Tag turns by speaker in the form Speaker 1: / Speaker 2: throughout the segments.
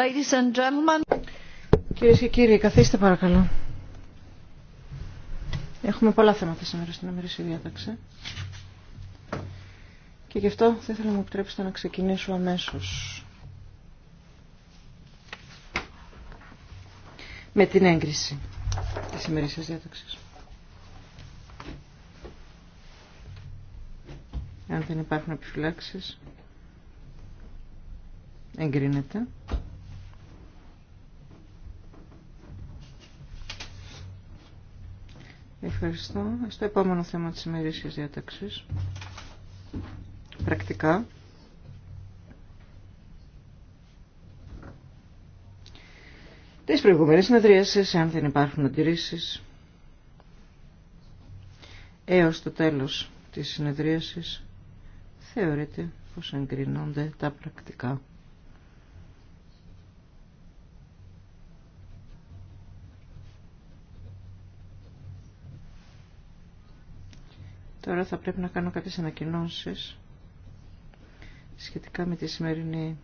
Speaker 1: Ladies Κυρίες και κύριοι, καθίστε παρακαλώ. Έχουμε πολλά θέματα σήμερα στην ημερήσια διάταξη. Και γι' αυτό θα ήθελα να μου επιτρέψετε να ξεκινήσω αμέσως. Με την έγκριση της ημερήσιας διάταξης. Αν δεν υπάρχουν επιφυλάξεις, εγκρίνεται. Ευχαριστώ. Στο επόμενο θέμα της ημερήσιας διάταξης. Πρακτικά. Τις προηγούμενες συνεδρίασεις, αν δεν υπάρχουν αντιρρήσεις, έως το τέλος της συνεδρίασης, θεωρείται πως εγκρινώνται τα πρακτικά. Τώρα θα πρέπει να κάνω κάποιες ανακοινώσεις σχετικά με τη σημερινή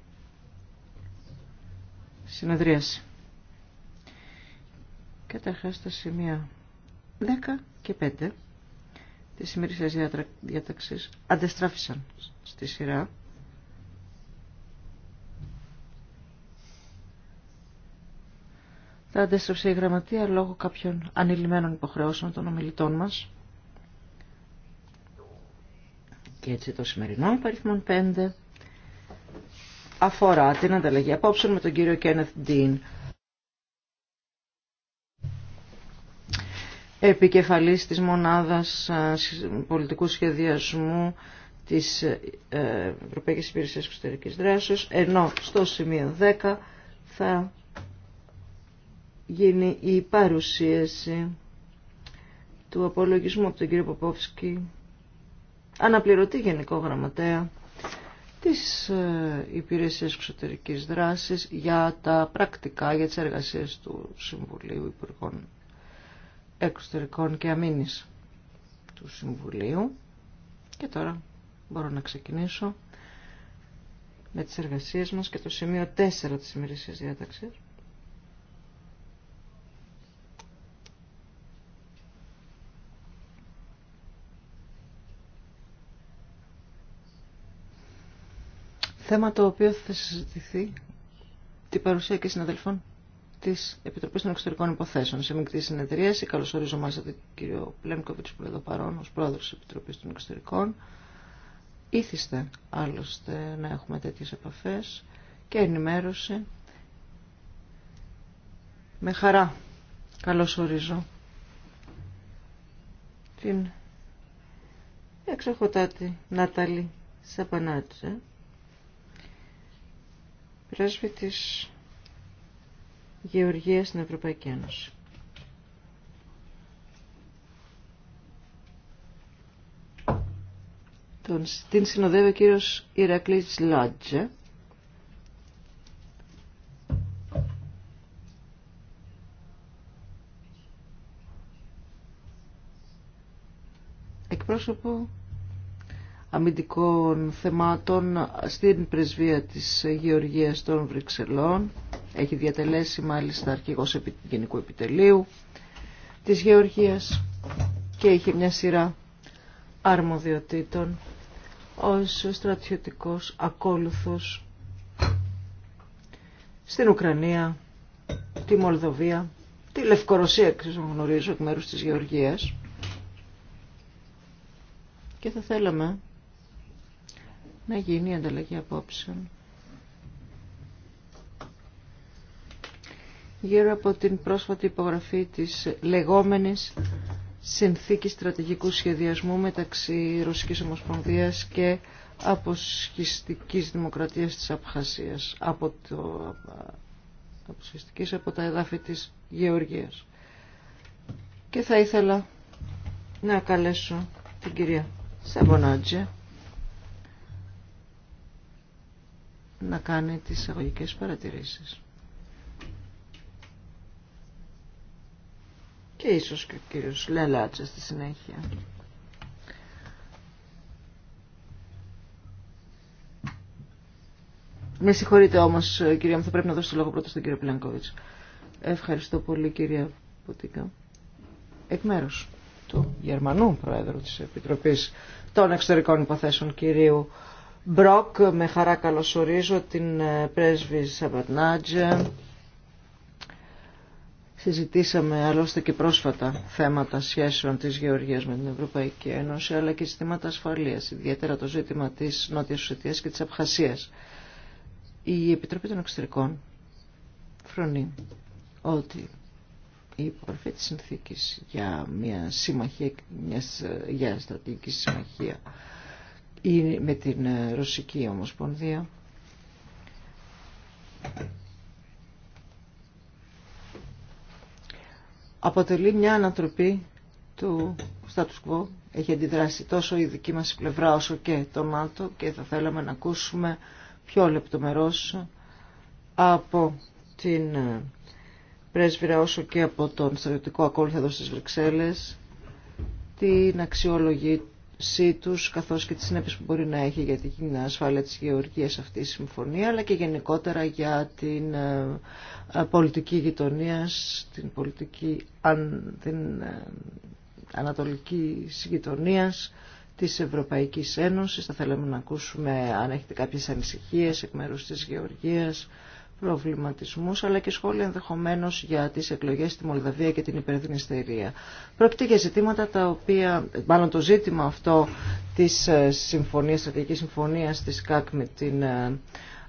Speaker 1: συνεδρίαση. Καταρχάς τα σημεία 10 και 5 της σημερινής διάταξης αντεστράφησαν στη σειρά. Θα αντέστρεψε η γραμματεία λόγω κάποιων ανηλυμένων υποχρεώσεων των ομιλητών μας. Και έτσι το σημερινό υπαριθμόν 5 αφορά την ανταλλαγή απόψεων με τον κύριο Κένεθ Ντίν. επικεφαλής της μονάδας πολιτικού σχεδιασμού της ε, Ευρωπαϊκής Υπηρεσίας Εξωτερικής Δράσης, ενώ στο σημείο 10 θα γίνει η παρουσίαση του απολογισμού από τον κύριο Ποπόφσκι αναπληρωτή Γενικό Γραμματέα της ε, Υπηρεσίας Εξωτερικής Δράσης για τα πρακτικά, για τις εργασίες του Συμβουλίου Υπουργών Εξωτερικών και Αμήνης του Συμβουλίου. Και τώρα μπορώ να ξεκινήσω με τις εργασίες μας και το σημείο 4 της ημερησίας διάταξης. Θέμα το οποίο θα συζητηθεί την παρουσία και συναδελφών τη Επιτροπή των Εξωτερικών Υποθέσεων. Σε μικρή συνεδρίαση, καλωσορίζω μαζί τον κύριο Πλέμκοβιτ που είναι εδώ παρόν ω πρόεδρο τη Επιτροπή των Εξωτερικών. Ήθιστε άλλωστε να έχουμε τέτοιε επαφέ και ενημέρωση. Με χαρά καλωσορίζω την εξοχοτάτη Ναταλή Σαπανάτζε πρέσβη της Γεωργίας στην Ευρωπαϊκή Ένωση. Τον, την συνοδεύει ο κύριος Ηρακλής Λάτζε. Εκπρόσωπο αμυντικών θεμάτων στην πρεσβεία της Γεωργίας των Βρυξελών. Έχει διατελέσει μάλιστα αρχηγός Γενικού Επιτελείου της Γεωργίας και είχε μια σειρά αρμοδιοτήτων ως στρατιωτικός ακόλουθος στην Ουκρανία, τη Μολδοβία, τη Λευκορωσία, γνωρίζω εκ μέρους της Γεωργίας. Και θα θέλαμε να γίνει η ανταλλαγή απόψεων. γύρω από την πρόσφατη υπογραφή της λεγόμενης συνθήκης στρατηγικού σχεδιασμού μεταξύ Ρωσικής Ομοσπονδίας και αποσχιστικής δημοκρατίας της Απχασίας, από το, από τα εδάφη της Γεωργίας. Και θα ήθελα να καλέσω την κυρία Σαμπονάτζε να κάνει τις εγωγικές παρατηρήσεις. Και ίσως και ο κύριος Λελάτσα στη συνέχεια. Με συγχωρείτε όμως κυρία μου, θα πρέπει να δώσω το λόγο πρώτα στον κύριο Πλανκόβιτς. Ευχαριστώ πολύ κυρία Ποτίκα. Εκ μέρους του Γερμανού Πρόεδρου της Επιτροπής των Εξωτερικών Υποθέσεων κυρίου Μπροκ, με χαρά καλωσορίζω την ε, πρέσβη Σαββατνάτζε. Συζητήσαμε άλλωστε και πρόσφατα θέματα σχέσεων της Γεωργίας με την Ευρωπαϊκή Ένωση, αλλά και ζητήματα ασφαλείας, ιδιαίτερα το ζήτημα της Νότιας Ουσιατίας και της Απχασίας. Η Επιτροπή των Εξωτερικών φρονεί ότι η υπογραφή της συνθήκης για μια, συμμαχία, ε, για στρατηγική συμμαχία ή με την ε, Ρωσική Ομοσπονδία. Αποτελεί μια ανατροπή του status quo. Έχει αντιδράσει τόσο η δική μας πλευρά όσο και το ΝΑΤΟ και θα θέλαμε να ακούσουμε πιο λεπτομερώς από την ε, πρέσβυρα όσο και από τον στρατιωτικό ακόλουθο εδώ στις Βρυξέλλες την αξιολογή τους καθώς και τις συνέπειες που μπορεί να έχει για την ασφάλεια της γεωργίας αυτή η συμφωνία αλλά και γενικότερα για την ε, ε, πολιτική γειτονία, την πολιτική την ε, ανατολική γειτονία της Ευρωπαϊκής Ένωσης. Θα θέλαμε να ακούσουμε αν έχετε κάποιες ανησυχίες εκ μέρους της γεωργίας προβληματισμούς αλλά και σχόλια ενδεχομένως για τις εκλογές στη Μολδαβία και την υπερδινιστερία. Πρόκειται για ζητήματα τα οποία, μάλλον το ζήτημα αυτό της ε, συμφωνίας, στρατηγικής συμφωνίας της ΚΑΚ με την ε,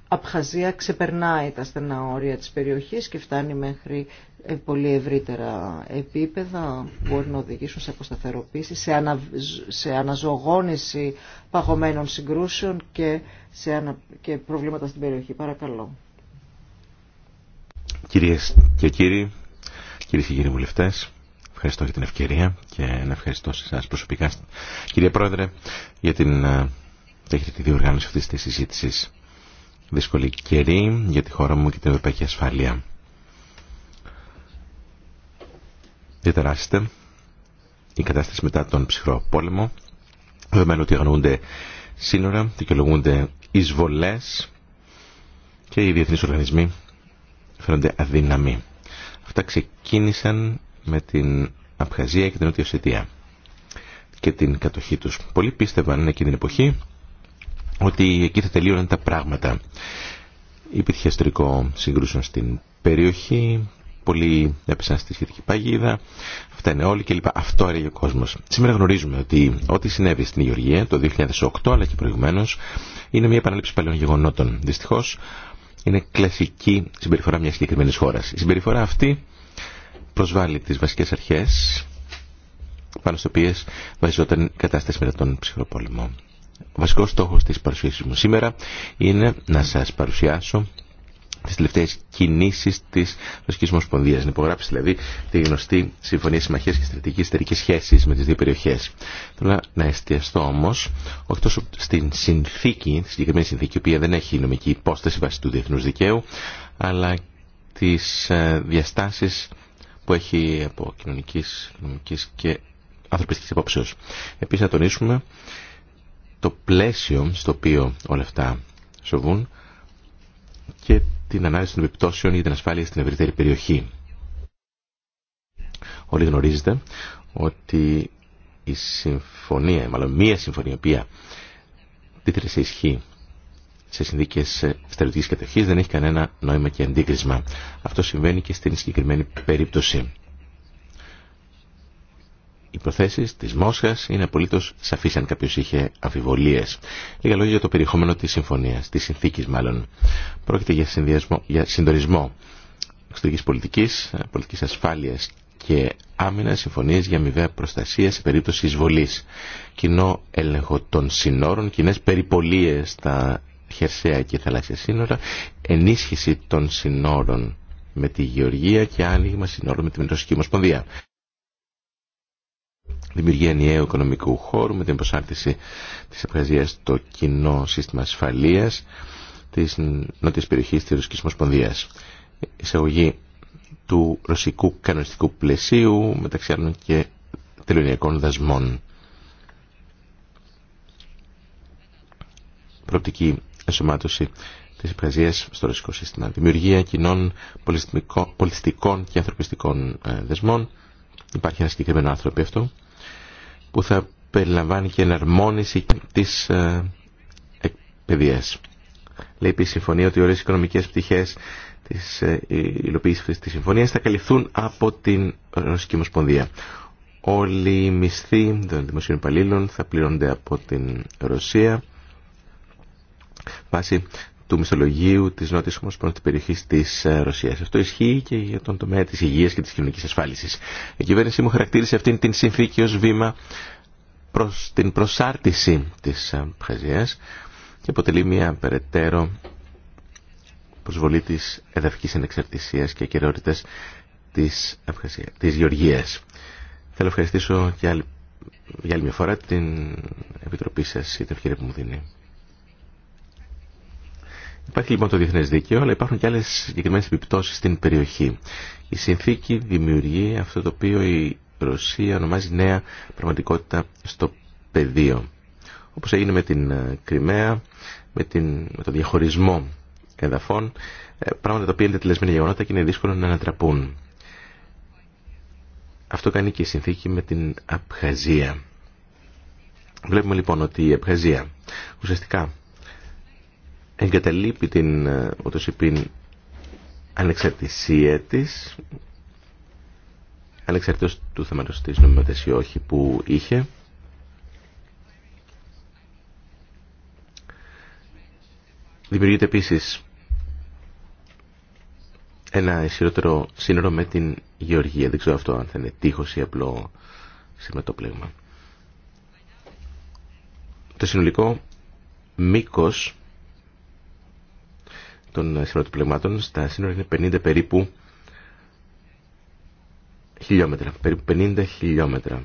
Speaker 1: Απχαζία ξεπερνάει τα στενά όρια της περιοχής και φτάνει μέχρι ε, πολύ ευρύτερα επίπεδα που μπορεί να οδηγήσουν σε αποσταθεροποίηση, σε, ανα, σε αναζωογόνηση παγωμένων συγκρούσεων και, σε και προβλήματα στην περιοχή. Παρακαλώ.
Speaker 2: Κυρίες και κύριοι, κυρίες και κύριοι βουλευτές, ευχαριστώ για την ευκαιρία και να ευχαριστώ σε εσάς προσωπικά, κύριε Πρόεδρε, για την ε, τεχνητή διοργάνωση αυτής της συζήτησης. Δύσκολη καιρή για τη χώρα μου και την ευρωπαϊκή ασφάλεια. Διατεράσσεται η κατάσταση μετά τον ψυχρό πόλεμο, δεδομένου ότι αγνοούνται σύνορα, δικαιολογούνται εισβολές και οι διεθνείς οργανισμοί φαίνονται αδύναμοι. Αυτά ξεκίνησαν με την Απχαζία και την Νότια και την κατοχή τους. Πολλοί πίστευαν εκείνη την εποχή ότι εκεί θα τελείωναν τα πράγματα. Υπήρχε ιστορικό συγκρούσεων στην περιοχή, πολλοί έπεσαν στη σχετική παγίδα, αυτά είναι όλοι κλπ. Αυτό έρεγε ο κόσμος. Σήμερα γνωρίζουμε ότι ό,τι συνέβη στην Γεωργία το 2008 αλλά και προηγουμένως, είναι μια επανάληψη παλαιών γεγονότων. Δυστυχώ είναι κλασική συμπεριφορά μιας συγκεκριμένη χώρας. Η συμπεριφορά αυτή προσβάλλει τις βασικές αρχές πάνω στις οποίες βασιζόταν η κατάσταση μετά τον ψυχροπόλεμο. Ο βασικός στόχος της παρουσίασης μου σήμερα είναι να σας παρουσιάσω τι τελευταίε κινήσει τη Ρωσική Ομοσπονδία. Να υπογράψει δηλαδή τη γνωστή Συμφωνία Συμμαχία και Στρατηγική Εταιρική σχέση με τι δύο περιοχέ. Θέλω να εστιαστώ όμω, όχι τόσο στην συνθήκη, τη συγκεκριμένη συνθήκη, η οποία δεν έχει νομική υπόσταση βάσει του Διεθνού δικαίου, αλλά τι ε, διαστάσει που έχει από κοινωνική, νομική και ανθρωπιστική υπόψεω. Επίση να τονίσουμε το πλαίσιο στο οποίο όλα αυτά σοβούν και την ανάλυση των επιπτώσεων για την ασφάλεια στην ευρύτερη περιοχή. Όλοι γνωρίζετε ότι η συμφωνία, μάλλον μία συμφωνία, η οποία τίθεται σε ισχύ σε συνδίκε στρατιωτική κατοχή δεν έχει κανένα νόημα και αντίκρισμα. Αυτό συμβαίνει και στην συγκεκριμένη περίπτωση. Οι προθέσει της Μόσχας είναι απολύτω σαφεί αν κάποιο είχε αμφιβολίες. Λίγα λόγια για το περιεχόμενο τη συμφωνία, τη συνθήκη, μάλλον. Πρόκειται για, για συντονισμό πολιτική, πολιτική πολιτικής ασφάλειας και άμυνα συμφωνίε για αμοιβαία προστασία σε περίπτωση εισβολή. Κοινό έλεγχο των συνόρων, κοινέ περιπολίες στα χερσαία και θαλάσσια σύνορα, ενίσχυση των συνόρων με τη Γεωργία και άνοιγμα συνόρων με τη Μητροσική Ομοσπονδία δημιουργία ενιαίου οικονομικού χώρου με την προσάρτηση της Απχαζίας στο κοινό σύστημα ασφαλείας της νότιας περιοχής της Ρωσικής Ομοσπονδίας. Εισαγωγή του ρωσικού κανονιστικού πλαισίου μεταξύ άλλων και τελωνιακών δασμών. Προοπτική ενσωμάτωση της Επικραζίας στο ρωσικό σύστημα. Δημιουργία κοινών πολιτιστικών και ανθρωπιστικών ε, δεσμών Υπάρχει ένα συγκεκριμένο άνθρωπο αυτό που θα περιλαμβάνει και εναρμόνιση της ε, εκπαιδείας. Λέει επίση η συμφωνία ότι όλες οι οικονομικές πτυχές της ε, υλοποίησης αυτής της συμφωνίας θα καλυφθούν από την Ρωσική Ομοσπονδία. Όλοι οι μισθοί των δημοσίων υπαλλήλων θα πληρώνονται από την Ρωσία βάσει του Μισθολογίου της Νότιας Ομοσπονδίας περιοχή της ε, Ρωσίας. Αυτό ισχύει και για τον τομέα της υγείας και της κοινωνικής ασφάλισης. Η κυβέρνησή μου χαρακτήρισε αυτήν την συνθήκη ως βήμα προς την προσάρτηση της ε, Χαζίας και αποτελεί μια περαιτέρω προσβολή της εδαφικής ανεξαρτησίας και κυριοτητας της, της Γεωργίας. Θέλω ευχαριστήσω και για άλλη μια φορά την Επιτροπή σας για την ευκαιρία που μου δίνει. Υπάρχει λοιπόν το διεθνέ δίκαιο, αλλά υπάρχουν και άλλε συγκεκριμένε επιπτώσει στην περιοχή. Η συνθήκη δημιουργεί αυτό το οποίο η Ρωσία ονομάζει νέα πραγματικότητα στο πεδίο. Όπω έγινε με την ε, Κρυμαία, με, την, το διαχωρισμό εδαφών, ε, πράγματα τα οποία είναι τελεσμένα γεγονότα και είναι δύσκολο να ανατραπούν. Αυτό κάνει και η συνθήκη με την Απχαζία. Βλέπουμε λοιπόν ότι η Απχαζία ουσιαστικά εγκαταλείπει την ε, ούτως ανεξαρτησία της ανεξαρτήτως του θέματος της νομιμότητας ή όχι που είχε δημιουργείται επίσης ένα ισχυρότερο σύνορο με την γεωργία δεν ξέρω αυτό αν θα είναι τείχος ή απλό σηματοπλέγμα το συνολικό μήκος των σηματοπλεγμάτων στα σύνορα είναι 50 περίπου χιλιόμετρα, περίπου 50 χιλιόμετρα.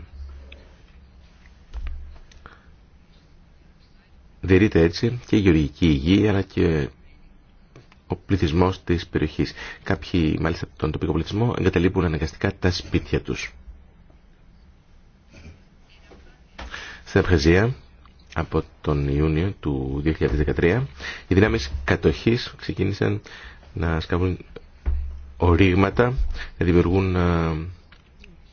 Speaker 2: Διαιρείται έτσι και η γεωργική υγεία αλλά και ο πληθυσμό τη περιοχή. Κάποιοι, μάλιστα τον τοπικό πληθυσμό, εγκαταλείπουν αναγκαστικά τα σπίτια του. Στην Αφγαζία, από τον Ιούνιο του 2013 οι δυνάμεις κατοχής ξεκίνησαν να σκάβουν ορίγματα, να δημιουργούν ε,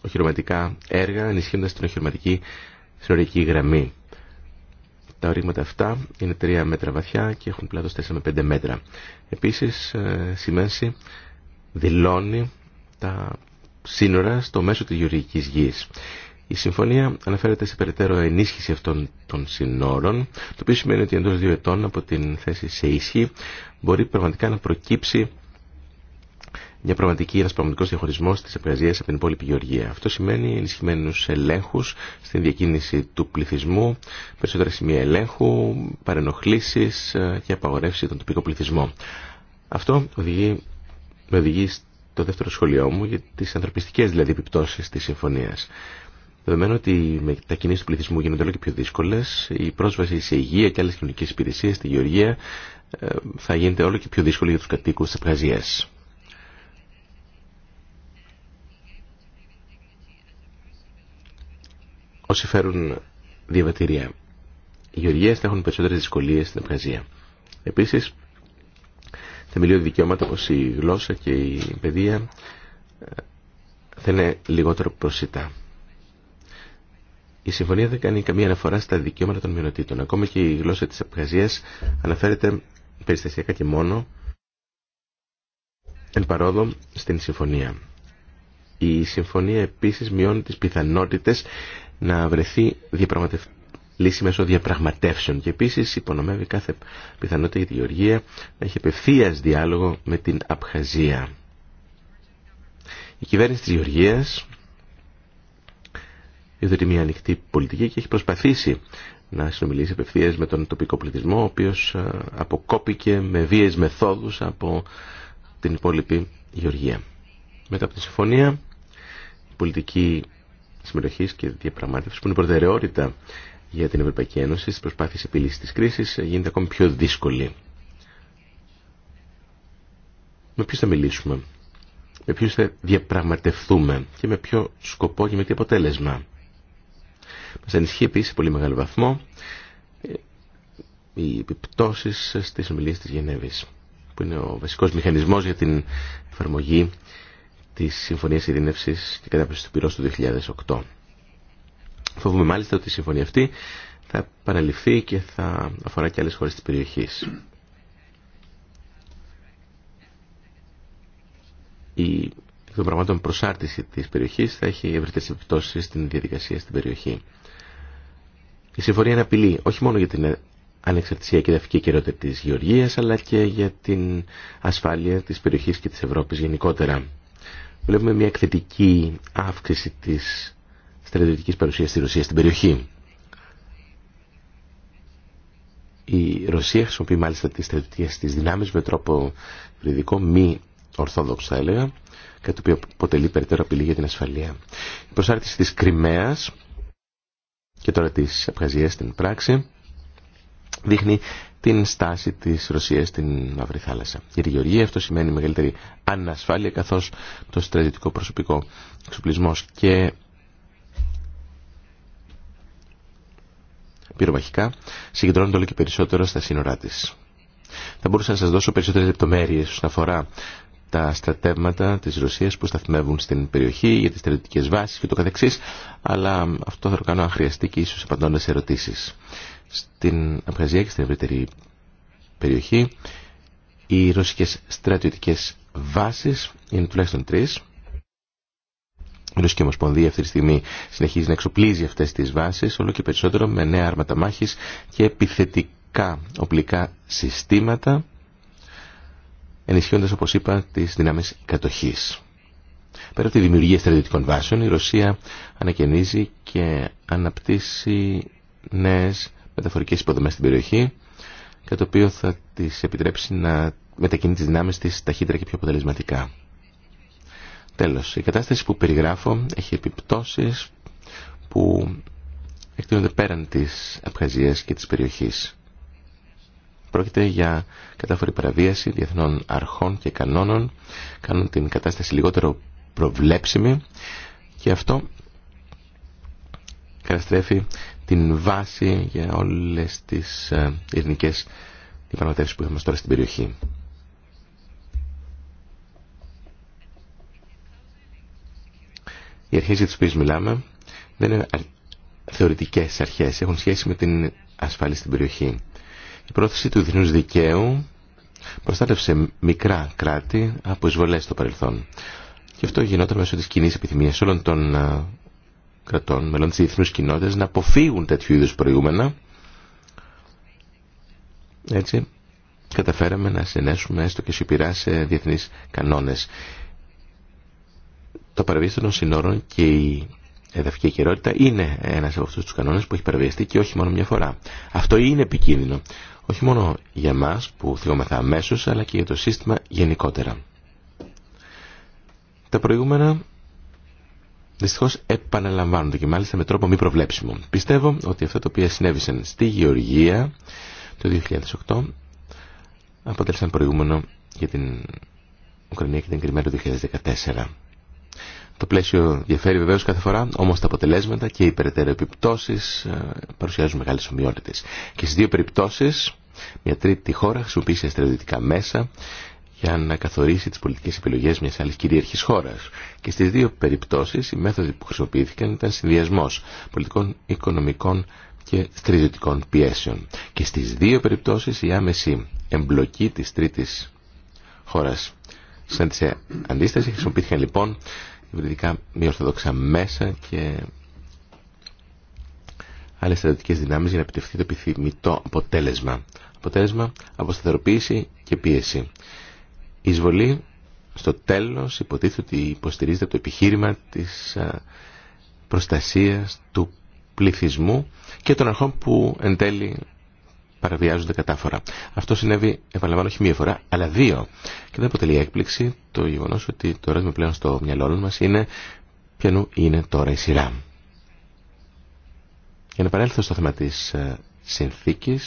Speaker 2: οχυρωματικά έργα ενισχύοντας την οχυρωματική συνορική γραμμή. Τα ορίγματα αυτά είναι 3 μέτρα βαθιά και έχουν πλάτος 4 με 5 μέτρα. Επίσης, ε, σημαίνει δηλώνει τα σύνορα στο μέσο της γεωργικής γης. Η συμφωνία αναφέρεται σε περαιτέρω ενίσχυση αυτών των συνόρων, το οποίο σημαίνει ότι εντός δύο ετών από την θέση σε ίσχυ μπορεί πραγματικά να προκύψει μια πραγματική, ένας πραγματικός διαχωρισμός της επεργασίας από την υπόλοιπη γεωργία. Αυτό σημαίνει ενισχυμένου ελέγχους στην διακίνηση του πληθυσμού, περισσότερα σημεία ελέγχου, παρενοχλήσεις ε, και απαγορεύση των τοπικών πληθυσμών. Αυτό οδηγεί, με οδηγεί στο δεύτερο σχολείο μου για τις ανθρωπιστικές δηλαδή επιπτώσεις της συμφωνίας. Δεδομένου ότι με τα κινήσει του πληθυσμού γίνονται όλο και πιο δύσκολε. η πρόσβαση σε υγεία και άλλε κοινωνικέ υπηρεσίε στη Γεωργία ε, θα γίνεται όλο και πιο δύσκολη για του κατοικού τη Απχαζία. Όσοι φέρουν διαβατηρία, οι γεωργίε θα έχουν περισσότερε δυσκολίε στην Απγαζία. Επίσης, θεμελιώδη δικαιώματα όπω η γλώσσα και η παιδεία ε, θα είναι λιγότερο προσιτά. Η συμφωνία δεν κάνει καμία αναφορά στα δικαιώματα των μειονοτήτων. Ακόμα και η γλώσσα της Απχαζίας αναφέρεται περιστασιακά και μόνο εν παρόδο στην συμφωνία. Η συμφωνία επίσης μειώνει τις πιθανότητες να βρεθεί διαπραγματευ... λύση μέσω διαπραγματεύσεων και επίσης υπονομεύει κάθε πιθανότητα για τη Γεωργία να έχει απευθεία διάλογο με την Απχαζία. Η κυβέρνηση της Γεωργίας υιοθετεί μια ανοιχτή πολιτική και έχει προσπαθήσει να συνομιλήσει απευθείας με τον τοπικό πληθυσμό, ο οποίος ε, αποκόπηκε με βίαιες μεθόδους από την υπόλοιπη Γεωργία. Μετά από τη συμφωνία, η πολιτική συμμετοχή και διαπραγμάτευση που είναι προτεραιότητα για την Ευρωπαϊκή Ένωση στις προσπάθειες επίλυσης της κρίσης γίνεται ακόμη πιο δύσκολη. Με ποιους θα μιλήσουμε, με ποιους θα διαπραγματευτούμε και με ποιο σκοπό και με τι αποτέλεσμα. Μας ενισχύει επίσης πολύ μεγάλο βαθμό οι επιπτώσεις στις ομιλίες της Γενέβης που είναι ο βασικός μηχανισμός για την εφαρμογή της Συμφωνίας Ειρήνευσης και Κατάπτωσης του Πυρός του 2008. Φοβούμε μάλιστα ότι η συμφωνία αυτή θα παραλυφθεί και θα αφορά και άλλες χώρες της περιοχής εκ των πραγμάτων προσάρτηση της περιοχής θα έχει ευρύτερες επιπτώσεις στην διαδικασία στην περιοχή. Η συμφωνία είναι απειλή όχι μόνο για την ανεξαρτησία και δαφική κυριότητα της Γεωργίας αλλά και για την ασφάλεια της περιοχής και της Ευρώπης γενικότερα. Βλέπουμε μια εκθετική αύξηση της στρατιωτικής παρουσίας στη Ρωσία στην περιοχή. Η Ρωσία χρησιμοποιεί μάλιστα τις στρατιωτικές της δυνάμεις με τρόπο βρυδικό μη ορθόδοξα έλεγα, κάτι οποίο αποτελεί περαιτέρω απειλή για την ασφαλεία. Η προσάρτηση της Κρυμαίας και τώρα της Απχαζίας στην πράξη δείχνει την στάση της Ρωσίας στην Μαύρη Θάλασσα. Για τη Γεωργία αυτό σημαίνει μεγαλύτερη ανασφάλεια καθώς το στρατιωτικό προσωπικό εξοπλισμός και πυρομαχικά συγκεντρώνονται όλο και περισσότερο στα σύνορά της. Θα μπορούσα να σας δώσω περισσότερες λεπτομέρειες όσον αφορά τα στρατεύματα της Ρωσίας που σταθμεύουν στην περιοχή για τις στρατιωτικές βάσεις και το καθεξής αλλά αυτό θα το κάνω αν χρειαστεί και ίσως απαντώντας ερωτήσεις στην Αμπχαζία και στην ευρύτερη περιοχή οι ρωσικές στρατιωτικές βάσεις είναι τουλάχιστον τρεις η Ρωσική Ομοσπονδία αυτή τη στιγμή συνεχίζει να εξοπλίζει αυτές τις βάσεις όλο και περισσότερο με νέα άρματα μάχης και επιθετικά οπλικά συστήματα Ενισχύοντα, όπω είπα, τι δυνάμεις κατοχής. Πέρα από τη δημιουργία στρατιωτικών βάσεων, η Ρωσία ανακαινίζει και αναπτύσσει νέε μεταφορικέ υποδομέ στην περιοχή, κατά το οποίο θα τις επιτρέψει να μετακινεί τι δυνάμεις τη ταχύτερα και πιο αποτελεσματικά. Τέλο, η κατάσταση που περιγράφω έχει επιπτώσει που εκτείνονται πέραν της Απχαζίας και της περιοχής. Πρόκειται για κατάφορη παραβίαση διεθνών αρχών και κανόνων, κάνουν την κατάσταση λιγότερο προβλέψιμη και αυτό καταστρέφει την βάση για όλες τις ε, ειρηνικές διαπραγματεύσεις που έχουμε τώρα στην περιοχή. Οι αρχές για τις οποίες μιλάμε δεν είναι θεωρητικές αρχές, έχουν σχέση με την ασφάλεια στην περιοχή. Η πρόθεση του διεθνούς δικαίου προστάτευσε μικρά κράτη από εισβολές στο παρελθόν. Και αυτό γινόταν μέσω τη κοινή επιθυμίας όλων των ε, κρατών, μελών τη διεθνού κοινότητας, να αποφύγουν τέτοιου είδου προηγούμενα. Έτσι, καταφέραμε να συνέσουμε έστω και σιπηρά σε διεθνεί κανόνε. Το παραβίαση των συνόρων και η εδαφική ακυρότητα είναι ένα από αυτού του κανόνε που έχει παραβιαστεί και όχι μόνο μια φορά. Αυτό είναι επικίνδυνο όχι μόνο για μας που θυόμεθα αμέσω, αλλά και για το σύστημα γενικότερα. Τα προηγούμενα δυστυχώς επαναλαμβάνονται και μάλιστα με τρόπο μη προβλέψιμο. Πιστεύω ότι αυτά τα οποία συνέβησαν στη Γεωργία το 2008 αποτέλεσαν προηγούμενο για την Ουκρανία και την Κρυμαία το 2014. Το πλαίσιο διαφέρει βεβαίω κάθε φορά, όμω τα αποτελέσματα και οι περαιτέρω επιπτώσεις ε, παρουσιάζουν μεγάλε ομοιότητε. Και στι δύο περιπτώσει, μια τρίτη χώρα χρησιμοποίησε στρατιωτικά μέσα για να καθορίσει τι πολιτικέ επιλογέ μια άλλη κυρίαρχη χώρα. Και στι δύο περιπτώσει, οι μέθοδοι που χρησιμοποιήθηκαν ήταν συνδυασμό πολιτικών, οικονομικών και στρατιωτικών πιέσεων. Και στι δύο περιπτώσει, η άμεση εμπλοκή τη τρίτη χώρα σαν τη αντίσταση. Χρησιμοποιήθηκαν λοιπόν υβριδικά μη ορθοδόξα μέσα και άλλε στρατιωτικέ δυνάμεις για να επιτευχθεί το επιθυμητό αποτέλεσμα. Αποτέλεσμα από σταθεροποίηση και πίεση. Η εισβολή στο τέλος υποτίθεται ότι υποστηρίζεται από το επιχείρημα της προστασίας του πληθυσμού και των αρχών που εν τέλει παραβιάζονται κατάφορα. Αυτό συνέβη, επαναλαμβάνω, όχι μία φορά, αλλά δύο. Και δεν αποτελεί έκπληξη το γεγονό ότι το ερώτημα πλέον στο μυαλό μα είναι ποιανού είναι τώρα η σειρά. Για να επανέλθω στο θέμα τη ε, συνθήκη,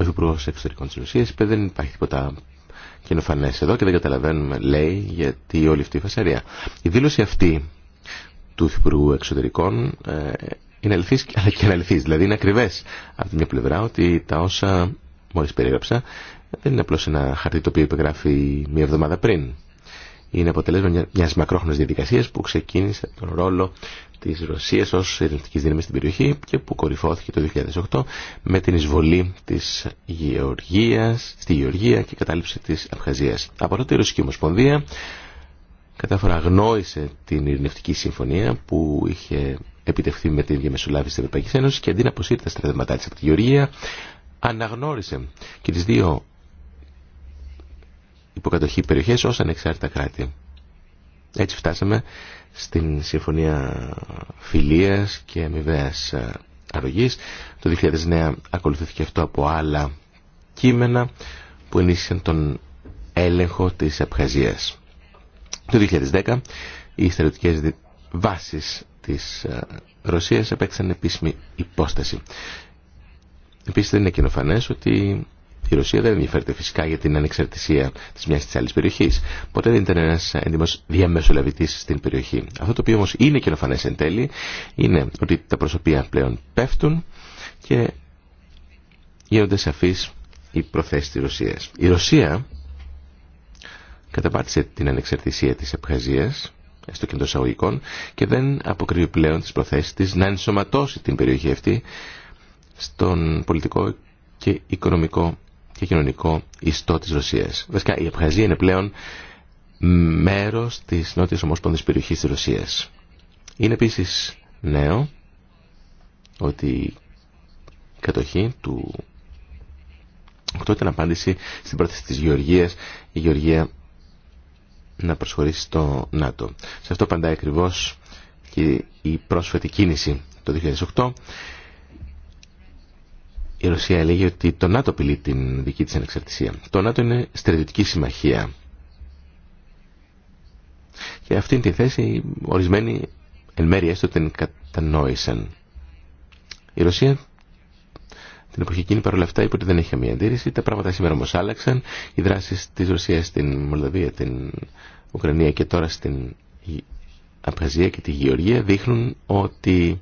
Speaker 2: ο Υπουργό Εξωτερικών τη Ρωσία είπε δεν υπάρχει τίποτα καινοφανέ εδώ και δεν καταλαβαίνουμε, λέει, γιατί όλη αυτή η φασαρία. Η δήλωση αυτή του Υπουργού Εξωτερικών ε, είναι αληθή, αλλά και αναληθείς. Δηλαδή είναι ακριβές από τη μια πλευρά ότι τα όσα μόλις περιέγραψα δεν είναι απλώς ένα χαρτί το οποίο υπεγράφει μία εβδομάδα πριν. Είναι αποτελέσμα μιας μακρόχρονης διαδικασίας που ξεκίνησε τον ρόλο της Ρωσίας ως ειρηνευτικής δύναμης στην περιοχή και που κορυφώθηκε το 2008 με την εισβολή της Γεωργίας, στη Γεωργία και κατάληψη της Απχαζίας. Από τότε η Ρωσική Ομοσπονδία κατάφορα γνώρισε την ειρηνευτική συμφωνία που είχε επιτευχθεί με την διαμεσολάβηση τη Ευρωπαϊκή Ένωση και αντί να αποσύρει τα στρατεύματά τη από τη Γεωργία, αναγνώρισε και τι δύο υποκατοχή περιοχέ ω ανεξάρτητα κράτη. Έτσι φτάσαμε στην Συμφωνία Φιλίας και Αμοιβαία Αρρωγή. Το 2009 ακολουθήθηκε αυτό από άλλα κείμενα που ενίσχυσαν τον έλεγχο της Απχαζίας. Το 2010 οι στρατιωτικές βάσεις της ε, Ρωσίας επέξαν επίσημη υπόσταση. Επίσης δεν είναι κοινοφανές ότι η Ρωσία δεν ενδιαφέρεται φυσικά για την ανεξαρτησία τη μια ή τη άλλη περιοχή. Ποτέ δεν ήταν ένα έντιμο διαμεσολαβητή στην περιοχή. Αυτό το οποίο όμω είναι κοινοφανέ εν τέλει είναι ότι τα προσωπία πλέον πέφτουν και γίνονται σαφεί οι προθέσει τη Ρωσία. της τη αλλη περιοχη ποτε δεν ηταν ενα εντιμο διαμεσολαβητη στην περιοχη αυτο το οποιο ομω ειναι κοινοφανές εν τελει ειναι οτι τα προσωπια πλεον πεφτουν και γινονται σαφει οι προθεσει τη ρωσια η ρωσια καταπατησε την ανεξαρτησια τη απχαζιας στο κέντρο εισαγωγικών και δεν αποκρύβει πλέον τις προθέσεις της να ενσωματώσει την περιοχή αυτή στον πολιτικό και οικονομικό και κοινωνικό ιστό της Ρωσίας. Βασικά η Απχαζία είναι πλέον μέρος της νότιας ομόσπονδης περιοχής της Ρωσίας. Είναι επίσης νέο ότι η κατοχή του αυτό ήταν απάντηση στην πρόταση της Γεωργίας. Η Γεωργία να προσχωρήσει στο ΝΑΤΟ. Σε αυτό παντά ακριβώ και η πρόσφατη κίνηση το 2008. Η Ρωσία λέγει ότι το ΝΑΤΟ πηλεί την δική της ανεξαρτησία. Το ΝΑΤΟ είναι στρατιωτική συμμαχία. Και αυτήν τη θέση ορισμένοι εν μέρει έστω την κατανόησαν. Η Ρωσία την εποχή εκείνη παρόλα αυτά είπε ότι δεν είχε μια αντίρρηση. Τα πράγματα σήμερα όμω άλλαξαν. Οι δράσει τη Ρωσία στην Μολδαβία, την Ουκρανία και τώρα στην Απχαζία και τη Γεωργία δείχνουν ότι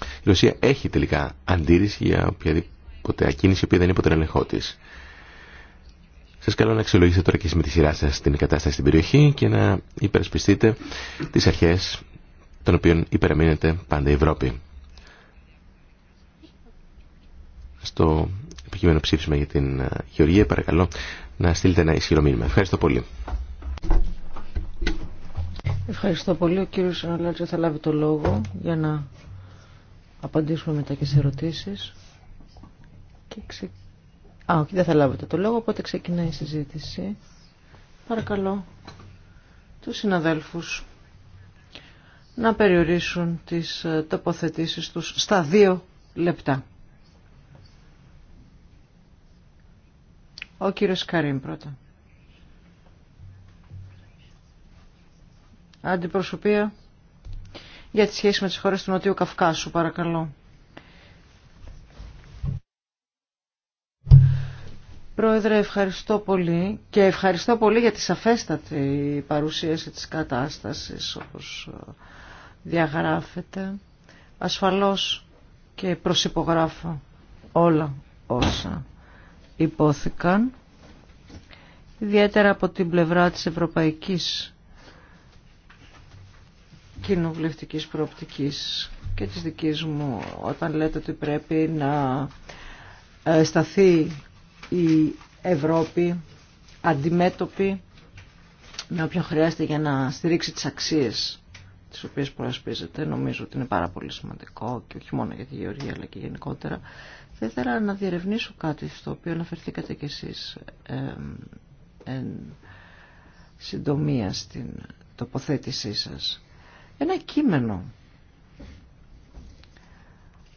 Speaker 2: η Ρωσία έχει τελικά αντίρρηση για οποιαδήποτε ακίνηση η οποία δεν είναι υπό τον ελεγχό τη. Σα καλώ να αξιολογήσετε τώρα και με τη σειρά σα την κατάσταση στην περιοχή και να υπερασπιστείτε τι αρχέ των οποίων υπεραμείνεται πάντα η Ευρώπη. στο επικείμενο ψήφισμα για την ε, Γεωργία. Παρακαλώ να στείλετε ένα ισχυρό μήνυμα. Ευχαριστώ πολύ.
Speaker 1: Ευχαριστώ πολύ. Ο κύριος Αναλάτσο θα λάβει το λόγο για να απαντήσουμε μετά και σε ερωτήσεις. Και ξε... Α, όχι, δεν θα λάβετε το λόγο, οπότε ξεκινάει η συζήτηση. Παρακαλώ τους συναδέλφους να περιορίσουν τις ε, τοποθετήσεις τους στα δύο λεπτά. Ο κύριος Καρίν πρώτα. Αντιπροσωπεία για τη σχέση με τις χώρες του Νοτιού Καυκάσου, παρακαλώ. Πρόεδρε, ευχαριστώ πολύ και ευχαριστώ πολύ για τη σαφέστατη παρουσίαση της κατάστασης όπως ε, διαγράφεται. Ασφαλώς και προσυπογράφω όλα όσα υπόθηκαν ιδιαίτερα από την πλευρά της Ευρωπαϊκής Κοινοβουλευτικής Προοπτικής και της δικής μου όταν λέτε ότι πρέπει να ε, σταθεί η Ευρώπη αντιμέτωπη με όποιον χρειάζεται για να στηρίξει τις αξίες τις οποίες προασπίζεται. Νομίζω ότι είναι πάρα πολύ σημαντικό και όχι μόνο για τη Γεωργία αλλά και γενικότερα θα ήθελα να διερευνήσω κάτι στο οποίο αναφερθήκατε κι εσείς ε, εν συντομία στην τοποθέτησή σας. Ένα κείμενο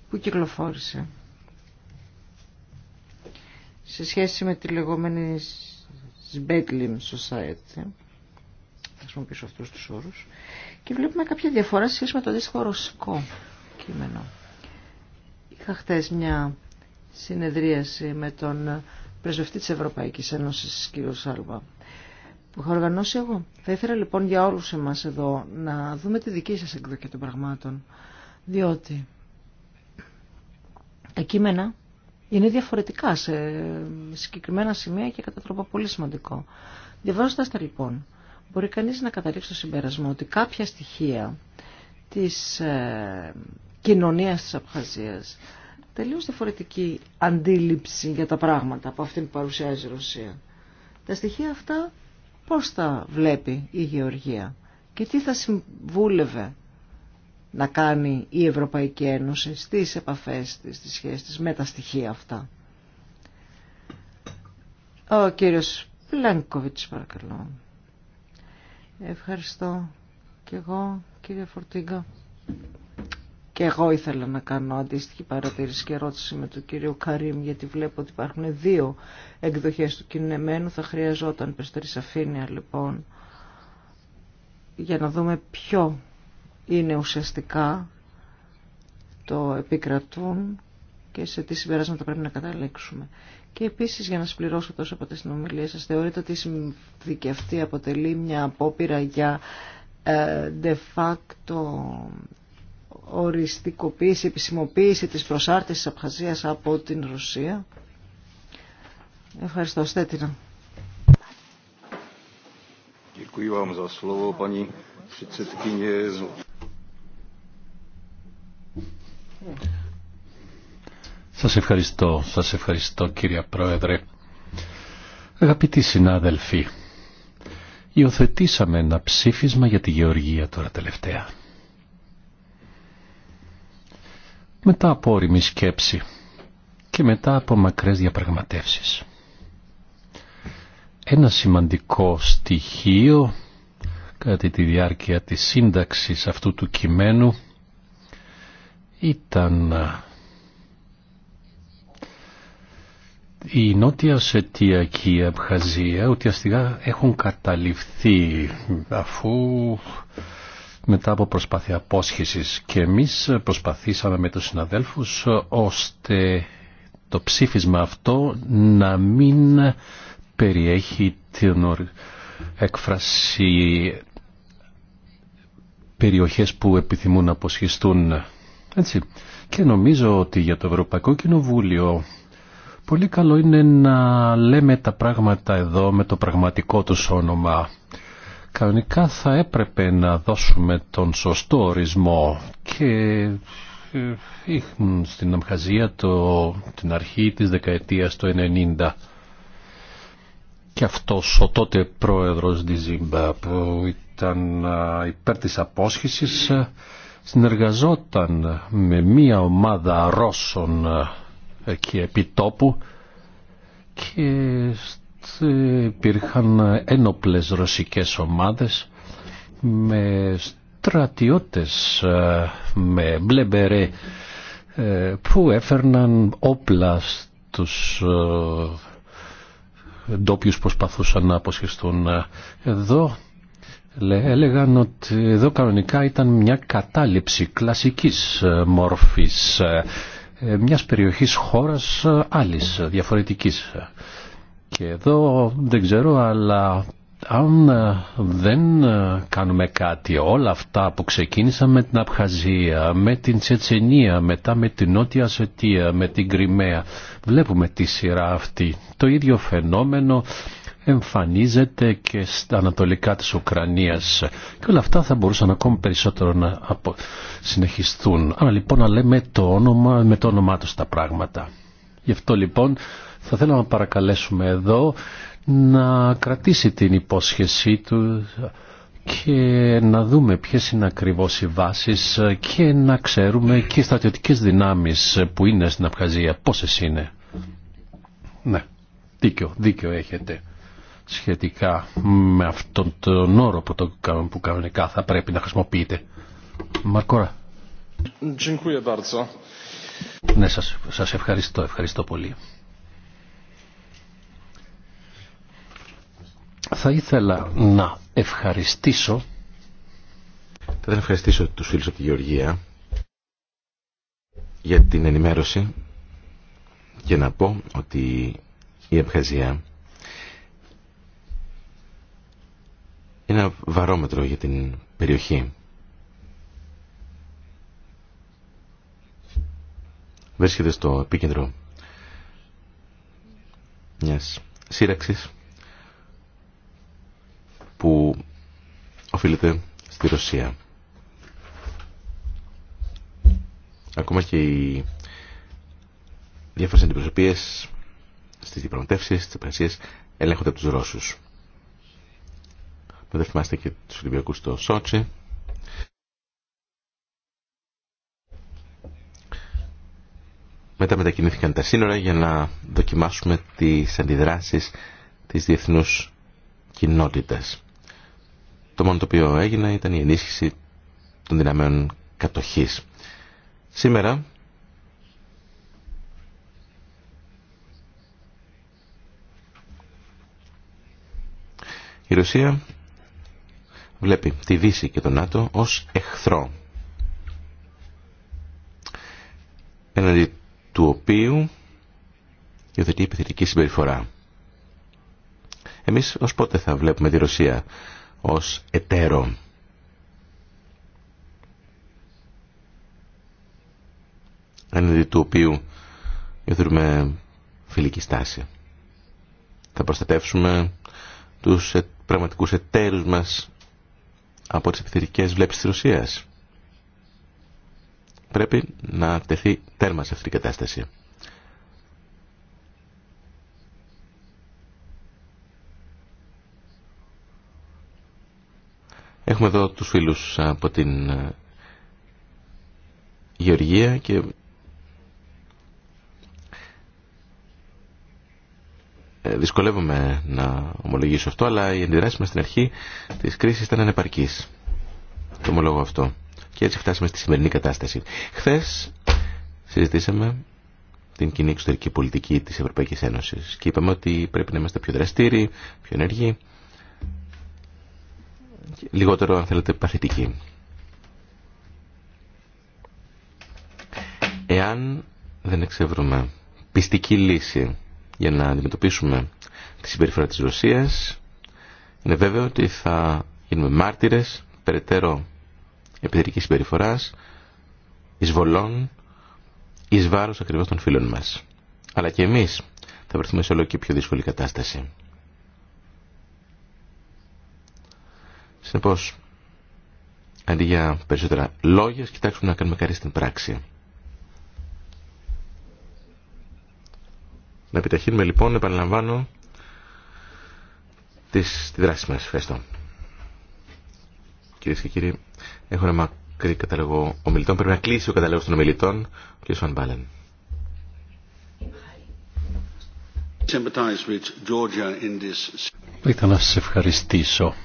Speaker 1: που κυκλοφόρησε σε σχέση με τη λεγόμενη Sbedlim Society θα χρησιμοποιήσω αυτούς τους όρους και βλέπουμε κάποια διαφορά σε σχέση με το αντίστοιχο ρωσικό κείμενο. Είχα χτες μια συνεδρίαση με τον πρεσβευτή της Ευρωπαϊκής Ένωσης, κύριο Σάλβα, που είχα οργανώσει εγώ. Θα ήθελα λοιπόν για όλους εμάς εδώ να δούμε τη δική σας εκδοχή των πραγμάτων, διότι τα κείμενα είναι διαφορετικά σε συγκεκριμένα σημεία και κατά τρόπο πολύ σημαντικό. Διαβάζοντας τα λοιπόν, μπορεί κανείς να καταλήξει το συμπέρασμα ότι κάποια στοιχεία της ε, κοινωνίας της Απχαζίας τελείως διαφορετική αντίληψη για τα πράγματα από αυτή που παρουσιάζει η Ρωσία. Τα στοιχεία αυτά πώς τα βλέπει η Γεωργία και τι θα συμβούλευε να κάνει η Ευρωπαϊκή Ένωση στις επαφές της, στις σχέσεις της με τα στοιχεία αυτά. Ο κύριος Πλάνκοβιτς παρακαλώ. Ευχαριστώ και εγώ κύριε Φορτίγκα. Και εγώ ήθελα να κάνω αντίστοιχη παρατήρηση και ερώτηση με τον κύριο Καρίμ, γιατί βλέπω ότι υπάρχουν δύο εκδοχές του κινημένου. Θα χρειαζόταν περισσότερη σαφήνεια, λοιπόν, για να δούμε ποιο είναι ουσιαστικά το επικρατούν και σε τι συμπεράσματα πρέπει να καταλήξουμε. Και επίση, για να συμπληρώσω τόσο από τις ομιλία σα, θεωρείτε ότι η συνθήκη αυτή αποτελεί μια απόπειρα για ε, de facto οριστικοποίηση, επισημοποίηση της προσάρτησης Απχαζίας από την Ρωσία. Ευχαριστώ, Στέτινα.
Speaker 3: Σας ευχαριστώ, σας ευχαριστώ κύριε Πρόεδρε. Αγαπητοί συνάδελφοι, υιοθετήσαμε ένα ψήφισμα για τη Γεωργία τώρα τελευταία. μετά από όριμη σκέψη και μετά από μακρές διαπραγματεύσεις. Ένα σημαντικό στοιχείο κατά τη διάρκεια της σύνταξης αυτού του κειμένου ήταν η Νότια Σετιακή και η αστικά έχουν καταληφθεί αφού μετά από προσπάθεια απόσχησης και εμείς προσπαθήσαμε με τους συναδέλφους ώστε το ψήφισμα αυτό να μην περιέχει την έκφραση περιοχές που επιθυμούν να αποσχιστούν. Έτσι. Και νομίζω ότι για το Ευρωπαϊκό Κοινοβούλιο πολύ καλό είναι να λέμε τα πράγματα εδώ με το πραγματικό του όνομα Κανονικά θα έπρεπε να δώσουμε τον σωστό ορισμό και ε, στην Αμχαζία το, την αρχή της δεκαετίας του 90 και αυτός ο τότε πρόεδρος της που ήταν υπέρ της απόσχησης ε, συνεργαζόταν με μία ομάδα Ρώσων ε, εκεί επί τόπου και υπήρχαν ένοπλες ρωσικές ομάδες με στρατιώτες ε, με μπλεμπερέ ε, που έφερναν όπλα στους ε, ντόπιου προσπαθούσαν να αποσχεστούν Εδώ έλεγαν ότι εδώ κανονικά ήταν μια κατάληψη κλασικής μορφής μιας περιοχής χώρας άλλης, διαφορετικής. Και εδώ δεν ξέρω, αλλά αν ε, δεν ε, κάνουμε κάτι όλα αυτά που ξεκίνησαν με την Απχαζία, με την Τσετσενία, μετά με την Νότια Ασετία με την Κρυμαία, βλέπουμε τη σειρά αυτή. Το ίδιο φαινόμενο εμφανίζεται και στα ανατολικά της Ουκρανίας και όλα αυτά θα μπορούσαν ακόμη περισσότερο να συνεχιστούν. Άρα λοιπόν να λέμε το όνομα, με το όνομά τους τα πράγματα. Γι' αυτό λοιπόν θα θέλαμε να παρακαλέσουμε εδώ να κρατήσει την υπόσχεσή του και να δούμε ποιες είναι ακριβώς οι βάσεις και να ξέρουμε και οι στρατιωτικές δυνάμεις που είναι στην Απχαζία, πόσες είναι. Ναι, δίκιο, δίκιο έχετε σχετικά με αυτόν τον όρο που, το, που κανονικά θα πρέπει να χρησιμοποιείτε. Μαρκόρα. Ναι, σας, σας ευχαριστώ, ευχαριστώ πολύ. Θα ήθελα να ευχαριστήσω
Speaker 2: θα ήθελα να ευχαριστήσω τους φίλους από τη Γεωργία για την ενημέρωση και να πω ότι η Απχαζία είναι ένα βαρόμετρο για την περιοχή. Βρίσκεται στο επίκεντρο μιας σύραξης που οφείλεται στη Ρωσία. Ακόμα και οι διάφορε αντιπροσωπείες στις διαπραγματεύσεις, στις υπηρεσίες ελέγχονται από τους Ρώσους. Δεν θυμάστε και του Ολυμπιακού στο Σότσι. Μετά μετακινήθηκαν τα σύνορα για να δοκιμάσουμε τις αντιδράσεις της διεθνούς κοινότητας. Το μόνο το οποίο έγινε ήταν η ενίσχυση των δυναμένων κατοχής. Σήμερα η Ρωσία βλέπει τη Δύση και τον ΝΑΤΟ ως εχθρό εναντί του οποίου υιοθετεί επιθετική συμπεριφορά. Εμείς ως πότε θα βλέπουμε τη Ρωσία ως εταίρο. είναι του οποίου υιοθετούμε φιλική στάση. Θα προστατεύσουμε τους ε, πραγματικούς εταίρους μας από τις επιθετικές βλέψεις της Ρωσίας. Πρέπει να τεθεί τέρμα σε αυτή την κατάσταση. Έχουμε εδώ τους φίλους από την ε, Γεωργία και ε, δυσκολεύομαι να ομολογήσω αυτό, αλλά η αντιδράση μας στην αρχή της κρίσης ήταν ανεπαρκής. Το ομολόγω αυτό. Και έτσι φτάσαμε στη σημερινή κατάσταση. Χθες συζητήσαμε την κοινή εξωτερική πολιτική της Ευρωπαϊκής Ένωσης και είπαμε ότι πρέπει να είμαστε πιο δραστήριοι, πιο ενεργοί λιγότερο αν θέλετε παθητική. Εάν δεν εξεύρουμε πιστική λύση για να αντιμετωπίσουμε τη συμπεριφορά της Ρωσίας, είναι βέβαιο ότι θα γίνουμε μάρτυρες περαιτέρω επιθετική συμπεριφοράς, εισβολών, εις βάρος ακριβώς των φίλων μας. Αλλά και εμείς θα βρεθούμε σε όλο και πιο δύσκολη κατάσταση. Συνεπώ. αντί για περισσότερα λόγια, κοιτάξουμε να κάνουμε κάτι στην πράξη. Να επιταχύνουμε λοιπόν, επαναλαμβάνω, τις, τη δράση μας. Ευχαριστώ. Κυρίε και κύριοι, έχω ένα μακρύ καταλογό ομιλητών. Πρέπει να κλείσει ο καταλόγος των ομιλητών, ο κ. Σαν
Speaker 3: Ήθελα να σας ευχαριστήσω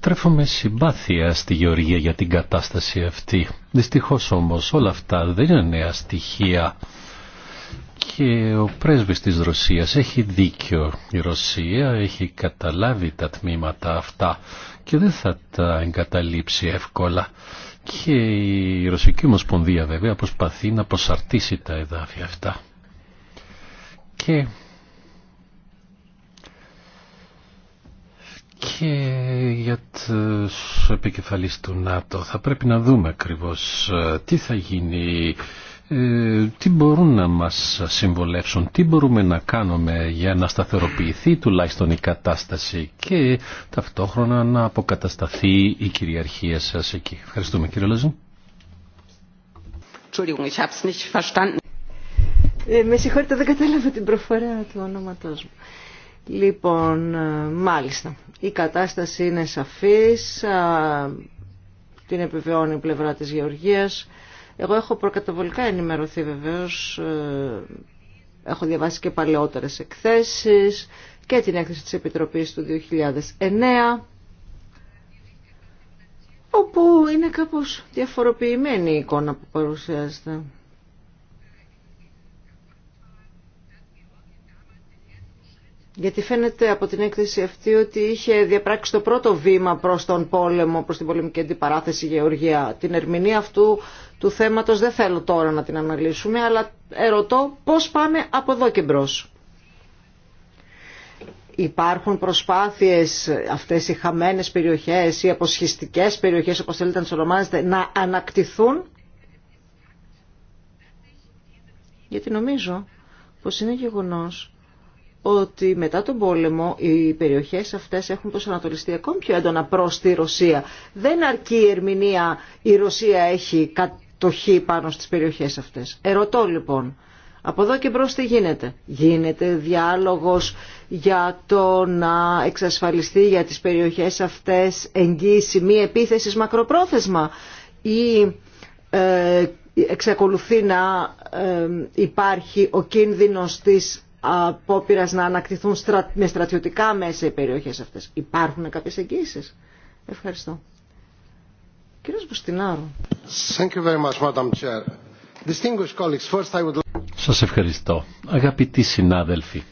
Speaker 3: Τρέφουμε συμπάθεια στη Γεωργία για την κατάσταση αυτή. Δυστυχώς όμως όλα αυτά δεν είναι νέα στοιχεία. Και ο πρέσβης της Ρωσίας έχει δίκιο. Η Ρωσία έχει καταλάβει τα τμήματα αυτά και δεν θα τα εγκαταλείψει εύκολα. Και η Ρωσική Ομοσπονδία βέβαια προσπαθεί να προσαρτήσει τα εδάφια αυτά. Και και για τους επικεφαλής του ΝΑΤΟ θα πρέπει να δούμε ακριβώς ε, τι θα γίνει ε, τι μπορούν να μας συμβολεύσουν, τι μπορούμε να κάνουμε για να σταθεροποιηθεί τουλάχιστον η κατάσταση και ταυτόχρονα να αποκατασταθεί η κυριαρχία σας εκεί. Ευχαριστούμε κύριε Λαζού.
Speaker 1: Ε, με συγχωρείτε δεν κατάλαβα την προφορά του ονόματός μου. Λοιπόν, ε, μάλιστα, η κατάσταση είναι σαφής, ε, την επιβεώνει η πλευρά της Γεωργίας. Εγώ έχω προκαταβολικά ενημερωθεί βεβαίως, ε, έχω διαβάσει και παλαιότερες εκθέσεις και την έκθεση της Επιτροπής του 2009 όπου είναι κάπως διαφοροποιημένη η εικόνα που παρουσιάζεται. Γιατί φαίνεται από την έκθεση αυτή ότι είχε διαπράξει το πρώτο βήμα προς τον πόλεμο, προς την πολεμική αντιπαράθεση Γεωργία. Την ερμηνεία αυτού του θέματος δεν θέλω τώρα να την αναλύσουμε, αλλά ερωτώ πώς πάμε από εδώ και μπρο. Υπάρχουν προσπάθειες αυτές οι χαμένες περιοχές, οι αποσχιστικές περιοχές όπως θέλετε να τις ονομάζετε, να ανακτηθούν. Γιατί νομίζω πως είναι γεγονός ότι μετά τον πόλεμο οι περιοχές αυτές έχουν προσανατολιστεί ακόμη πιο έντονα προς τη Ρωσία. Δεν αρκεί η ερμηνεία η Ρωσία έχει κατοχή πάνω στις περιοχές αυτές. Ερωτώ λοιπόν, από εδώ και μπρος τι γίνεται. Γίνεται διάλογος για το να εξασφαλιστεί για τις περιοχές αυτές εγγύηση μη επίθεσης μακροπρόθεσμα ή ε, εξακολουθεί να ε, υπάρχει ο κίνδυνος της απόπειρα να ανακτηθούν με στρατιωτικά μέσα οι περιοχές αυτές. Υπάρχουν κάποιες εγγύσει. Ευχαριστώ. Κύριος
Speaker 3: Μπουστινάρου. Σας ευχαριστώ. Αγαπητοί συνάδελφοι.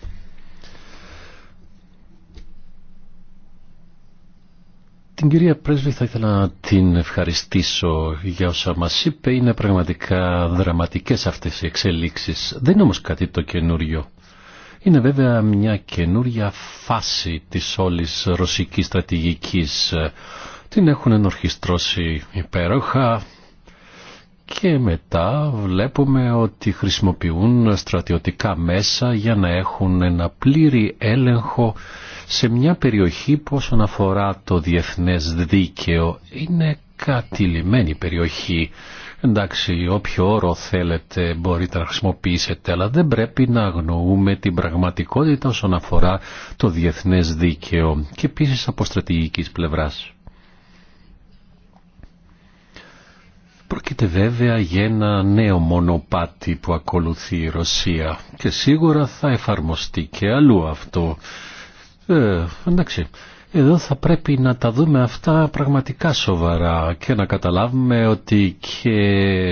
Speaker 3: Την κυρία Πρέσβη θα ήθελα να την ευχαριστήσω για όσα μας είπε. Είναι πραγματικά δραματικές αυτές οι εξελίξεις. Δεν είναι όμως κάτι το καινούριο. Είναι βέβαια μια καινούρια φάση της όλης ρωσικής στρατηγικής. Την έχουν ενορχιστρώσει υπέροχα και μετά βλέπουμε ότι χρησιμοποιούν στρατιωτικά μέσα για να έχουν ένα πλήρη έλεγχο σε μια περιοχή που όσον αφορά το διεθνές δίκαιο είναι κατηλημένη περιοχή. Εντάξει, όποιο όρο θέλετε μπορείτε να χρησιμοποιήσετε, αλλά δεν πρέπει να αγνοούμε την πραγματικότητα όσον αφορά το διεθνές δίκαιο και επίση από στρατηγικής πλευράς. Πρόκειται βέβαια για ένα νέο μονοπάτι που ακολουθεί η Ρωσία και σίγουρα θα εφαρμοστεί και αλλού αυτό. Ε, εντάξει. Εδώ θα πρέπει να τα δούμε αυτά πραγματικά σοβαρά και να καταλάβουμε ότι και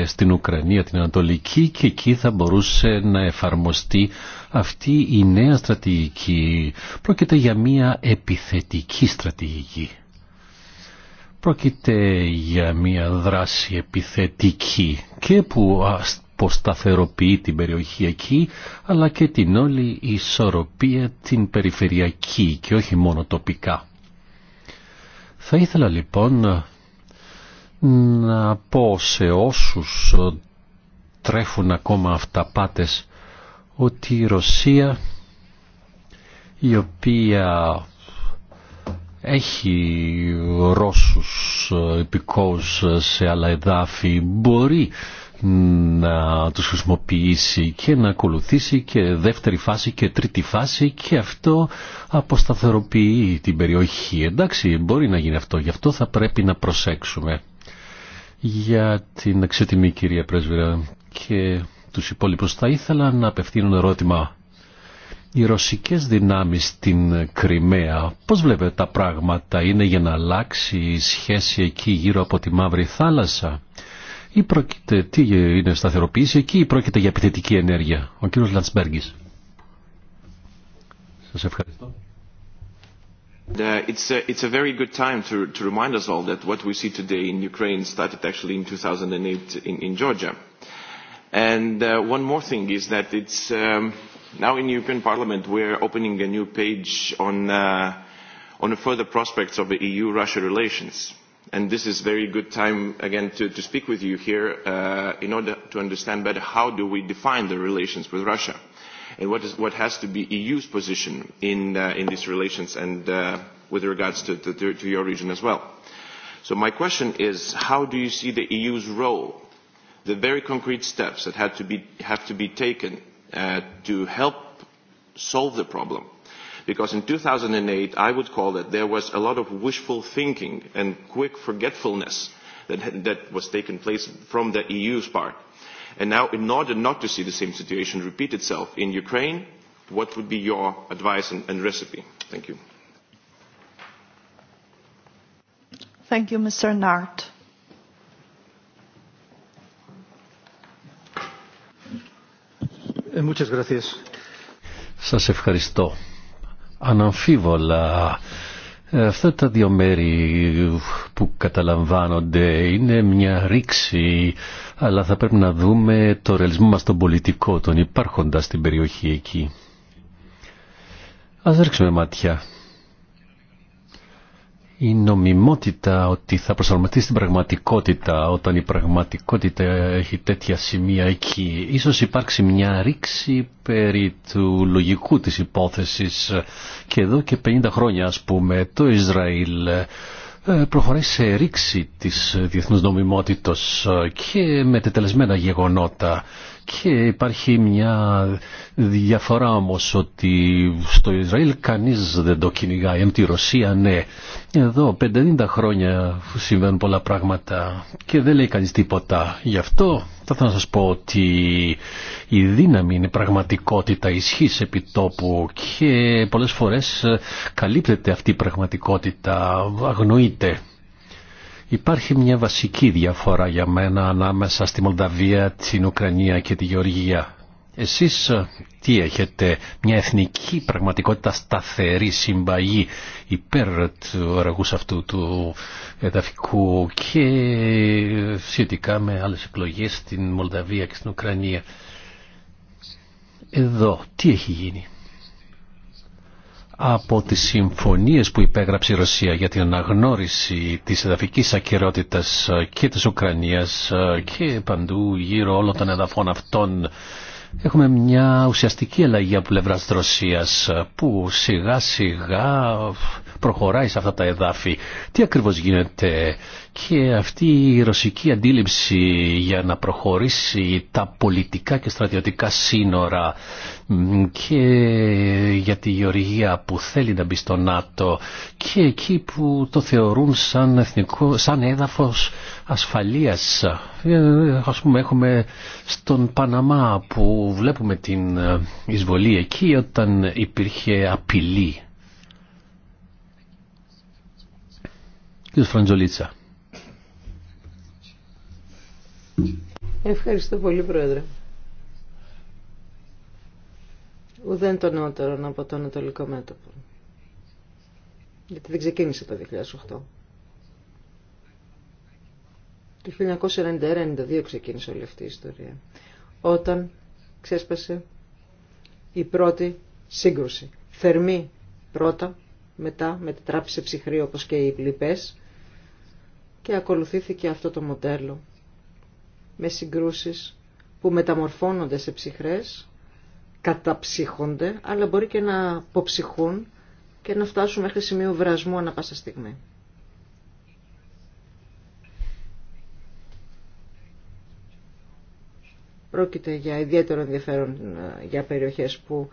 Speaker 3: στην Ουκρανία την Ανατολική και εκεί θα μπορούσε να εφαρμοστεί αυτή η νέα στρατηγική. Πρόκειται για μια επιθετική στρατηγική. Πρόκειται για μια δράση επιθετική και που αποσταθεροποιεί την περιοχή εκεί αλλά και την όλη ισορροπία την περιφερειακή και όχι μόνο τοπικά. Θα ήθελα λοιπόν να πω σε όσους τρέφουν ακόμα αυταπάτες ότι η Ρωσία η οποία έχει Ρώσους υπηκόους σε άλλα εδάφη μπορεί να τους χρησιμοποιήσει και να ακολουθήσει και δεύτερη φάση και τρίτη φάση και αυτό αποσταθεροποιεί την περιοχή. Εντάξει, μπορεί να γίνει αυτό, γι' αυτό θα πρέπει να προσέξουμε. Για την εξαιτημή κυρία Πρέσβυρα και τους υπόλοιπους θα ήθελα να απευθύνουν ερώτημα. Οι ρωσικές δυνάμεις στην Κρυμαία, πώς βλέπετε τα πράγματα, είναι για να αλλάξει η σχέση εκεί γύρω από τη Μαύρη Θάλασσα ή πρόκειται, τι είναι σταθεροποίηση εκεί ή πρόκειται για επιθετική ενέργεια. Ο κύριος Σας ευχαριστώ.
Speaker 4: It's a, it's a very good time to, to remind us all that what we see today in Ukraine started actually in 2008 in, in Georgia. And one more thing is that it's um, now in the European Parliament we're opening a new page on, uh, on the further prospects of the EU-Russia relations and this is a very good time again to to speak with you here in order to understand better how do we define the relations with Russia and what has to be EU's position in these relations and with regards to your region as well. So my question is how do you see the EU's role, the very concrete steps that have to be taken to help solve the problem because in 2008 I would call that there was a lot of wishful thinking and quick forgetfulness that that was taking place from the EU's part. And now in order not to see the same situation repeat itself in Ukraine, what would be your advice and recipe? Thank you. Thank you, Mr. Nart.
Speaker 3: Muchas gracias. Σας ευχαριστώ αναμφίβολα. Αυτά τα δύο μέρη που καταλαμβάνονται είναι μια ρήξη, αλλά θα πρέπει να δούμε το ρελισμό μας τον πολιτικό, τον υπάρχοντα στην περιοχή εκεί. Ας ρίξουμε μάτια η νομιμότητα ότι θα προσαρμοστεί στην πραγματικότητα όταν η πραγματικότητα έχει τέτοια σημεία εκεί. Ίσως υπάρξει μια ρήξη περί του λογικού της υπόθεσης και εδώ και 50 χρόνια ας πούμε το Ισραήλ ε, προχωράει σε ρήξη της διεθνούς νομιμότητος ε, και με τετελεσμένα γεγονότα και υπάρχει μια διαφορά όμως ότι στο Ισραήλ κανείς δεν το κυνηγάει, εν τη Ρωσία ναι. Εδώ 50 χρόνια συμβαίνουν πολλά πράγματα και δεν λέει κανείς τίποτα. Γι' αυτό θα ήθελα να σας πω ότι η δύναμη είναι πραγματικότητα, ισχύς επιτόπου και πολλές φορές καλύπτεται αυτή η πραγματικότητα, αγνοείται. Υπάρχει μια βασική διαφορά για μένα ανάμεσα στη Μολδαβία, την Ουκρανία και τη Γεωργία. Εσείς ε, τι έχετε, μια εθνική πραγματικότητα σταθερή συμπαγή υπέρ του αραγούς αυτού του εδαφικού και σχετικά με άλλες εκλογές στην Μολδαβία και στην Ουκρανία. Εδώ τι έχει γίνει από τις συμφωνίες που υπέγραψε η Ρωσία για την αναγνώριση της εδαφικής ακυρότητας ε, και της Ουκρανίας ε, και παντού γύρω όλων των εδαφών αυτών έχουμε μια ουσιαστική αλλαγή από πλευρά Ρωσίας ε, που σιγά σιγά προχωράει σε αυτά τα εδάφη. Τι ακριβώς γίνεται και αυτή η ρωσική αντίληψη για να προχωρήσει τα πολιτικά και στρατιωτικά σύνορα και για τη Γεωργία που θέλει να μπει στο ΝΑΤΟ και εκεί που το θεωρούν σαν, εθνικό, σαν έδαφος ασφαλείας. Ε, ας πούμε έχουμε στον Παναμά που βλέπουμε την ε, εισβολή εκεί όταν υπήρχε απειλή. Κύριος Φραντζολίτσα.
Speaker 1: Ευχαριστώ πολύ, Πρόεδρε. Ουδέν των νεότερων από το Ανατολικό Μέτωπο. Γιατί δεν ξεκίνησε το 2008. Το 1991-1992 ξεκίνησε όλη αυτή η ιστορία. Όταν ξέσπασε η πρώτη σύγκρουση. Θερμή πρώτα, μετά με μετατράπησε ψυχρή όπως και οι λοιπές και ακολουθήθηκε αυτό το μοντέλο με συγκρούσεις που μεταμορφώνονται σε ψυχρές, καταψύχονται, αλλά μπορεί και να αποψυχούν και να φτάσουν μέχρι σημείο βρασμού ανά πάσα στιγμή. Πρόκειται για ιδιαίτερο ενδιαφέρον ε, για περιοχές που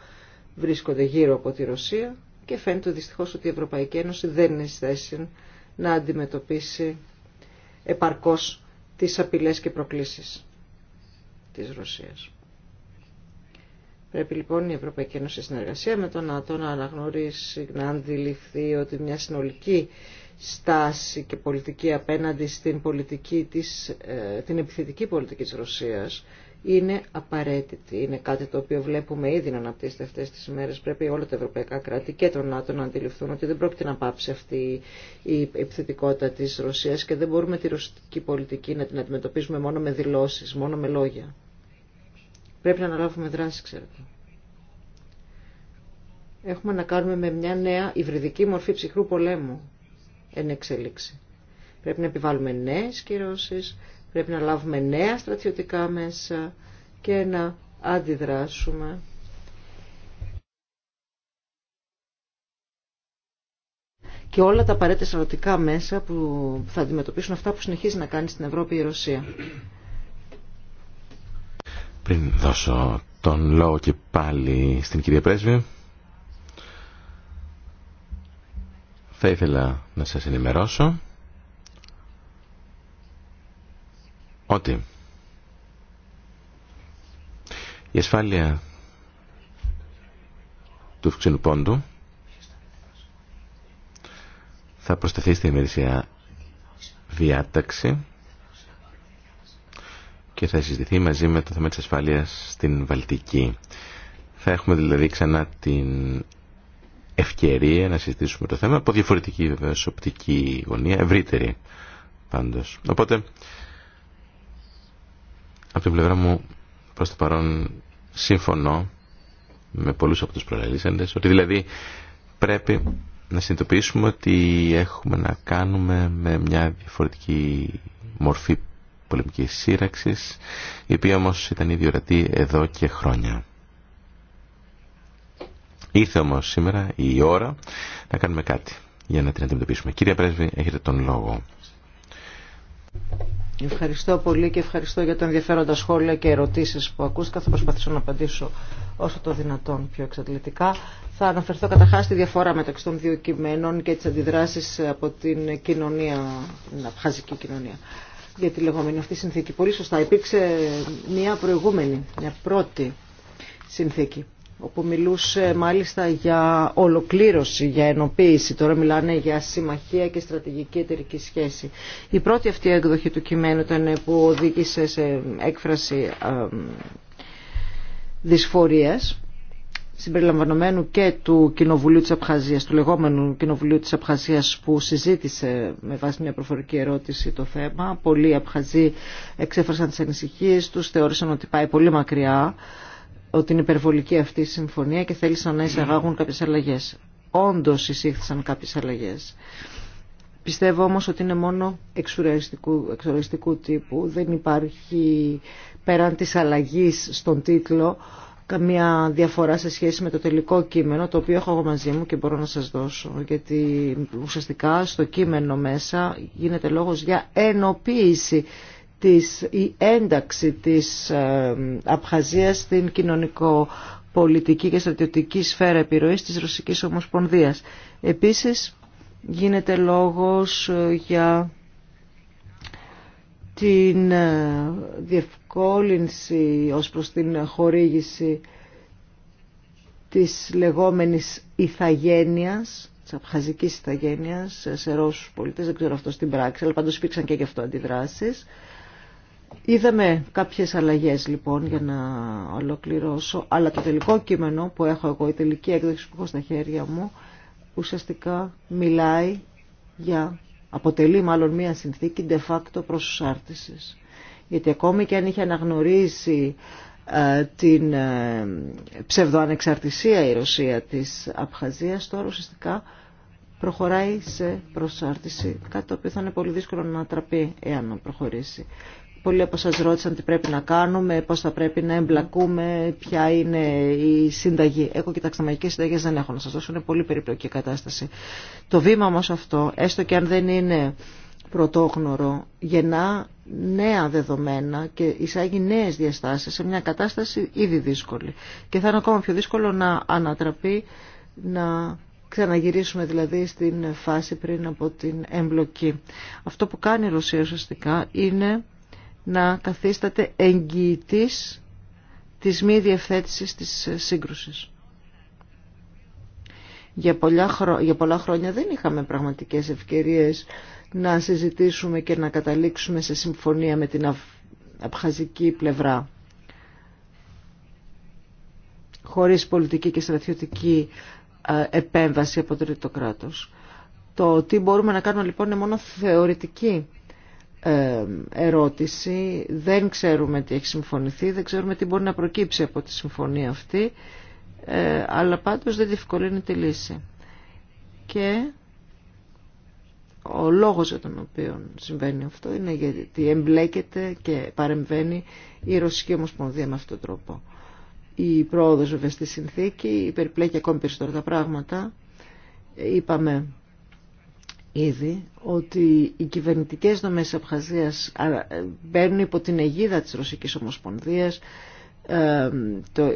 Speaker 1: βρίσκονται γύρω από τη Ρωσία και φαίνεται δυστυχώς ότι η Ευρωπαϊκή Ένωση δεν είναι στη να αντιμετωπίσει επαρκώς τις απειλές και προκλήσεις της Ρωσίας. Πρέπει λοιπόν η Ευρωπαϊκή Ένωση συνεργασία με τον ΝΑΤΟ να αναγνωρίσει, να αντιληφθεί ότι μια συνολική στάση και πολιτική απέναντι στην πολιτική της, ε, την επιθετική πολιτική της Ρωσίας είναι απαραίτητη. Είναι κάτι το οποίο βλέπουμε ήδη να αναπτύσσεται αυτέ τι μέρε. Πρέπει όλα τα ευρωπαϊκά κράτη και τον ΝΑΤΟ να αντιληφθούν ότι δεν πρόκειται να πάψει αυτή η επιθετικότητα τη Ρωσία και δεν μπορούμε τη ρωσική πολιτική να την αντιμετωπίζουμε μόνο με δηλώσει, μόνο με λόγια. Πρέπει να αναλάβουμε δράση, ξέρετε. Έχουμε να κάνουμε με μια νέα υβριδική μορφή ψυχρού πολέμου εν εξέλιξη. Πρέπει να επιβάλλουμε νέε κυρώσει. Πρέπει να λάβουμε νέα στρατιωτικά μέσα και να αντιδράσουμε. Και όλα τα απαραίτητα στρατιωτικά μέσα που θα αντιμετωπίσουν αυτά που συνεχίζει να κάνει στην Ευρώπη η Ρωσία.
Speaker 2: Πριν δώσω τον λόγο και πάλι στην κυρία Πρέσβη, θα ήθελα να σας ενημερώσω ότι η ασφάλεια του ξύλου θα προσταθεί στη ημερησία διάταξη και θα συζητηθεί μαζί με το θέμα της ασφάλειας στην Βαλτική. Θα έχουμε δηλαδή ξανά την ευκαιρία να συζητήσουμε το θέμα από διαφορετική βεβαίως οπτική γωνία, ευρύτερη πάντως. Οπότε από την πλευρά μου προς το παρόν σύμφωνο με πολλούς από τους προλαλήσαντες ότι δηλαδή πρέπει να συνειδητοποιήσουμε ότι έχουμε να κάνουμε με μια διαφορετική μορφή πολεμικής σύραξης η οποία όμως ήταν ήδη ορατή εδώ και χρόνια. Ήρθε όμως σήμερα η ώρα να κάνουμε κάτι για να την αντιμετωπίσουμε. Κύριε Πρέσβη, έχετε τον λόγο.
Speaker 1: Ευχαριστώ πολύ και ευχαριστώ για τα ενδιαφέροντα σχόλια και ερωτήσεις που ακούστηκα. Θα προσπαθήσω να απαντήσω όσο το δυνατόν πιο εξαντλητικά. Θα αναφερθώ καταρχάς στη διαφορά μεταξύ των δύο κειμένων και τις αντιδράσεις από την κοινωνία, την αφχαζική κοινωνία για τη λεγόμενη αυτή συνθήκη. Πολύ σωστά υπήρξε μια προηγούμενη, μια πρώτη συνθήκη όπου μιλούσε μάλιστα για ολοκλήρωση, για ενοποίηση. Τώρα μιλάνε για συμμαχία και στρατηγική εταιρική σχέση. Η πρώτη αυτή εκδοχή του κειμένου ήταν που οδήγησε σε έκφραση δυσφορίας συμπεριλαμβανομένου και του Κοινοβουλίου της του λεγόμενου Κοινοβουλίου της Απχαζίας που συζήτησε με βάση μια προφορική ερώτηση το θέμα. Πολλοί Απχαζοί εξέφρασαν τις ανησυχίες τους, θεώρησαν ότι πάει πολύ μακριά ότι είναι υπερβολική αυτή η συμφωνία και θέλησαν να εισαγάγουν κάποιες αλλαγέ. Όντω εισήχθησαν κάποιες αλλαγέ. Πιστεύω όμως ότι είναι μόνο εξουραϊστικού, τύπου. Δεν υπάρχει πέραν της αλλαγής στον τίτλο καμία διαφορά σε σχέση με το τελικό κείμενο το οποίο έχω εγώ μαζί μου και μπορώ να σας δώσω γιατί ουσιαστικά στο κείμενο μέσα γίνεται λόγος για ενοποίηση της, η ένταξη της ε, Απχαζίας στην κοινωνικό πολιτική και στρατιωτική σφαίρα επιρροής της Ρωσικής Ομοσπονδίας. Επίσης γίνεται λόγος ε, για την ε, διευκόλυνση ως προς την χορήγηση της λεγόμενης ηθαγένειας, της απχαζικής ηθαγένειας σε Ρώσους πολίτες, δεν ξέρω αυτό στην πράξη, αλλά πάντως υπήρξαν και γι' αυτό αντιδράσεις. Είδαμε κάποιες αλλαγές λοιπόν για να ολοκληρώσω, αλλά το τελικό κείμενο που έχω εγώ, η τελική έκδοση που έχω στα χέρια μου, ουσιαστικά μιλάει για, αποτελεί μάλλον μία συνθήκη de facto προσάρτησης. Γιατί ακόμη και αν είχε αναγνωρίσει ε, την ε, ψευδοανεξαρτησία η Ρωσία της Απχαζίας τώρα ουσιαστικά προχωράει σε προσάρτηση κάτι το οποίο θα είναι πολύ δύσκολο να ανατραπεί εάν προχωρήσει Πολλοί από σας ρώτησαν τι πρέπει να κάνουμε, πώς θα πρέπει να εμπλακούμε, ποια είναι η συνταγή. Εγώ και ταξινομικές συνταγές δεν έχω να σας δώσω, είναι πολύ περιπλοκή η κατάσταση. Το βήμα όμως αυτό, έστω και αν δεν είναι πρωτόγνωρο, γεννά νέα δεδομένα και εισάγει νέες διαστάσεις σε μια κατάσταση ήδη δύσκολη. Και θα είναι ακόμα πιο δύσκολο να ανατραπεί, να ξαναγυρίσουμε δηλαδή στην φάση πριν από την εμπλοκή. Αυτό που κάνει η Ρωσία ουσιαστικά είναι να καθίσταται εγγυητής της μη διευθέτησης της σύγκρουσης. Για πολλά, χρόνια δεν είχαμε πραγματικές ευκαιρίες να συζητήσουμε και να καταλήξουμε σε συμφωνία με την απχαζική πλευρά. Χωρίς πολιτική και στρατιωτική επέμβαση από τρίτο κράτος. Το τι μπορούμε να κάνουμε λοιπόν είναι μόνο θεωρητική ε, ερώτηση. Δεν ξέρουμε τι έχει συμφωνηθεί, δεν ξέρουμε τι μπορεί να προκύψει από τη συμφωνία αυτή, ε, αλλά πάντως δεν διευκολύνει τη λύση. Και ο λόγος για τον οποίο συμβαίνει αυτό είναι γιατί εμπλέκεται και παρεμβαίνει η Ρωσική Ομοσπονδία με αυτόν τον τρόπο. Η πρόοδος βέβαια στη συνθήκη υπερπλέκει ακόμη περισσότερα τα πράγματα. Είπαμε ήδη ότι οι κυβερνητικές δομές Απχαζίας μπαίνουν υπό την αιγίδα της Ρωσικής Ομοσπονδίας, ε, το,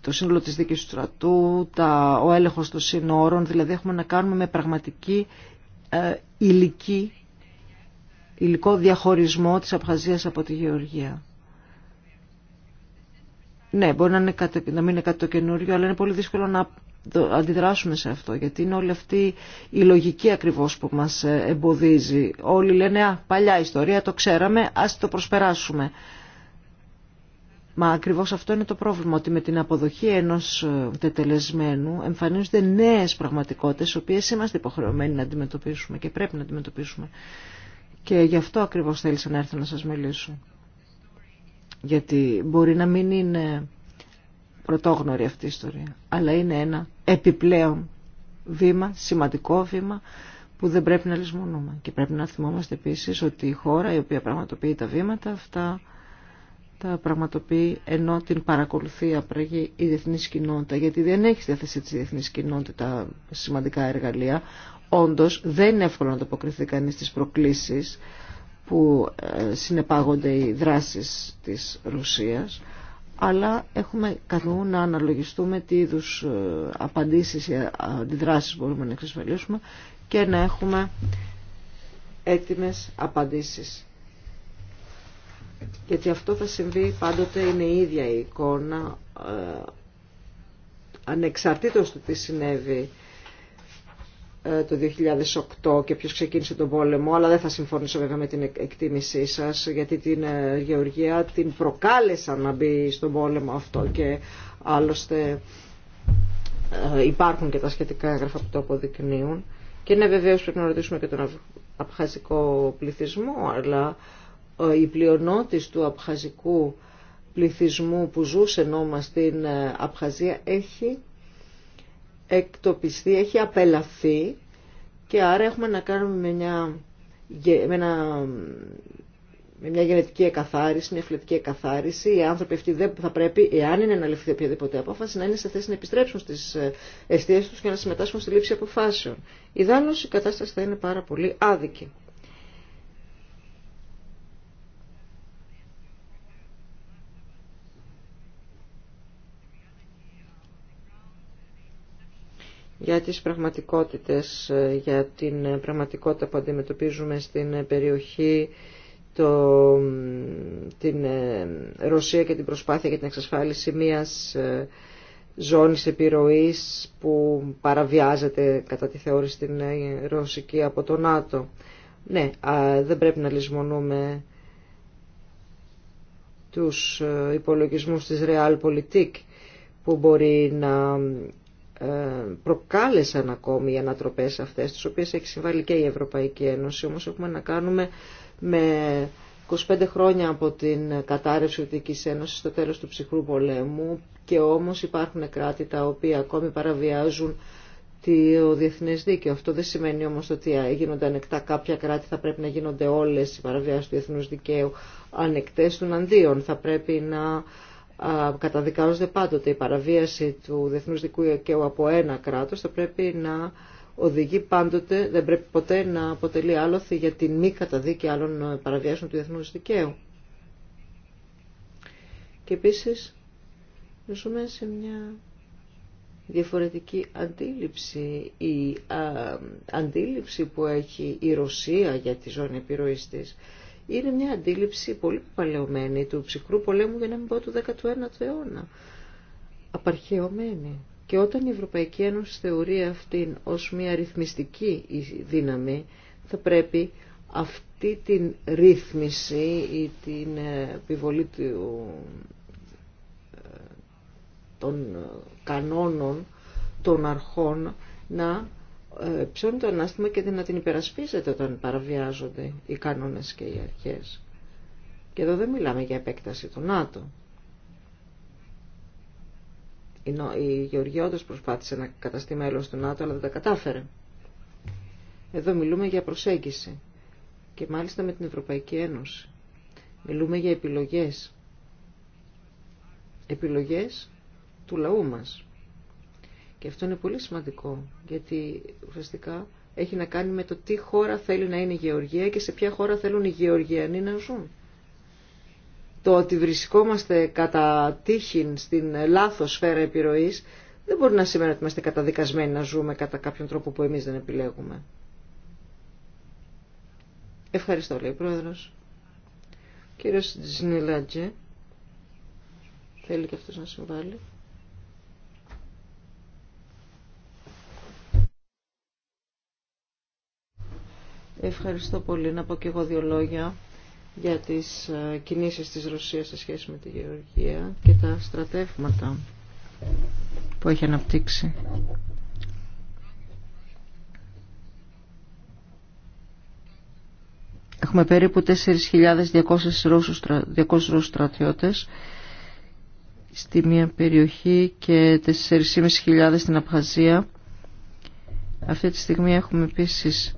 Speaker 1: το σύνολο της δίκης του στρατού, τα, ο έλεγχος των σύνορων, δηλαδή έχουμε να κάνουμε με πραγματική ε, υλική, υλικό διαχωρισμό της Απχαζίας από τη Γεωργία. Ναι, μπορεί να, είναι, να μην είναι κάτι το καινούριο, αλλά είναι πολύ δύσκολο να αντιδράσουμε σε αυτό, γιατί είναι όλη αυτή η λογική ακριβώς που μας εμποδίζει. Όλοι λένε, α, παλιά ιστορία, το ξέραμε, ας το προσπεράσουμε. Μα ακριβώς αυτό είναι το πρόβλημα, ότι με την αποδοχή ενός τετελεσμένου εμφανίζονται νέες πραγματικότητες, οι οποίες είμαστε υποχρεωμένοι να αντιμετωπίσουμε και πρέπει να αντιμετωπίσουμε. Και γι' αυτό ακριβώς θέλησα να έρθω να σας μιλήσω. Γιατί μπορεί να μην είναι πρωτόγνωρη αυτή η ιστορία, αλλά είναι ένα επιπλέον βήμα, σημαντικό βήμα που δεν πρέπει να λησμονούμε. Και πρέπει να θυμόμαστε επίσης ότι η χώρα η οποία πραγματοποιεί τα βήματα αυτά τα πραγματοποιεί ενώ την παρακολουθεί απραγεί η διεθνή κοινότητα γιατί δεν έχει στη τη διεθνή κοινότητα σημαντικά εργαλεία όντω δεν είναι εύκολο να τοποκριθεί κανεί στι προκλήσει που ε, συνεπάγονται οι δράσει τη Ρωσία αλλά έχουμε καθόλου να αναλογιστούμε τι είδου ε, απαντήσεις ή αντιδράσεις μπορούμε να εξασφαλίσουμε και να έχουμε έτοιμες απαντήσεις. Γιατί αυτό θα συμβεί πάντοτε είναι η ίδια η εικόνα, ε, ανεξαρτήτως του τι συνέβη ε, το 2008 και ποιος ξεκίνησε τον πόλεμο, αλλά δεν θα συμφωνήσω βέβαια με την εκτίμησή σας, γιατί την ε, Γεωργία την προκάλεσαν να μπει στον πόλεμο αυτό και άλλωστε ε, υπάρχουν και τα σχετικά έγγραφα που το αποδεικνύουν. Και ναι, βεβαίως πρέπει να ρωτήσουμε και τον απχαζικό πληθυσμό, αλλά η πλειονότηση του απχαζικού πληθυσμού που ζούσε νόμα στην Απχαζία έχει εκτοπιστεί, έχει απελαθεί και άρα έχουμε να κάνουμε με μια, με μια γενετική εκαθάριση, μια φυλετική εκαθάριση. Οι άνθρωποι αυτοί δεν θα πρέπει, εάν είναι να ληφθεί οποιαδήποτε απόφαση, να είναι σε θέση να επιστρέψουν στι ε, αιστείε του και να συμμετάσχουν στη λήψη αποφάσεων. Ιδάλω η κατάσταση θα είναι πάρα πολύ άδικη. για τις πραγματικότητες, ε, για την πραγματικότητα που αντιμετωπίζουμε στην ε, περιοχή, το, την ε, Ρωσία και την προσπάθεια για την εξασφάλιση μιας ζώνης επιρροής που παραβιάζεται κατά τη θεώρηση την Ρωσική από το ΝΑΤΟ. Ναι, δεν πρέπει να λησμονούμε τους υπολογισμούς της Realpolitik που μπορεί να ε, προκάλεσαν ακόμη οι ανατροπές αυτές, τις οποίες έχει συμβάλει και η Ευρωπαϊκή Ένωση, όμως έχουμε να κάνουμε με 25 χρόνια από την κατάρρευση της Ευρωπαϊκής Ένωσης στο τέλος του ψυχρού πολέμου και όμως υπάρχουν κράτη τα οποία ακόμη παραβιάζουν το διεθνές δίκαιο. Αυτό δεν σημαίνει όμως ότι γίνονται ανεκτά κάποια κράτη, θα πρέπει να γίνονται όλες οι παραβιάσεις του διεθνούς δικαίου ανεκτές των αντίων. Θα πρέπει να καταδικάζονται πάντοτε. Η παραβίαση του διεθνούς δικαίου από ένα κράτος θα πρέπει να οδηγεί πάντοτε, δεν πρέπει ποτέ να αποτελεί άλοθη για την μη καταδίκη άλλων παραβιάσεων του διεθνούς δικαίου. Και επίσης ζούμε σε μια διαφορετική αντίληψη. Η αντίληψη που έχει η Ρωσία για τη ζώνη επιρροής της είναι μια αντίληψη πολύ παλαιωμένη του ψυχρού πολέμου για να μην πω του 19ου αιώνα. Απαρχαιωμένη. Και όταν η Ευρωπαϊκή Ένωση θεωρεί αυτήν ως μια ρυθμιστική δύναμη, θα πρέπει αυτή την ρύθμιση ή την ε, επιβολή ε, των ε, κανόνων των αρχών να ε, ψώνει το ανάστημα και να την υπερασπίζεται όταν παραβιάζονται οι κανόνες και οι αρχές. Και εδώ δεν μιλάμε για επέκταση του ΝΑΤΟ. Η Γεωργία όντως προσπάθησε να καταστεί μέλος του ΝΑΤΟ αλλά δεν τα κατάφερε. Εδώ μιλούμε για προσέγγιση και μάλιστα με την Ευρωπαϊκή Ένωση. Μιλούμε για επιλογές. Επιλογές του λαού μας. Και αυτό είναι πολύ σημαντικό, γιατί ουσιαστικά έχει να κάνει με το τι χώρα θέλει να είναι η Γεωργία και σε ποια χώρα θέλουν οι Γεωργιανοί να ζουν. Το ότι βρισκόμαστε κατά τύχην στην λάθος σφαίρα επιρροής δεν μπορεί να σημαίνει ότι είμαστε καταδικασμένοι να ζούμε κατά κάποιον τρόπο που εμείς δεν επιλέγουμε. Ευχαριστώ, λέει ο Πρόεδρος. κύριος Τζινιλάντζε θέλει και αυτός να συμβάλλει. Ευχαριστώ πολύ. Να πω και εγώ δύο λόγια για τις ε, κινήσεις της Ρωσίας σε σχέση με τη Γεωργία και τα στρατεύματα που έχει αναπτύξει. Έχουμε περίπου 4.200 Ρώσους, 200 στρατιώτες στη μία περιοχή και 4.500 στην Απχαζία. Αυτή τη στιγμή έχουμε επίσης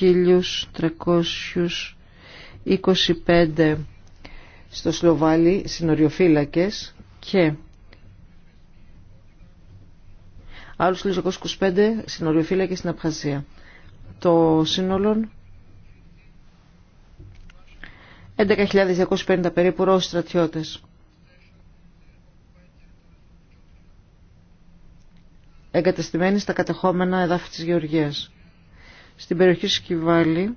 Speaker 1: 1.325 στο Σλοβάλι συνοριοφύλακες και άλλους 1.325 συνοριοφύλακες στην Απχασία Το σύνολο 11.250 περίπου Ρώσοι στρατιώτες. εγκαταστημένοι στα κατεχόμενα εδάφη της Γεωργίας στην περιοχή Σκυβάλη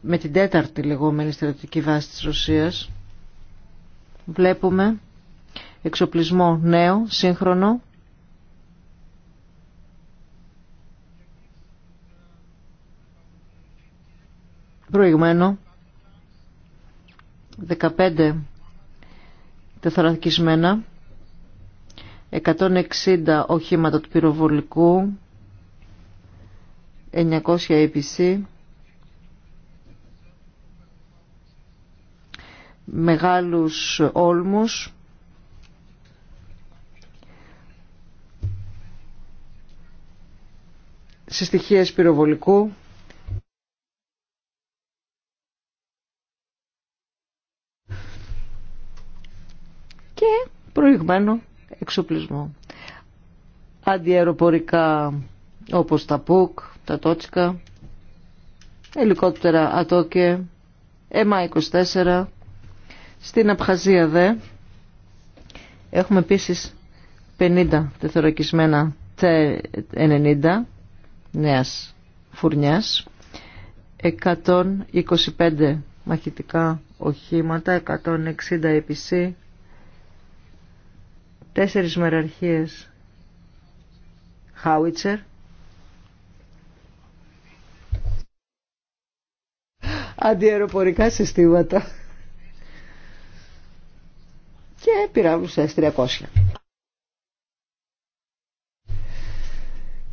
Speaker 1: με την τέταρτη λεγόμενη στρατιωτική βάση της Ρωσίας βλέπουμε εξοπλισμό νέο, σύγχρονο προηγμένο 15 τεθαρακισμένα, 160 οχήματα του πυροβολικού, 900 APC, μεγάλους όλμους, συστοιχίες πυροβολικού, και προηγμένο εξοπλισμό, Αντιαεροπορικά όπως τα ΠΟΚ, τα Τότσικα, ελικόπτερα Ατόκε, ΕΜΑ24. Στην Απχαζία δε έχουμε επίσης 50 τεθωρακισμένα T90 νέας φουρνιάς, 125 μαχητικά οχήματα, 160 επίση τέσσερις μεραρχίες Χάουιτσερ αντιεροπορικά συστήματα και πυράβλους S300.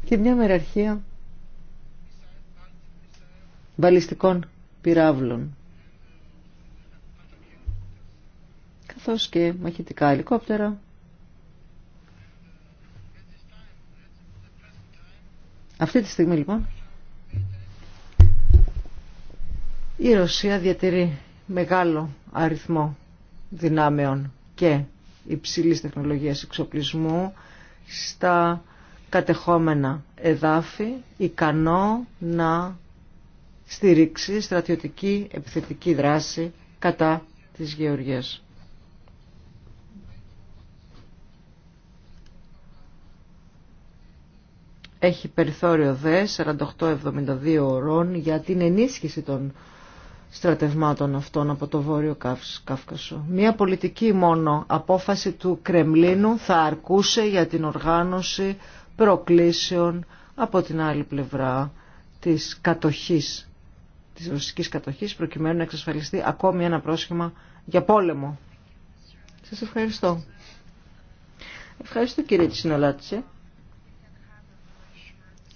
Speaker 1: Και μια μεραρχία βαλιστικών πυράβλων καθώς και μαχητικά ελικόπτερα Αυτή τη στιγμή λοιπόν η Ρωσία διατηρεί μεγάλο αριθμό δυνάμεων και υψηλής τεχνολογίας εξοπλισμού στα κατεχόμενα εδάφη ικανό να στηρίξει στρατιωτική επιθετική δράση κατά της γεωργίας. έχει περιθώριο δε 48-72 ώρων για την ενίσχυση των στρατευμάτων αυτών από το Βόρειο Κάφκασο. Μία πολιτική μόνο απόφαση του Κρεμλίνου θα αρκούσε για την οργάνωση προκλήσεων από την άλλη πλευρά της κατοχής, της ρωσικής κατοχής, προκειμένου να εξασφαλιστεί ακόμη ένα πρόσχημα για πόλεμο. Σας ευχαριστώ. Ευχαριστώ κύριε Τσινολάτσε.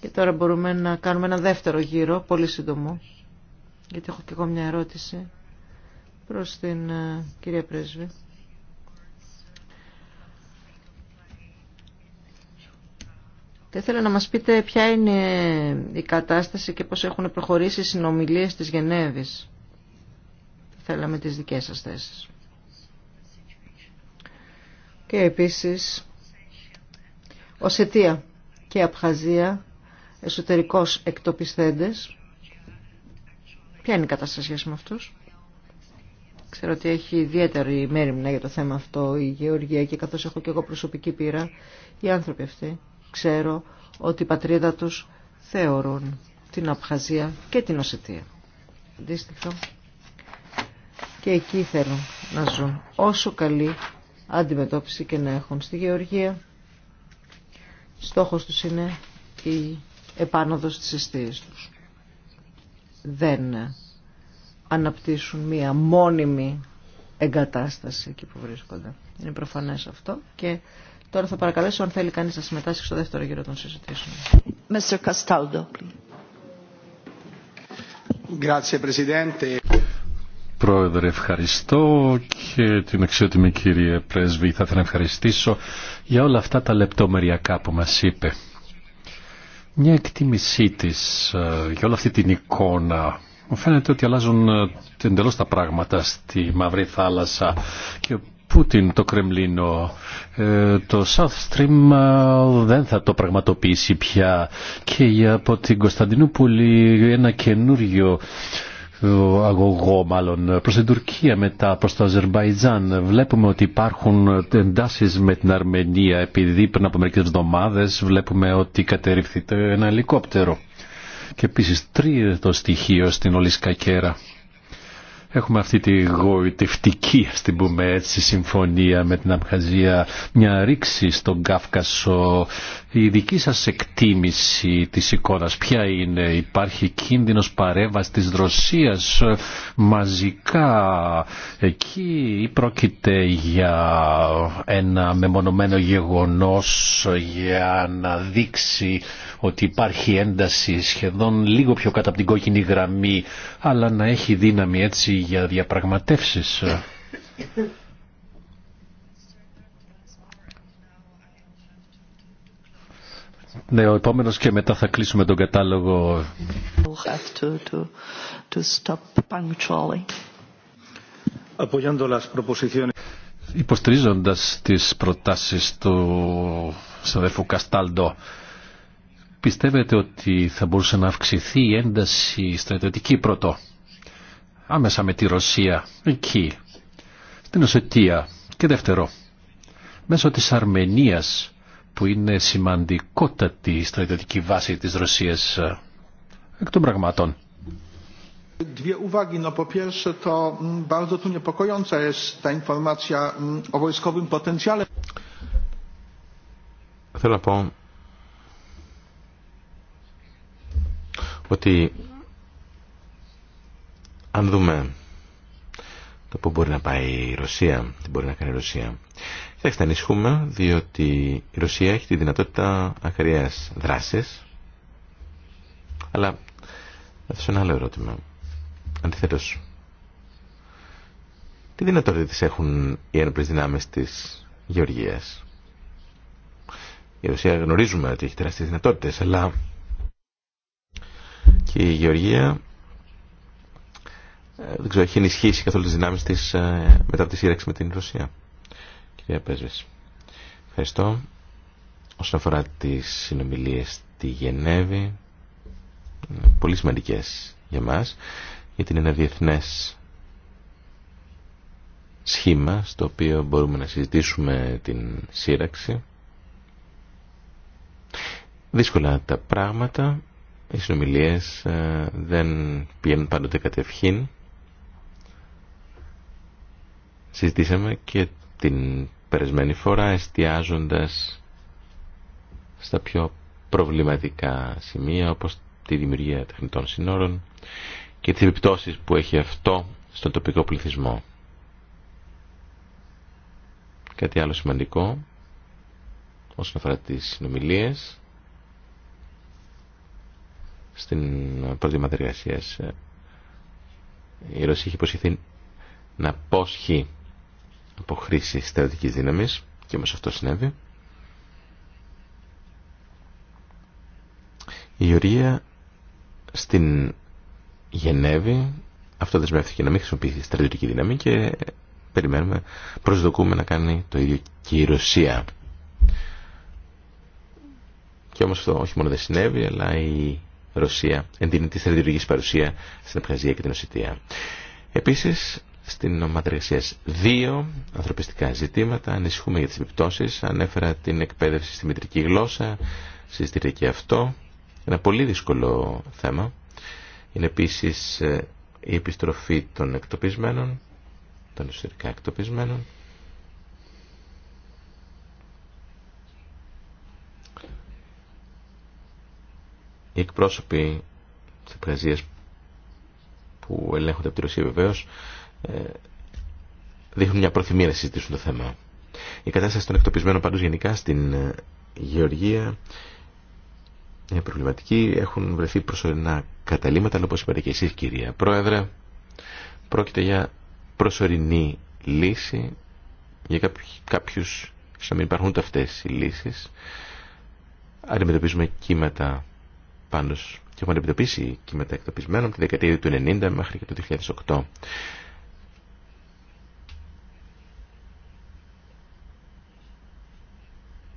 Speaker 1: Και τώρα μπορούμε να κάνουμε ένα δεύτερο γύρο, πολύ σύντομο, γιατί έχω και εγώ μια ερώτηση προς την ε, κυρία Πρέσβη. Θα ήθελα να μας πείτε ποια είναι ε, η κατάσταση και πώς έχουν προχωρήσει οι συνομιλίες της Γενέβης. Θα θέλαμε τις δικές σας θέσεις. Και επίσης, Οσετία και Απχαζία εσωτερικός εκτοπισθέντες. Ποια είναι η κατάσταση σχέση με αυτούς. Ξέρω ότι έχει ιδιαίτερη μέρημνα για το θέμα αυτό η Γεωργία και καθώς έχω και εγώ προσωπική πείρα, οι άνθρωποι αυτοί ξέρω ότι η πατρίδα τους θεωρούν την Απχαζία και την Οσετία. Αντίστοιχο. Και εκεί θέλουν να ζουν όσο καλή αντιμετώπιση και να έχουν στη Γεωργία. Στόχος τους είναι η επάνωδο στις αιστείες τους. Δεν αναπτύσσουν μία μόνιμη εγκατάσταση εκεί που βρίσκονται. Είναι προφανές αυτό και τώρα θα παρακαλέσω αν θέλει κανείς να συμμετάσχει στο δεύτερο γύρο των συζητήσεων.
Speaker 4: Mr. Castaldo,
Speaker 3: Πρόεδρε, ευχαριστώ και την αξιότιμη κυρία Πρέσβη. Θα ήθελα να ευχαριστήσω για όλα αυτά τα λεπτομεριακά που μας είπε μια εκτίμησή της ε, για όλη αυτή την εικόνα. Μου φαίνεται ότι αλλάζουν ε, εντελώς τα πράγματα στη Μαύρη Θάλασσα και Πούτιν το Κρεμλίνο. Ε, το South Stream δεν θα το πραγματοποιήσει πια. Και από την Κωνσταντινούπολη ένα καινούριο αγωγό μάλλον προς την Τουρκία μετά προς το Αζερμπαϊτζάν βλέπουμε ότι υπάρχουν εντάσεις με την Αρμενία επειδή πριν από μερικές εβδομάδες βλέπουμε ότι κατερριφθεί ένα ελικόπτερο και επίσης τρίτο στοιχείο στην Ολυσκακέρα Έχουμε αυτή τη γοητευτική, ας την πούμε έτσι, συμφωνία με την Αμχαζία, μια ρήξη στον Κάφκασο. Η δική σας εκτίμηση της εικόνας ποια είναι, υπάρχει κίνδυνος παρέμβαση της Ρωσίας μαζικά. Εκεί ή πρόκειται για ένα μεμονωμένο γεγονός για να δείξει ότι υπάρχει ένταση σχεδόν λίγο πιο κάτω από την κόκκινη γραμμή αλλά να έχει δύναμη έτσι για διαπραγματεύσεις. Ναι, ο επόμενος και μετά θα κλείσουμε τον κατάλογο. Υποστηρίζοντας τις προτάσεις του συναδελφού Καστάλντο, Πιστεύετε ότι θα μπορούσε να αυξηθεί η ένταση στρατιωτική πρωτό, άμεσα με τη Ρωσία, εκεί, στην Οσετία και δεύτερο, μέσω της Αρμενίας που είναι σημαντικότατη στρατιωτική βάση της Ρωσίας ε, εκ των πραγμάτων.
Speaker 4: Δύο uwagi. No po pierwsze to mm, bardzo tu niepokojąca jest ta informacja mm, o wojskowym
Speaker 2: Θέλω να πω ότι αν δούμε το που μπορεί να πάει η Ρωσία, τι μπορεί να κάνει η Ρωσία. θα ανησυχούμε διότι η Ρωσία έχει τη δυνατότητα ακραίας δράση. αλλά αυτό ένα άλλο ερώτημα. Αντιθέτως, τι δυνατότητες έχουν οι ένοπλες δυνάμεις της Γεωργίας. Η Ρωσία γνωρίζουμε ότι έχει τεράστιες δυνατότητες, αλλά η Γεωργία ε, δεν ξέρω, έχει ενισχύσει καθόλου τις δυνάμεις της ε, μετά από τη σύραξη με την Ρωσία. Κυρία Πέζες. ευχαριστώ. Όσον αφορά τις συνομιλίες στη Γενέβη, πολύ σημαντικές για μας, γιατί είναι ένα διεθνές σχήμα στο οποίο μπορούμε να συζητήσουμε την σύραξη. Δύσκολα τα πράγματα, οι συνομιλίες ε, δεν πηγαίνουν πάντοτε κατευχήν. Συζητήσαμε και την περασμένη φορά εστιάζοντας στα πιο προβληματικά σημεία όπως τη δημιουργία τεχνητών συνόρων και τις επιπτώσεις που έχει αυτό στον τοπικό πληθυσμό. Κάτι άλλο σημαντικό όσον αφορά τις συνομιλίες στην πρώτη μας εργασία. Η Ρωσία έχει υποσχεθεί να πόσχει από χρήση στρατιωτικής δύναμης και όμως αυτό συνέβη. Η Ιωρία στην Γενέβη αυτό δεσμεύτηκε να μην χρησιμοποιήσει στρατιωτική δύναμη και περιμένουμε, προσδοκούμε να κάνει το ίδιο και η Ρωσία. Και όμως αυτό όχι μόνο δεν συνέβη, αλλά η Ρωσία εντείνει τη στρατηγική παρουσία στην Απχαζία και την Οσιτία. Επίση, στην ομάδα εργασία 2, ανθρωπιστικά ζητήματα. Ανησυχούμε για τι επιπτώσει. Ανέφερα την εκπαίδευση στη μητρική γλώσσα. Συζητήθηκε και αυτό. Ένα πολύ δύσκολο θέμα. Είναι επίση ε, η επιστροφή των εκτοπισμένων, των ιστορικά εκτοπισμένων. Οι εκπρόσωποι της Εκπραζίας που ελέγχονται από τη Ρωσία βεβαίω ε, δείχνουν μια προθυμία να συζητήσουν το θέμα. Η κατάσταση των εκτοπισμένων πάντως γενικά στην ε, Γεωργία είναι προβληματική. Έχουν βρεθεί προσωρινά καταλήμματα, αλλά όπως είπατε και εσείς κυρία Πρόεδρε, πρόκειται για προσωρινή λύση για κάποιους, να μην υπάρχουν αυτές οι λύσεις. Αντιμετωπίζουμε κύματα Πάντω και έχουμε αντιμετωπίσει κύματα εκτοπισμένων τη δεκαετία του 1990 μέχρι και το 2008.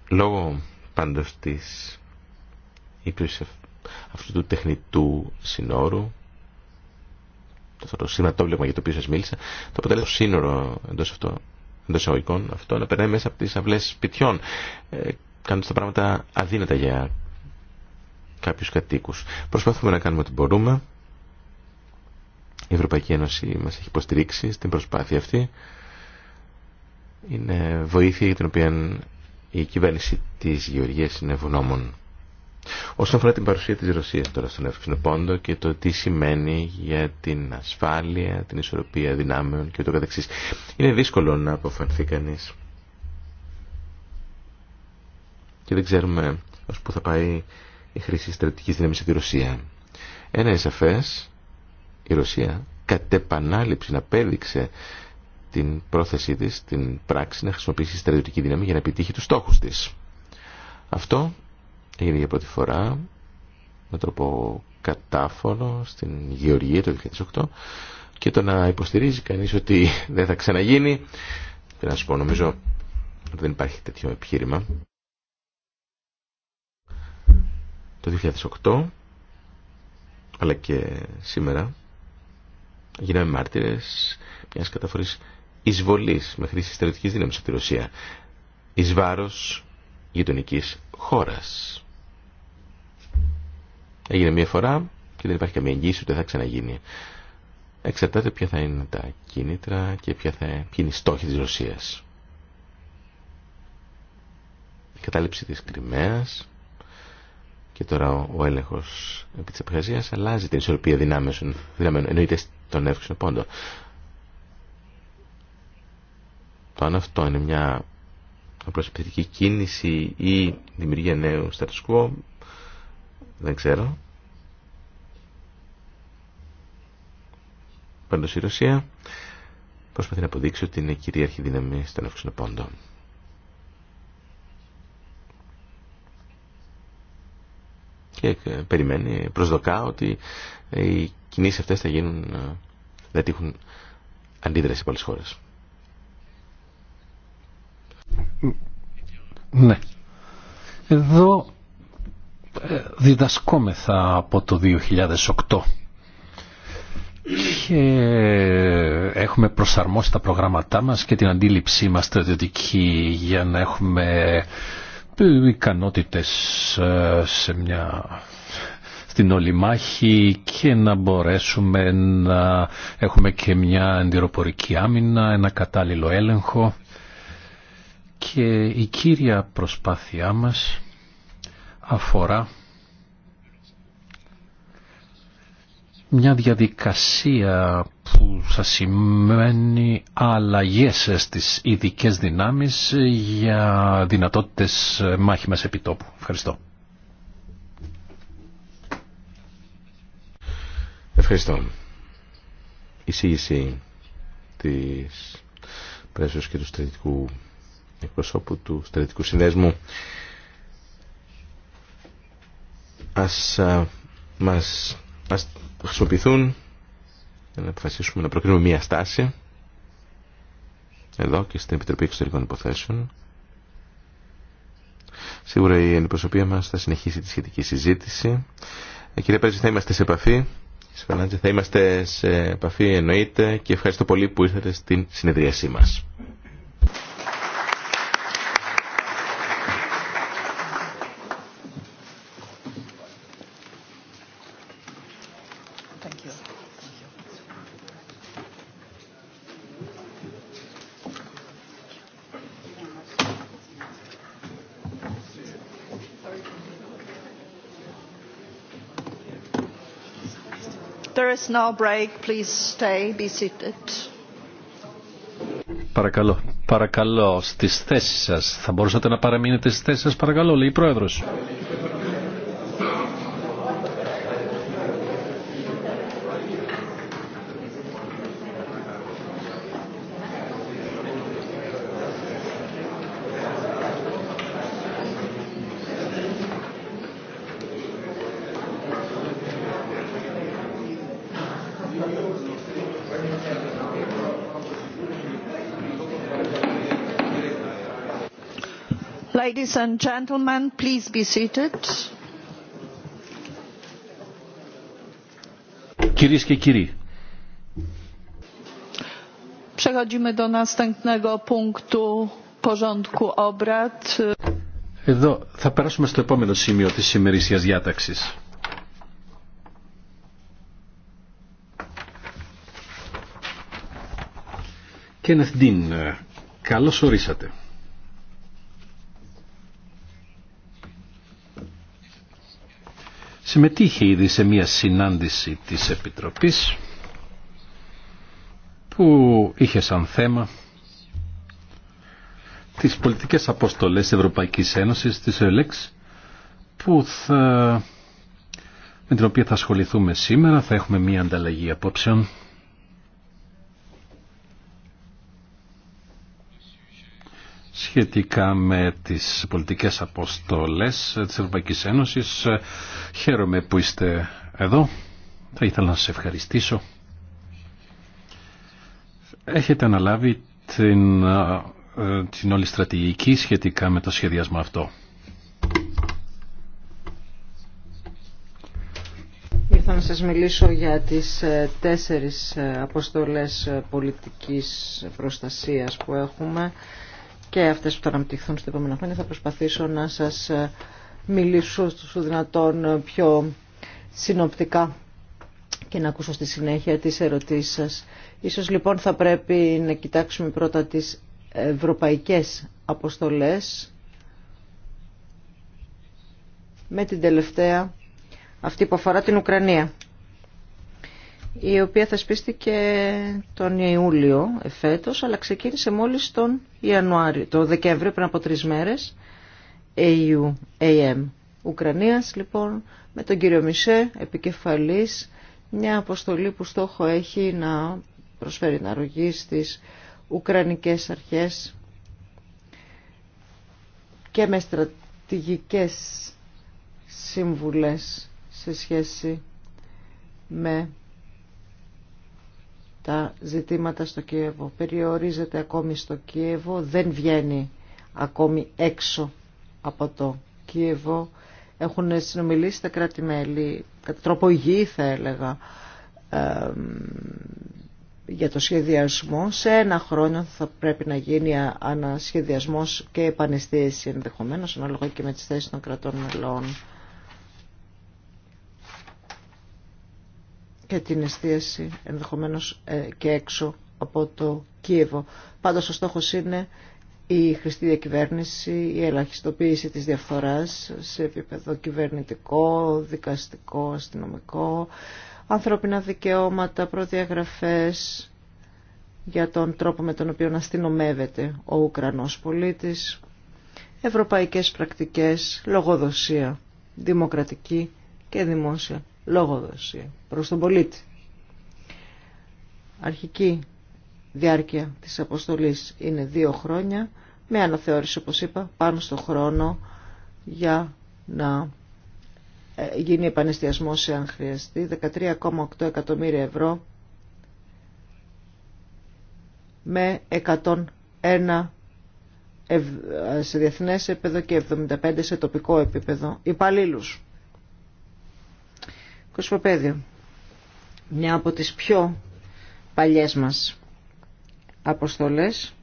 Speaker 2: Λόγω πάντω τη ύπνωσης αυτού του τεχνητού συνόρου αυτό το σηματόβλεγμα για το οποίο σα μίλησα το αποτέλεσμα σύνορο εντός, αυτό, εισαγωγικών αυτό να περνάει μέσα από τις αυλές σπιτιών ε, κάνοντα τα πράγματα αδύνατα για κάποιους κατοίκους. Προσπαθούμε να κάνουμε ό,τι μπορούμε. Η Ευρωπαϊκή Ένωση μας έχει υποστηρίξει στην προσπάθεια αυτή. Είναι βοήθεια για την οποία η κυβέρνηση της Γεωργίας είναι ευγνώμων. Όσον αφορά την παρουσία της Ρωσίας τώρα στον Εύξηνο Πόντο και το τι σημαίνει για την ασφάλεια, την ισορροπία δυνάμεων και το καθεξής. Είναι δύσκολο να αποφανθεί κανείς. Και δεν ξέρουμε ως που θα πάει η χρήση στρατηγική δύναμης από τη Ρωσία. Ένα είναι η Ρωσία κατ' επανάληψη απέδειξε την πρόθεσή της, την πράξη να χρησιμοποιήσει στρατιωτική δύναμη για να επιτύχει τους στόχους της. Αυτό έγινε για πρώτη φορά με τρόπο κατάφωνο στην Γεωργία το 2008 και το να υποστηρίζει κανείς ότι δεν θα ξαναγίνει δεν να σου πω νομίζω ότι δεν υπάρχει τέτοιο επιχείρημα το 2008 αλλά και σήμερα γίναμε μάρτυρες μιας καταφορής εισβολής με χρήση στρατιωτικής δύναμης από τη Ρωσία εις βάρος γειτονικής χώρας. Έγινε μία φορά και δεν υπάρχει καμία εγγύηση ότι θα ξαναγίνει. Εξαρτάται ποια θα είναι τα κίνητρα και ποια θα είναι η στόχη της Ρωσίας. Η κατάληψη της Κρυμαίας και τώρα ο έλεγχο επί της Απχαζίας αλλάζει την ισορροπία δυνάμεων, εννοείται στον εύξηνο πόντο. Το αν αυτό είναι μια προσωπική κίνηση ή δημιουργία νέου status δεν ξέρω. Πάντω η Ρωσία προσπαθεί να αποδείξει ότι είναι κυρίαρχη δύναμη στον εύξηνο πόντο. και περιμένει, προσδοκά ότι οι κινήσεις αυτές θα γίνουν, ε, θα τύχουν αντίδραση σε πολλές χώρες.
Speaker 3: Ναι. Εδώ ε, διδασκόμεθα από το 2008 και έχουμε προσαρμόσει τα προγράμματά μας και την αντίληψή μας στρατιωτική για να έχουμε ικανότητες ε, σε μια στην όλη μάχη και να μπορέσουμε να έχουμε και μια αντιροπορική άμυνα, ένα κατάλληλο έλεγχο και η κύρια προσπάθειά μας αφορά μια διαδικασία που θα σημαίνει αλλαγές στις ειδικέ δυνάμεις για δυνατότητες μάχημας επιτόπου. Ευχαριστώ. Ευχαριστώ.
Speaker 2: Η της πρέσβης και του στρατητικού εκπροσώπου του στρατητικού συνδέσμου ας μας θα χρησιμοποιηθούν για να αποφασίσουμε να προκρίνουμε μία στάση εδώ και στην Επιτροπή Εξωτερικών Υποθέσεων. Σίγουρα η αντιπροσωπεία μας θα συνεχίσει τη σχετική συζήτηση. Ε, κύριε Πέτζη, θα είμαστε σε επαφή. Σφαλάντζε, θα είμαστε σε επαφή εννοείται και ευχαριστώ πολύ που ήρθατε στην συνεδρίασή μας.
Speaker 3: Παρακαλώ, παρακαλώ, στις θέσεις σας. Θα μπορούσατε να παραμείνετε στις θέσεις σας, παρακαλώ, λέει η Πρόεδρος.
Speaker 4: Ladies
Speaker 3: Κυρίες και κύριοι.
Speaker 4: Przechodzimy do następnego punktu porządku obrad.
Speaker 3: Εδώ θα περάσουμε στο επόμενο σημείο της σημερινής διάταξης. Κένεθ Ντίν, καλώς ορίσατε. συμμετείχε ήδη σε μια συνάντηση της Επιτροπής που είχε σαν θέμα τις πολιτικές αποστολές Ευρωπαϊκής Ένωσης της ΕΛΕΞ που με την οποία θα ασχοληθούμε σήμερα θα έχουμε μια ανταλλαγή απόψεων σχετικά με τις πολιτικές αποστόλες της Ευρωπαϊκής Ένωσης. Χαίρομαι που είστε εδώ. Θα ήθελα να σας ευχαριστήσω. Έχετε αναλάβει την, την όλη στρατηγική σχετικά με το σχεδιασμό αυτό.
Speaker 1: Ήρθα να σας μιλήσω για τις ε, τέσσερις ε, αποστολές ε, πολιτικής προστασίας που έχουμε και αυτές που θα αναπτυχθούν στο επόμενο χρόνια θα προσπαθήσω να σας ε, μιλήσω στους δυνατόν ε, πιο συνοπτικά και να ακούσω στη συνέχεια τις ερωτήσεις σας. Ίσως λοιπόν θα πρέπει να κοιτάξουμε πρώτα τις ευρωπαϊκές αποστολές με την τελευταία αυτή που αφορά την Ουκρανία η οποία θεσπίστηκε τον Ιούλιο εφέτος, αλλά ξεκίνησε μόλις τον Ιανουάριο, το Δεκέμβριο, πριν από τρεις μέρες, AU, AM, Ουκρανίας, λοιπόν, με τον κύριο Μισέ, επικεφαλής, μια αποστολή που στόχο έχει να προσφέρει να αρρωγή στις Ουκρανικές αρχές και με στρατηγικές σύμβουλες σε σχέση με τα ζητήματα στο Κίεβο. Περιορίζεται ακόμη στο Κίεβο, δεν βγαίνει ακόμη έξω από το Κίεβο. Έχουν συνομιλήσει τα κράτη-μέλη, κατά τρόπο υγιή θα έλεγα, για το σχεδιασμό. Σε ένα χρόνο θα πρέπει να γίνει ανασχεδιασμός και επανεστίαση ενδεχομένως, ανάλογα και με τις θέσεις των κρατών μελών. και την εστίαση ενδεχομένως ε, και έξω από το Κίεβο. Πάντως ο στόχος είναι η χρηστή διακυβέρνηση, η ελαχιστοποίηση της διαφθοράς σε επίπεδο κυβερνητικό, δικαστικό, αστυνομικό, ανθρώπινα δικαιώματα, προδιαγραφές για τον τρόπο με τον οποίο αστυνομεύεται ο Ουκρανός πολίτης, ευρωπαϊκές πρακτικές, λογοδοσία, δημοκρατική και δημόσια λόγοδοσία προς τον πολίτη. Αρχική διάρκεια της αποστολής είναι δύο χρόνια, με αναθεώρηση όπως είπα πάνω στο χρόνο για να ε, γίνει επανεστιασμός εάν χρειαστεί, 13,8 εκατομμύρια ευρώ με 101 σε διεθνές επίπεδο και 75 σε τοπικό επίπεδο υπαλλήλους. Κοσμοπέδιο. Μια από τις πιο παλιές μας αποστολές.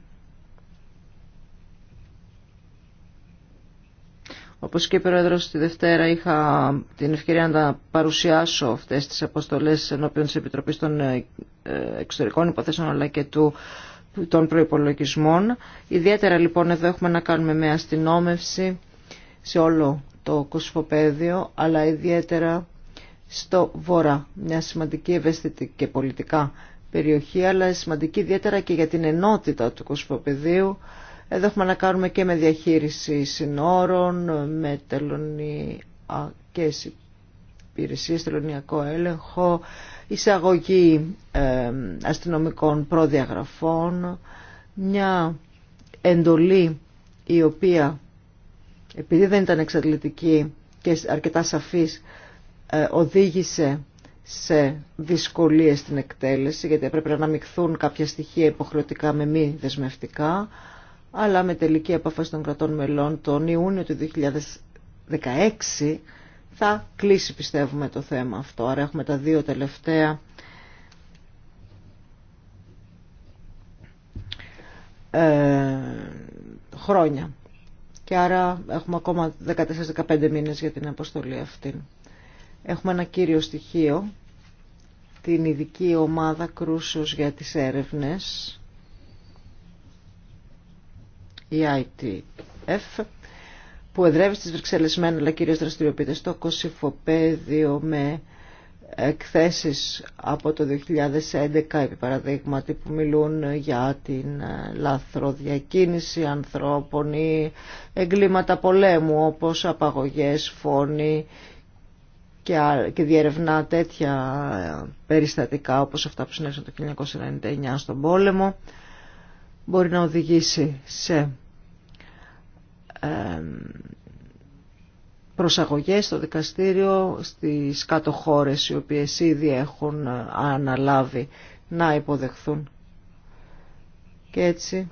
Speaker 1: Όπως και πρόεδρος τη Δευτέρα είχα την ευκαιρία να παρουσιάσω αυτές τις αποστολές ενώπιον της Επιτροπής των ε, Εξωτερικών Υποθέσεων αλλά και του των προϋπολογισμών. Ιδιαίτερα λοιπόν εδώ έχουμε να κάνουμε με αστυνόμευση σε όλο το κοσφοπέδιο, αλλά ιδιαίτερα στο Βόρα. Μια σημαντική ευαίσθητη και πολιτικά περιοχή, αλλά σημαντική ιδιαίτερα και για την ενότητα του κοσμοπεδίου. Εδώ έχουμε να κάνουμε και με διαχείριση συνόρων, με τελωνιακές υπηρεσίες, τελωνιακό έλεγχο, εισαγωγή αστυνομικών προδιαγραφών, μια εντολή η οποία επειδή δεν ήταν εξατλητική και αρκετά σαφής ε, οδήγησε σε δυσκολίες στην εκτέλεση, γιατί έπρεπε να αναμειχθούν κάποια στοιχεία υποχρεωτικά με μη δεσμευτικά, αλλά με τελική απόφαση των κρατών μελών τον Ιούνιο του 2016 θα κλείσει πιστεύουμε το θέμα αυτό. Άρα έχουμε τα δύο τελευταία ε, χρόνια. Και άρα έχουμε ακόμα 14-15 μήνες για την αποστολή αυτή. Έχουμε ένα κύριο στοιχείο, την ειδική ομάδα κρούσεως για τις έρευνες, η ITF, που εδρεύει στις Βρυξέλλες μεν, αλλά κυρίως δραστηριοποιείται στο Κωσυφοπαίδιο με εκθέσεις από το 2011 επί παραδείγματι που μιλούν για την ε, λαθροδιακίνηση ανθρώπων ή εγκλήματα πολέμου όπως απαγωγές, φόνοι και διερευνά τέτοια ε, περιστατικά όπως αυτά που συνέβησαν το 1999 στον πόλεμο μπορεί να οδηγήσει σε προσαγωγές στο δικαστήριο στις κάτω χώρες οι οποίες ήδη έχουν ε, αναλάβει να υποδεχθούν. Και έτσι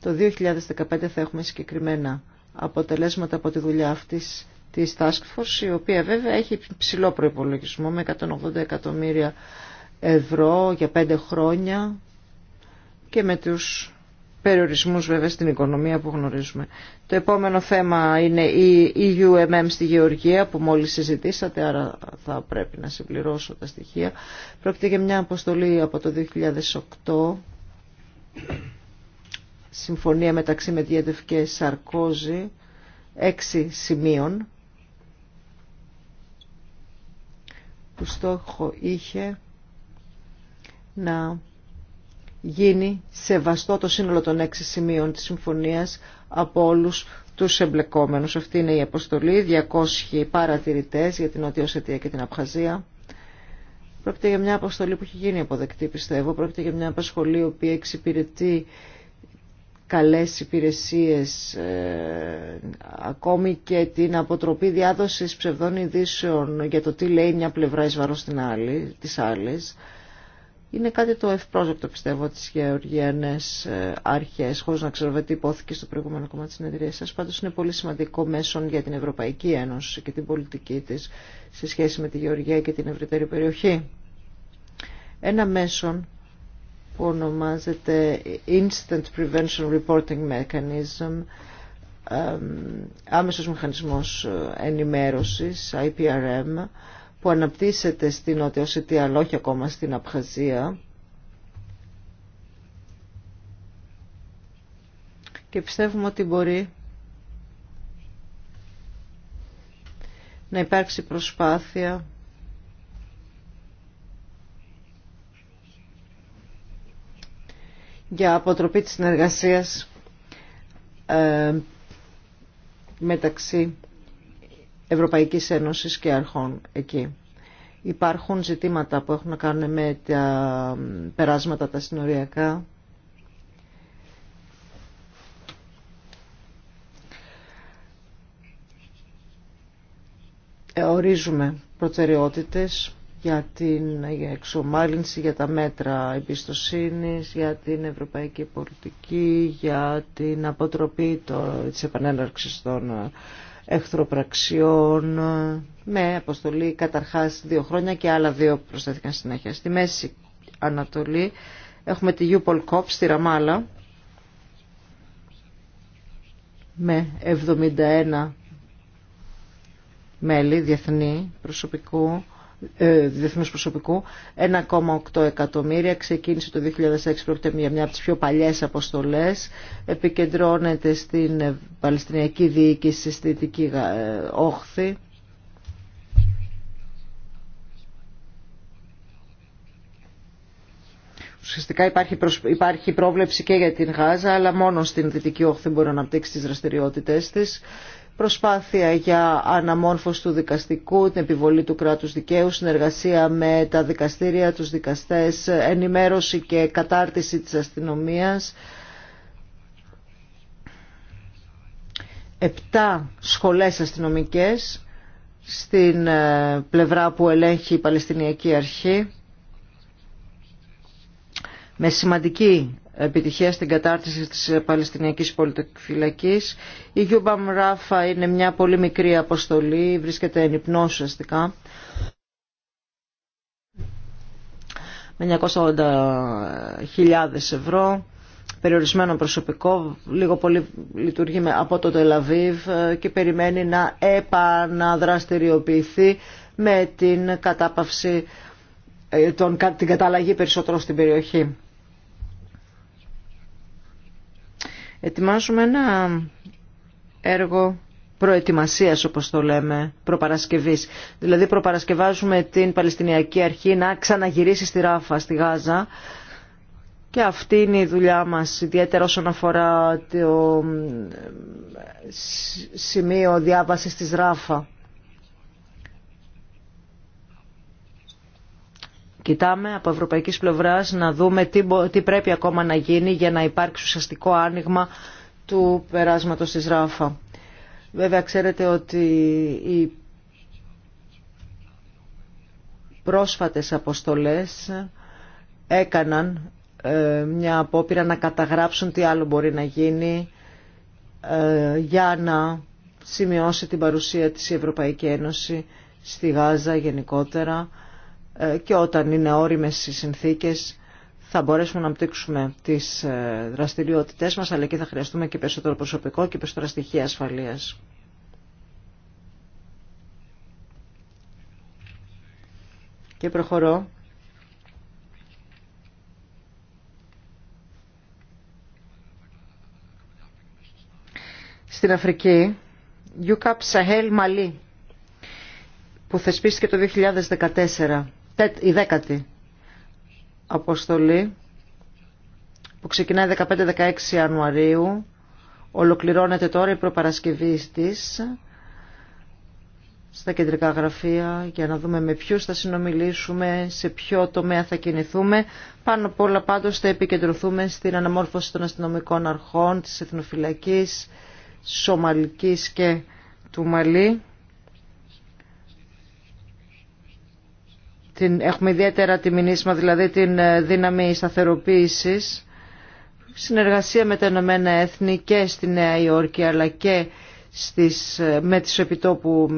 Speaker 1: το 2015 θα έχουμε συγκεκριμένα αποτελέσματα από τη δουλειά αυτής της Task Force, η οποία βέβαια έχει ψηλό προϋπολογισμό με 180 εκατομμύρια ευρώ για πέντε χρόνια και με τους περιορισμούς βέβαια στην οικονομία που γνωρίζουμε. Το επόμενο θέμα είναι η EUMM στη Γεωργία που μόλις συζητήσατε, άρα θα πρέπει να συμπληρώσω τα στοιχεία. Πρόκειται για μια αποστολή από το 2008, συμφωνία μεταξύ Μετιέτευ και Σαρκόζη, έξι σημείων που στόχο είχε να γίνει σεβαστό το σύνολο των έξι σημείων της συμφωνίας από όλους τους εμπλεκόμενους. Αυτή είναι η αποστολή, 200 παρατηρητές για την Νοτιοσετία και την Απχαζία. Πρόκειται για μια αποστολή που έχει γίνει αποδεκτή, πιστεύω. Πρόκειται για μια απασχολή που εξυπηρετεί καλές υπηρεσίες, ε, ακόμη και την αποτροπή διάδοσης ψευδών ειδήσεων για το τι λέει μια πλευρά εις βαρός άλλη, της άλλης, είναι κάτι το ευπρόσδεκτο πιστεύω τις γεωργιανές ε, αρχές, χωρίς να ξέρω τι υπόθηκε στο προηγούμενο κομμάτι της συνεδρίας σας. Πάντως είναι πολύ σημαντικό μέσον για την Ευρωπαϊκή Ένωση και την πολιτική της σε σχέση με τη γεωργία και την ευρύτερη περιοχή. Ένα μέσον που ονομάζεται Instant Prevention Reporting Mechanism άμεσος μηχανισμός ε, ενημέρωσης IPRM που αναπτύσσεται στην Νότια Οσιτία αλλά όχι ακόμα στην Απχαζία και πιστεύουμε ότι μπορεί να υπάρξει προσπάθεια για αποτροπή της συνεργασίας ε, μεταξύ Ευρωπαϊκής Ένωσης και αρχών εκεί. Υπάρχουν ζητήματα που έχουν να κάνουν με τα περάσματα τα συνοριακά. Ε, ορίζουμε προτεραιότητες για την εξομάλυνση, για τα μέτρα εμπιστοσύνης, για την ευρωπαϊκή πολιτική, για την αποτροπή το, της επανέναρξης των ε, εχθροπραξιών με αποστολή καταρχάς δύο χρόνια και άλλα δύο προσθέθηκαν συνέχεια. Στη Μέση Ανατολή έχουμε τη Γιούπολ Κόπ στη Ραμάλα με 71 μέλη διεθνή προσωπικού ε, διεθνούς προσωπικού, 1,8 εκατομμύρια. Ξεκίνησε το 2006, πρόκειται για μια από τις πιο παλιές αποστολές. Επικεντρώνεται στην ε, Παλαιστινιακή Διοίκηση, στη Δυτική ε, Όχθη. Ουσιαστικά υπάρχει, υπάρχει πρόβλεψη και για την Γάζα, αλλά μόνο στην Δυτική Όχθη μπορεί να αναπτύξει τις δραστηριότητες της προσπάθεια για αναμόρφωση του δικαστικού, την επιβολή του κράτους δικαίου, συνεργασία με τα δικαστήρια, τους δικαστές, ενημέρωση και κατάρτιση της αστυνομίας. Επτά σχολές αστυνομικές στην ε, πλευρά που ελέγχει η Παλαιστινιακή Αρχή με σημαντική επιτυχία στην κατάρτιση της Παλαιστινιακής Πολιτοφυλακής. Η Γιούμπαμ Ράφα είναι μια πολύ μικρή αποστολή, βρίσκεται εν υπνό ουσιαστικά. Με 980.000 ευρώ, περιορισμένο προσωπικό, λίγο πολύ λειτουργεί από το Τελαβίβ ε, και περιμένει να επαναδραστηριοποιηθεί με την κατάπαυση, ε, την καταλλαγή περισσότερο στην περιοχή. Ετοιμάζουμε ένα έργο προετοιμασίας όπως το λέμε, προπαρασκευής. Δηλαδή προπαρασκευάζουμε την Παλαιστινιακή Αρχή να ξαναγυρίσει στη Ράφα, στη Γάζα και αυτή είναι η δουλειά μας, ιδιαίτερα όσον αφορά το ε, σημείο διάβασης της Ράφα. Κοιτάμε από ευρωπαϊκής πλευράς να δούμε τι, τι πρέπει ακόμα να γίνει για να υπάρξει ουσιαστικό άνοιγμα του περάσματος της ράφα. Βέβαια ξέρετε ότι οι πρόσφατες αποστολές έκαναν ε, μια απόπειρα να καταγράψουν τι άλλο μπορεί να γίνει ε, για να σημειώσει την παρουσία της η Ευρωπαϊκή Ένωση στη Γάζα γενικότερα ε, και όταν είναι όριμες οι συνθήκες θα μπορέσουμε να απτύξουμε τις ε, δραστηριότητές μας αλλά και θα χρειαστούμε και περισσότερο προσωπικό και περισσότερα στοιχεία ασφαλείας. Και προχωρώ. Στην Αφρική, UCAP Sahel Mali, που θεσπίστηκε το 2014 η δέκατη αποστολή που ξεκινάει 15-16 Ιανουαρίου, ολοκληρώνεται τώρα η προπαρασκευή της στα κεντρικά γραφεία για να δούμε με ποιους θα συνομιλήσουμε, σε ποιο τομέα θα κινηθούμε. Πάνω απ' όλα πάντως θα επικεντρωθούμε στην αναμόρφωση των αστυνομικών αρχών, της εθνοφυλακής, σομαλικής και του Μαλή έχουμε ιδιαίτερα τη μηνύσμα, δηλαδή την ε, δύναμη σταθεροποίησης, συνεργασία με τα Ηνωμένα Έθνη και στη Νέα Υόρκη αλλά και ε, με τις επιτόπου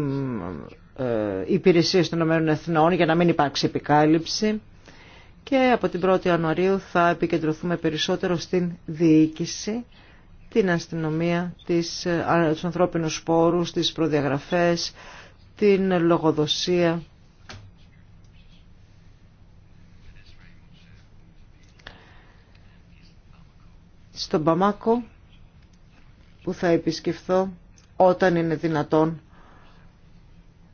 Speaker 1: ε, υπηρεσίες των Ηνωμένων Εθνών για να μην υπάρξει επικάλυψη και από την 1η Ιανουαρίου θα επικεντρωθούμε περισσότερο στην διοίκηση, την αστυνομία, τις, ε, τους ανθρώπινους σπόρους, τις προδιαγραφές, την λογοδοσία στον Παμάκο που θα επισκεφθώ όταν είναι δυνατόν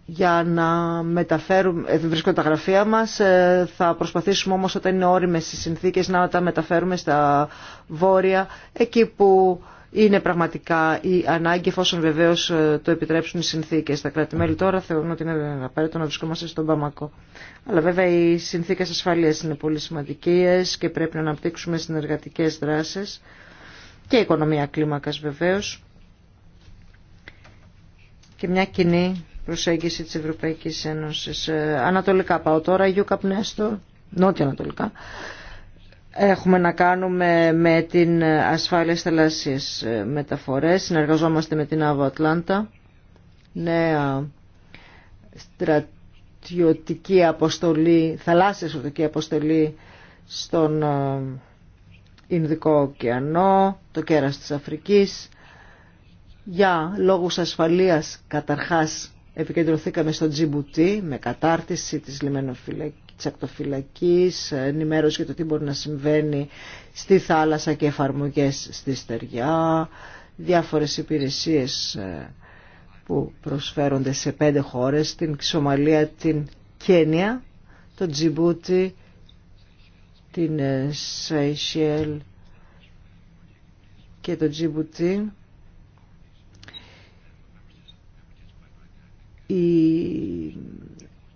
Speaker 1: για να μεταφέρουμε, ε, βρίσκονται τα γραφεία μας, ε, θα προσπαθήσουμε όμως όταν είναι όριμες οι συνθήκες να τα μεταφέρουμε στα βόρεια, εκεί που είναι πραγματικά η ανάγκη εφόσον βεβαίω ε, το επιτρέψουν οι συνθήκε. Τα κράτη-μέλη τώρα θεωρούν ότι είναι απαραίτητο να βρισκόμαστε στον Παμακό. Αλλά βέβαια οι συνθήκε ασφαλεία είναι πολύ σημαντικέ και πρέπει να αναπτύξουμε συνεργατικέ δράσει και οικονομία κλίμακα βεβαίω και μια κοινή προσέγγιση τη Ευρωπαϊκή Ένωση. Ε, ανατολικά πάω τώρα, Ιούκαπ Νέστο, νότια ανατολικά. Έχουμε να κάνουμε με την ασφάλεια στις θαλάσσιες ε, μεταφορές. Συνεργαζόμαστε με την Άβο Ατλάντα. Νέα στρατιωτική αποστολή, θαλάσσια στρατιωτική αποστολή στον ε, Ινδικό ωκεανό, το κέρας της Αφρικής. Για λόγους ασφαλείας καταρχάς επικεντρωθήκαμε στο Τζιμπουτί με κατάρτιση της λιμενοφυλακής της ακτοφυλακής, ενημέρωση για το τι μπορεί να συμβαίνει στη θάλασσα και εφαρμογές στη στεριά, διάφορες υπηρεσίες ε, που προσφέρονται σε πέντε χώρες, την Σομαλία, την Κένια, το Τζιμπούτι, την ε, Σαϊσιέλ και το Τζιμπουτί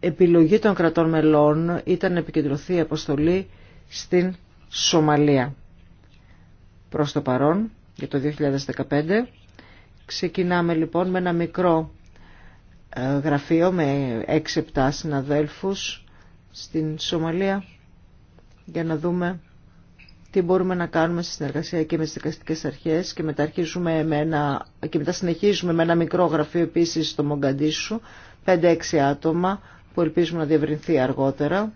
Speaker 1: επιλογή των κρατών μελών ήταν να επικεντρωθεί η αποστολή στην Σομαλία. Προς το παρόν, για το 2015, ξεκινάμε λοιπόν με ένα μικρό ε, γραφείο με 6-7 συναδέλφους στην Σομαλία για να δούμε τι μπορούμε να κάνουμε στη συνεργασία και με τις δικαστικές αρχές και μετά, με ένα, και μετά συνεχίζουμε με ένα μικρό γραφείο επίσης στο Μογκαντήσου, 5-6 άτομα που ελπίζουμε να διευρυνθεί αργότερα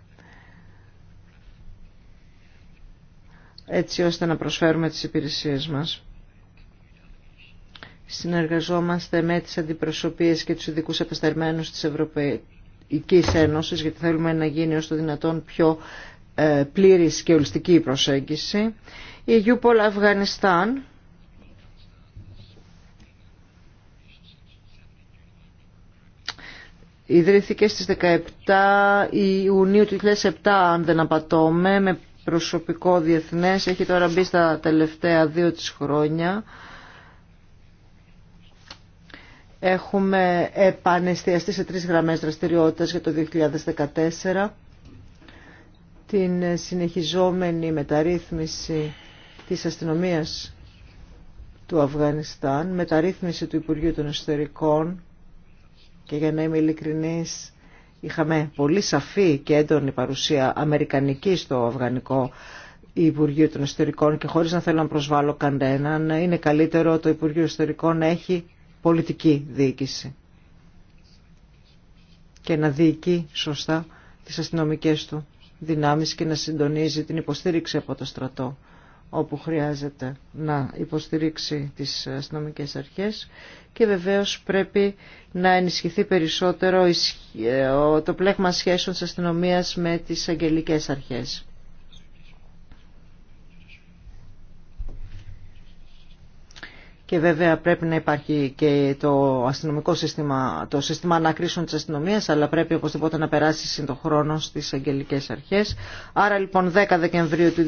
Speaker 1: έτσι ώστε να προσφέρουμε τις υπηρεσίες μας. Συνεργαζόμαστε με τις αντιπροσωπείες και τους ειδικού απεσταρμένους της Ευρωπαϊκής Ένωσης γιατί θέλουμε να γίνει ως το δυνατόν πιο ε, πλήρης και ολιστική η προσέγγιση. Η Γιούπολ Αφγανιστάν Ιδρύθηκε στις 17 Ιουνίου του 2007, αν δεν απατώμε, με προσωπικό διεθνές. Έχει τώρα μπει στα τελευταία δύο της χρόνια. Έχουμε επανεστιαστεί σε τρεις γραμμές δραστηριότητας για το 2014. Την συνεχιζόμενη μεταρρύθμιση της αστυνομίας του Αφγανιστάν, μεταρρύθμιση του Υπουργείου των Εσωτερικών, και για να είμαι ειλικρινής, είχαμε πολύ σαφή και έντονη παρουσία αμερικανική στο Αφγανικό Υπουργείο των Ιστορικών και χωρίς να θέλω να προσβάλλω κανέναν, είναι καλύτερο το Υπουργείο Ιστορικών να έχει πολιτική διοίκηση και να διοικεί σωστά τις αστυνομικές του δυνάμεις και να συντονίζει την υποστήριξη από το στρατό όπου χρειάζεται να υποστηρίξει τις αστυνομικέ αρχές και βεβαίως πρέπει να ενισχυθεί περισσότερο ε, το πλέγμα σχέσεων της αστυνομίας με τις αγγελικές αρχές. Και βέβαια πρέπει να υπάρχει και το αστυνομικό σύστημα, το σύστημα ανακρίσεων της αστυνομίας, αλλά πρέπει οπωσδήποτε να περάσει συντοχρόνω στις αγγελικές αρχές. Άρα λοιπόν 10 Δεκεμβρίου του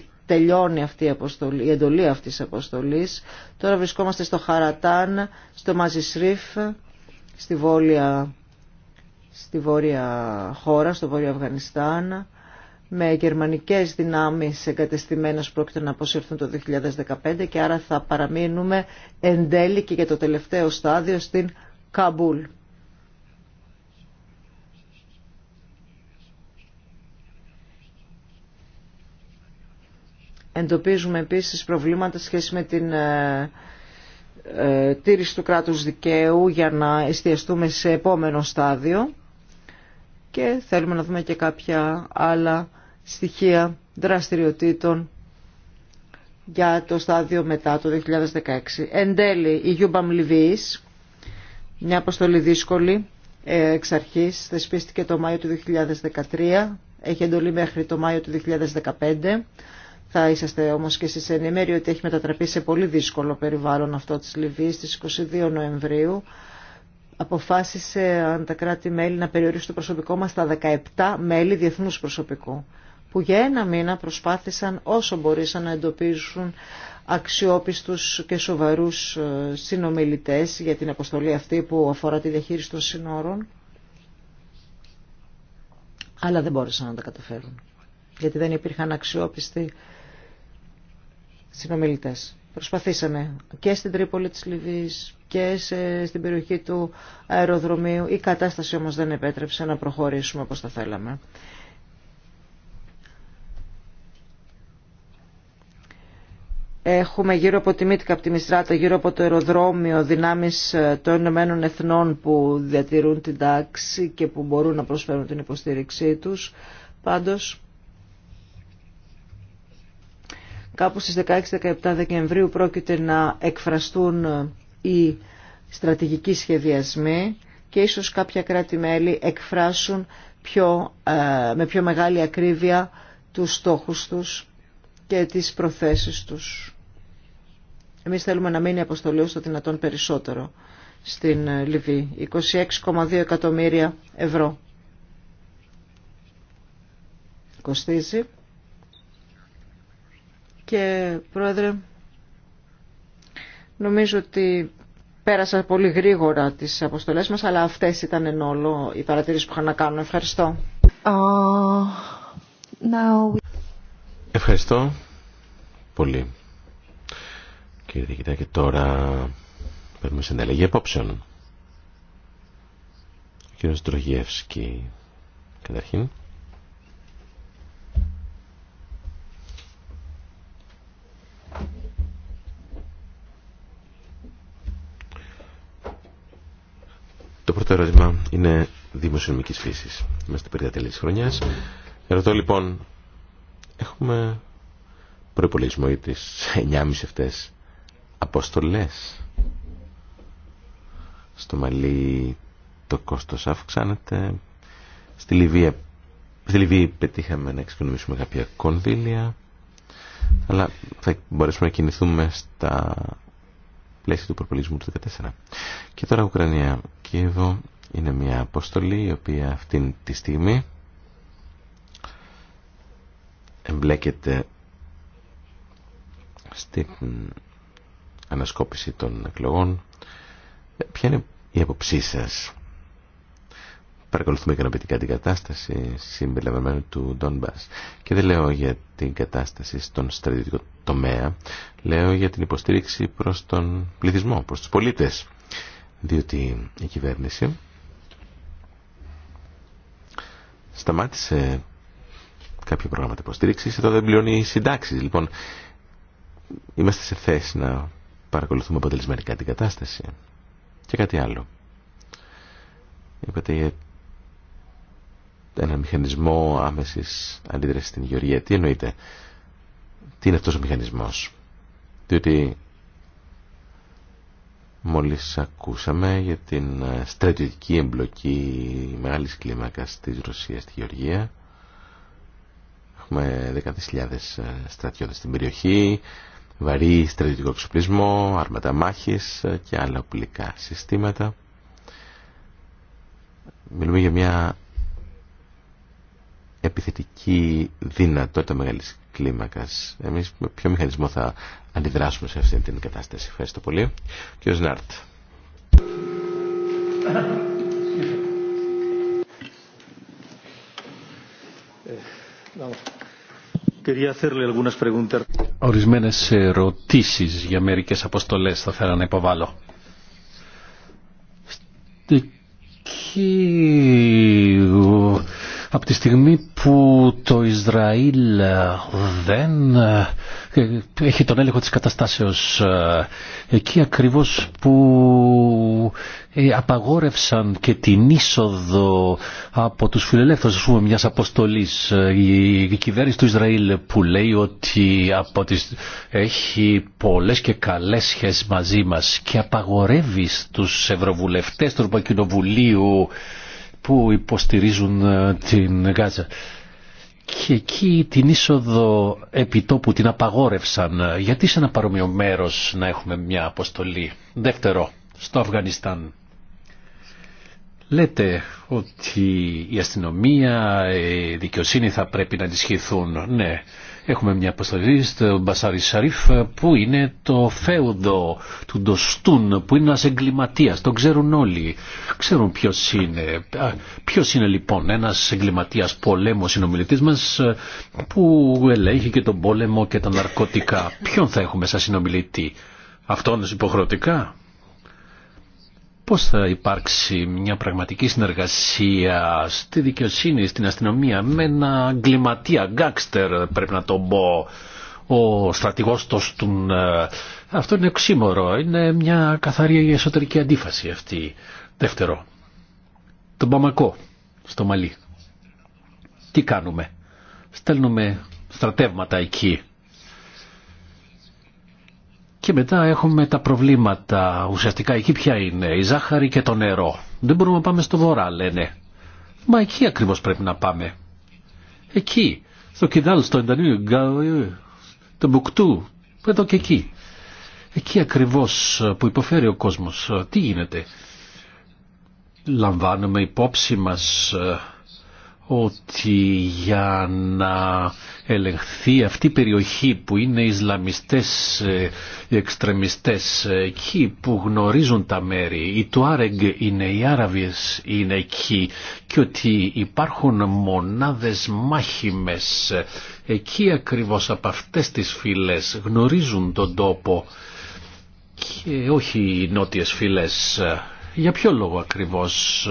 Speaker 1: 2016 τελειώνει αυτή η, αποστολή, η εντολή αυτής της αποστολής. Τώρα βρισκόμαστε στο Χαρατάν, στο Μαζισρίφ, στη Βόρεια, στη βόρεια χώρα, στο Βόρειο Αφγανιστάν, με γερμανικές δυνάμεις εγκατεστημένες πρόκειται να αποσύρθουν το 2015 και άρα θα παραμείνουμε εν τέλει και για το τελευταίο στάδιο στην Καμπούλ. Εντοπίζουμε επίσης προβλήματα σχέση με την ε, ε, τήρηση του κράτους δικαίου για να εστιαστούμε σε επόμενο στάδιο και θέλουμε να δούμε και κάποια άλλα στοιχεία δραστηριοτήτων για το στάδιο μετά το 2016. Εν τέλει, η Γιούμπαμ Λιβύης, μια αποστολή δύσκολη, ε, εξ αρχής θεσπίστηκε το Μάιο του 2013, έχει εντολή μέχρι το Μάιο του 2015. Θα είσαστε όμως και εσείς ενημέροι ότι έχει μετατραπεί σε πολύ δύσκολο περιβάλλον αυτό της Λιβύης στις 22 Νοεμβρίου. Αποφάσισε αν τα κράτη-μέλη να περιορίσουν το προσωπικό μας στα 17 μέλη διεθνούς προσωπικού που για ένα μήνα προσπάθησαν όσο μπορούσαν να εντοπίσουν αξιόπιστους και σοβαρούς ε, συνομιλητές για την αποστολή αυτή που αφορά τη διαχείριση των συνόρων, αλλά δεν μπόρεσαν να τα καταφέρουν γιατί δεν υπήρχαν αξιόπιστοι συνομιλητές. Προσπαθήσαμε και στην Τρίπολη της Λιβύης και στην περιοχή του αεροδρομίου. Η κατάσταση όμως δεν επέτρεψε να προχωρήσουμε όπως θα θέλαμε. Έχουμε γύρω από τη Μίτκα, από τη Μιστράτα, γύρω από το αεροδρόμιο δυνάμεις ε, των Ηνωμένων Εθνών που διατηρούν την τάξη και που μπορούν να προσφέρουν την υποστήριξή τους. Πάντως, Κάπου στις 16-17 Δεκεμβρίου πρόκειται να εκφραστούν ε, οι στρατηγικοί σχεδιασμοί και ίσως κάποια κράτη-μέλη εκφράσουν πιο, ε, με πιο μεγάλη ακρίβεια τους στόχους τους και τις προθέσεις τους. Εμείς θέλουμε να μείνει η αποστολή στο δυνατόν περισσότερο στην ε, Λιβύη. 26,2 εκατομμύρια ευρώ. Κοστίζει και Πρόεδρε, νομίζω ότι πέρασα πολύ γρήγορα τις αποστολές μας, αλλά αυτές ήταν εν όλο οι παρατηρήσεις που είχα να κάνω. Ευχαριστώ.
Speaker 2: Ευχαριστώ πολύ. Κύριε Διοικητά, και τώρα παίρνουμε σε ανταλλαγή απόψεων. Ο κύριος Ντρογιεύσκη, καταρχήν. Το πρώτο ερώτημα είναι δημοσιονομικής φύσης. Είμαστε περί τα τέλη της χρονιάς. Ερωτώ λοιπόν, έχουμε προϋπολογισμό ή τις 9,5 αυτές αποστολές. Στο Μαλί το κόστος αυξάνεται. Στη Λιβύη, στη Λιβύη πετύχαμε να εξοικονομήσουμε κάποια κονδύλια αλλά θα μπορέσουμε να κινηθούμε στα πλαίσιο του προπολισμού του 2014. Και τώρα Ουκρανία Κίεβο είναι μια αποστολή η οποία αυτή τη στιγμή εμπλέκεται στην ανασκόπηση των εκλογών. Ποια είναι η αποψή σας παρακολουθούμε ικανοποιητικά την κατάσταση συμπεριλαμβανομένου του Ντόνμπα. Και δεν λέω για την κατάσταση στον στρατιωτικό τομέα, λέω για την υποστήριξη προς τον πληθυσμό, προς τους πολίτες. Διότι η κυβέρνηση σταμάτησε κάποια προγράμματα υποστήριξη, εδώ δεν πληρώνει οι συντάξει. Λοιπόν, είμαστε σε θέση να παρακολουθούμε αποτελεσματικά την κατάσταση. Και κάτι άλλο. Είπατε για ένα μηχανισμό άμεσης αντίδραση στην Γεωργία. Τι εννοείται, τι είναι αυτό ο μηχανισμός. Διότι μόλις ακούσαμε για την ε, στρατιωτική εμπλοκή μεγάλης κλίμακας της Ρωσίας στη Γεωργία. Έχουμε 10.000 ε, στρατιώτες στην περιοχή, βαρύ στρατιωτικό εξοπλισμό, άρματα μάχης ε, και άλλα οπλικά συστήματα. Μιλούμε για μια επιθετική δυνατότητα μεγάλη κλίμακα. Εμεί με ποιο μηχανισμό θα αντιδράσουμε σε αυτήν την κατάσταση. Ευχαριστώ πολύ. Κύριο νάρτ.
Speaker 3: Σνάρτ. Ορισμένες για μερικέ αποστολέ. θα θέλω να υποβάλω. Εκεί από τη στιγμή που το Ισραήλ ε, δεν ε, έχει τον έλεγχο της καταστάσεως ε, εκεί ακριβώς που απαγόρευσαν και την είσοδο από τους φιλελεύθερους ας μιας αποστολής η κυβέρνηση του Ισραήλ που λέει ότι από τις... έχει πολλές και καλές σχέσεις μαζί μας και απαγορεύει στους ευρωβουλευτές του Ευρωπαϊκού που υποστηρίζουν ε, την Γάζα. Και εκεί την είσοδο επιτόπου την απαγόρευσαν. Γιατί σε ένα παρόμοιο να έχουμε μια αποστολή. Δεύτερο, στο Αφγανιστάν. Λέτε ότι η αστυνομία, η δικαιοσύνη θα πρέπει να ενισχυθούν. Ναι, Έχουμε μια αποστολή στο Μπασάρι Σαρίφ που είναι το φέουδο του Ντοστούν που είναι ένας εγκληματίας. Το ξέρουν όλοι. Ξέρουν ποιος είναι. Ποιος είναι λοιπόν ένας εγκληματίας πολέμου συνομιλητής μας που ελέγχει και τον πόλεμο και τα ναρκωτικά. Ποιον θα έχουμε σαν συνομιλητή. Αυτόν υποχρεωτικά πώς θα υπάρξει μια πραγματική συνεργασία στη δικαιοσύνη, στην αστυνομία με ένα εγκληματία, γκάκστερ πρέπει να τον πω, ο στρατηγός του ε, Αυτό είναι οξύμορο, είναι μια καθαρή εσωτερική αντίφαση αυτή. Δεύτερο, τον Παμακό στο Μαλί. Τι κάνουμε, στέλνουμε στρατεύματα εκεί και μετά έχουμε τα προβλήματα. Ουσιαστικά εκεί ποια είναι, η ζάχαρη και το νερό. Δεν μπορούμε να πάμε στο βορρά λένε. Μα εκεί ακριβώς πρέπει να πάμε. Εκεί, στο Κιδάλ, στο Εντανίου, το Μπουκτού, εδώ και εκεί. Εκεί ακριβώς που υποφέρει ο κόσμος, τι γίνεται. Λαμβάνουμε υπόψη μας ε, ότι για να ελεγχθεί αυτή η περιοχή που είναι οι Ισλαμιστές, ε, οι εξτρεμιστές, ε, εκεί που γνωρίζουν τα μέρη, οι Τουάρεγκ είναι, οι Άραβιες είναι εκεί και ότι υπάρχουν μονάδες μάχημες. Ε, εκεί ακριβώς από αυτές τις φυλές γνωρίζουν τον τόπο και όχι οι νότιες φυλές. Για ποιο λόγο ακριβώς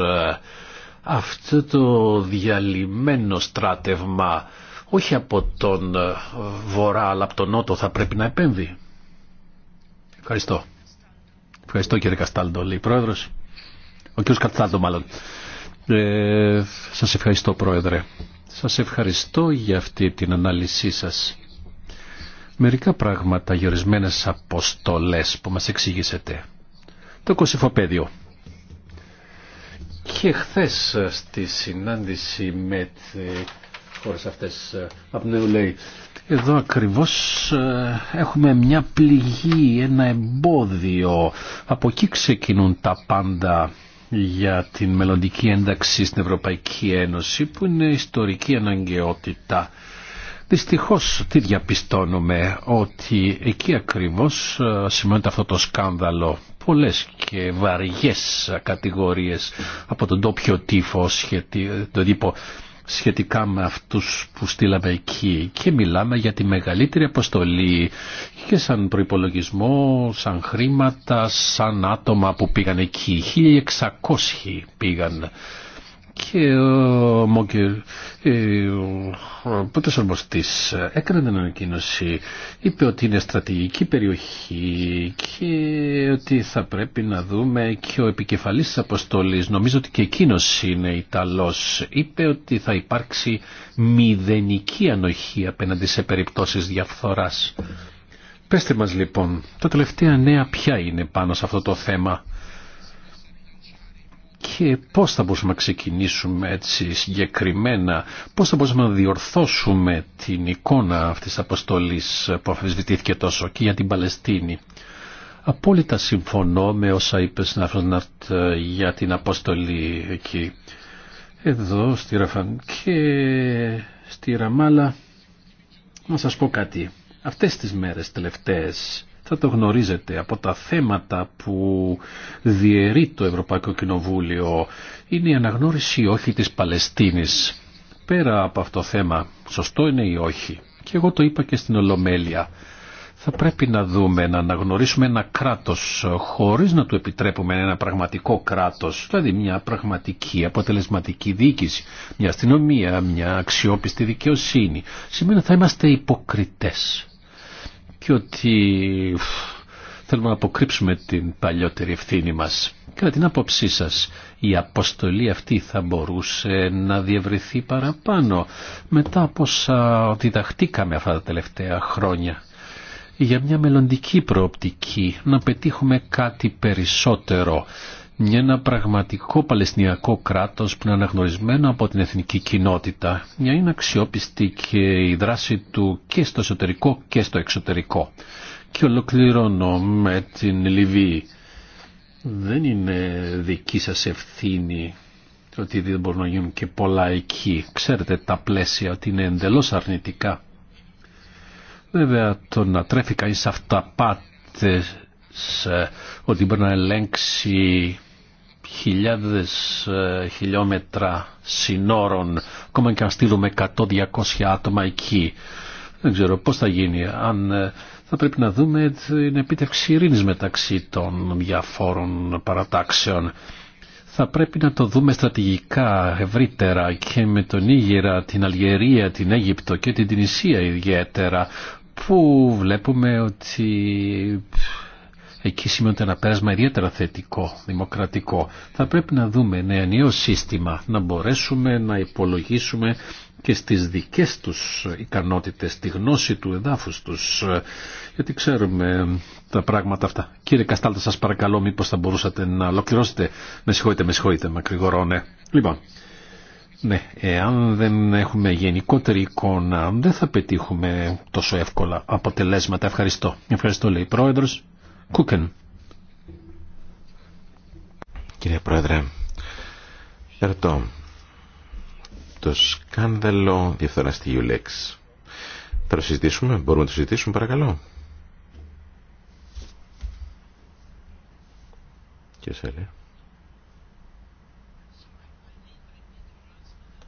Speaker 3: αυτό το διαλυμένο στράτευμα όχι από τον ε, βορρά αλλά από τον νότο θα πρέπει να επέμβει. Ευχαριστώ. Ευχαριστώ κύριε Καστάλντο, λέει πρόεδρος. Ο κύριος Καστάλντο μάλλον. Ε, σας ευχαριστώ πρόεδρε. Σας ευχαριστώ για αυτή την ανάλυση σας. Μερικά πράγματα για ορισμένε αποστολές που μας εξηγήσετε. Το κοσυφοπέδιο. Και χθες ε, στη συνάντηση με χώρες αυτές ε, από λέει εδώ ακριβώς ε, έχουμε μια πληγή, ένα εμπόδιο. Από εκεί ξεκινούν τα πάντα για την μελλοντική ένταξη στην Ευρωπαϊκή Ένωση που είναι ιστορική αναγκαιότητα. Δυστυχώς τι διαπιστώνουμε ότι εκεί ακριβώς σημαίνεται αυτό το σκάνδαλο πολλές και βαριές κατηγορίες από τον τόπιο τύφο σχετικά με αυτούς που στείλαμε εκεί και μιλάμε για τη μεγαλύτερη αποστολή και σαν προϋπολογισμό, σαν χρήματα, σαν άτομα που πήγαν εκεί. 1600 πήγαν και ο Μόγκερ, ε, ο πρώτος ορμοστής, έκανε την ανακοίνωση, είπε ότι είναι στρατηγική περιοχή και ότι θα πρέπει να δούμε και ο επικεφαλής της αποστολής, νομίζω ότι και εκείνος είναι Ιταλός, είπε ότι θα υπάρξει μηδενική ανοχή απέναντι σε περιπτώσεις διαφθοράς. Πέστε μας λοιπόν, τα τελευταία νέα ποια είναι πάνω σε αυτό το θέμα και πώς θα μπορούσαμε να ξεκινήσουμε έτσι συγκεκριμένα, πώς θα μπορούσαμε να διορθώσουμε την εικόνα αυτής της αποστολής που αφισβητήθηκε τόσο και για την Παλαιστίνη. Απόλυτα συμφωνώ με όσα είπε Αφρονάρτ ε, για την αποστολή εκεί. Εδώ στη Ραφαν και στη Ραμάλα να σας πω κάτι. Αυτές τις μέρες τελευταίες θα το γνωρίζετε από τα θέματα που διαιρεί το Ευρωπαϊκό Κοινοβούλιο είναι η αναγνώριση ή όχι της Παλαιστίνης. Πέρα από αυτό το θέμα, σωστό είναι ή όχι. Και εγώ το είπα και στην Ολομέλεια. Θα πρέπει να δούμε, να αναγνωρίσουμε ένα κράτος χωρίς να του επιτρέπουμε ένα πραγματικό κράτος, δηλαδή μια πραγματική αποτελεσματική διοίκηση, μια αστυνομία, μια αξιόπιστη δικαιοσύνη. Σημαίνει ότι θα είμαστε υποκριτές και ότι θέλουμε να αποκρύψουμε την παλιότερη ευθύνη μας. Κατά την άποψή σας, η αποστολή αυτή θα μπορούσε να διευρυθεί παραπάνω μετά από όσα διδαχτήκαμε αυτά τα τελευταία χρόνια για μια μελλοντική προοπτική, να πετύχουμε κάτι περισσότερο, για ένα πραγματικό Παλαιστινιακό κράτος που είναι αναγνωρισμένο από την εθνική κοινότητα, Μια είναι αξιόπιστη και η δράση του και στο εσωτερικό και στο εξωτερικό. Και ολοκληρώνω με την Λιβύη. Δεν είναι δική σας ευθύνη ότι δεν μπορούν να γίνουν και πολλά εκεί. Ξέρετε τα πλαίσια ότι είναι εντελώς αρνητικά. Βέβαια το να τρέφει κανείς αυταπάτες ότι μπορεί να ελέγξει χιλιάδες ε, χιλιόμετρα συνόρων, ακόμα και αν στείλουμε 100-200 άτομα εκεί. Δεν ξέρω πώς θα γίνει. Αν ε, θα πρέπει να δούμε την επίτευξη ειρήνης μεταξύ των διαφόρων παρατάξεων. Θα πρέπει να το δούμε στρατηγικά ευρύτερα και με τον ήγερα την Αλγερία, την Αίγυπτο και την Τινησία ιδιαίτερα που βλέπουμε ότι Εκεί σημαίνεται ένα πέρασμα ιδιαίτερα θετικό, δημοκρατικό. Θα πρέπει να δούμε ένα νέο σύστημα, να μπορέσουμε να υπολογίσουμε και στις δικές τους ικανότητες, τη γνώση του εδάφους τους, γιατί ξέρουμε τα πράγματα αυτά. Κύριε Καστάλτα, σας παρακαλώ μήπως θα μπορούσατε να ολοκληρώσετε. Με συγχωρείτε, με συγχωρείτε, μακρηγορώ, ναι. Λοιπόν, ναι, εάν δεν έχουμε γενικότερη εικόνα, δεν θα πετύχουμε τόσο εύκολα αποτελέσματα. Ευχαριστώ. Ευχαριστώ, λέει η Πρόεδρος. Κούκεν. Κύριε Πρόεδρε,
Speaker 2: ερωτώ. Το σκάνδαλο διαφθοράς Ιουλέξ. Θα το συζητήσουμε, μπορούμε να το συζητήσουμε παρακαλώ.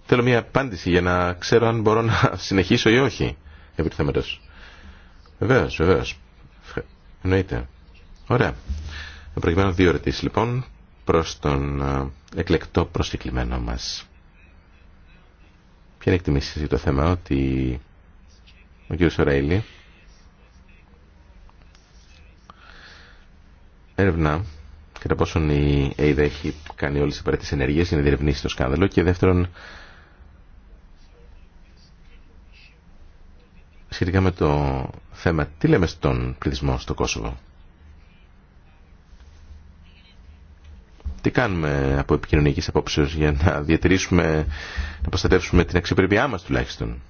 Speaker 2: Θέλω μια απάντηση για να ξέρω αν μπορώ να συνεχίσω ή όχι επί του θέματος. Βεβαίως, βεβαίως. Εννοείται. Ωραία. Προκειμένου δύο ερωτήσει λοιπόν προς τον ε, εκλεκτό προσκεκλημένο μας. Ποια είναι εκτιμήσεις για το θέμα ότι ο κύριος Σοραϊλή έρευνα κατά πόσον η ΕΙΔΑ έχει κάνει όλες τις απαραίτητες ενέργειες για να διερευνήσει το σκάνδαλο και δεύτερον σχετικά με το θέμα τι λέμε στον πληθυσμό στο Κόσοβο τι κάνουμε από επικοινωνικής απόψεως για να διατηρήσουμε, να προστατεύσουμε την αξιοπρέπειά μας τουλάχιστον.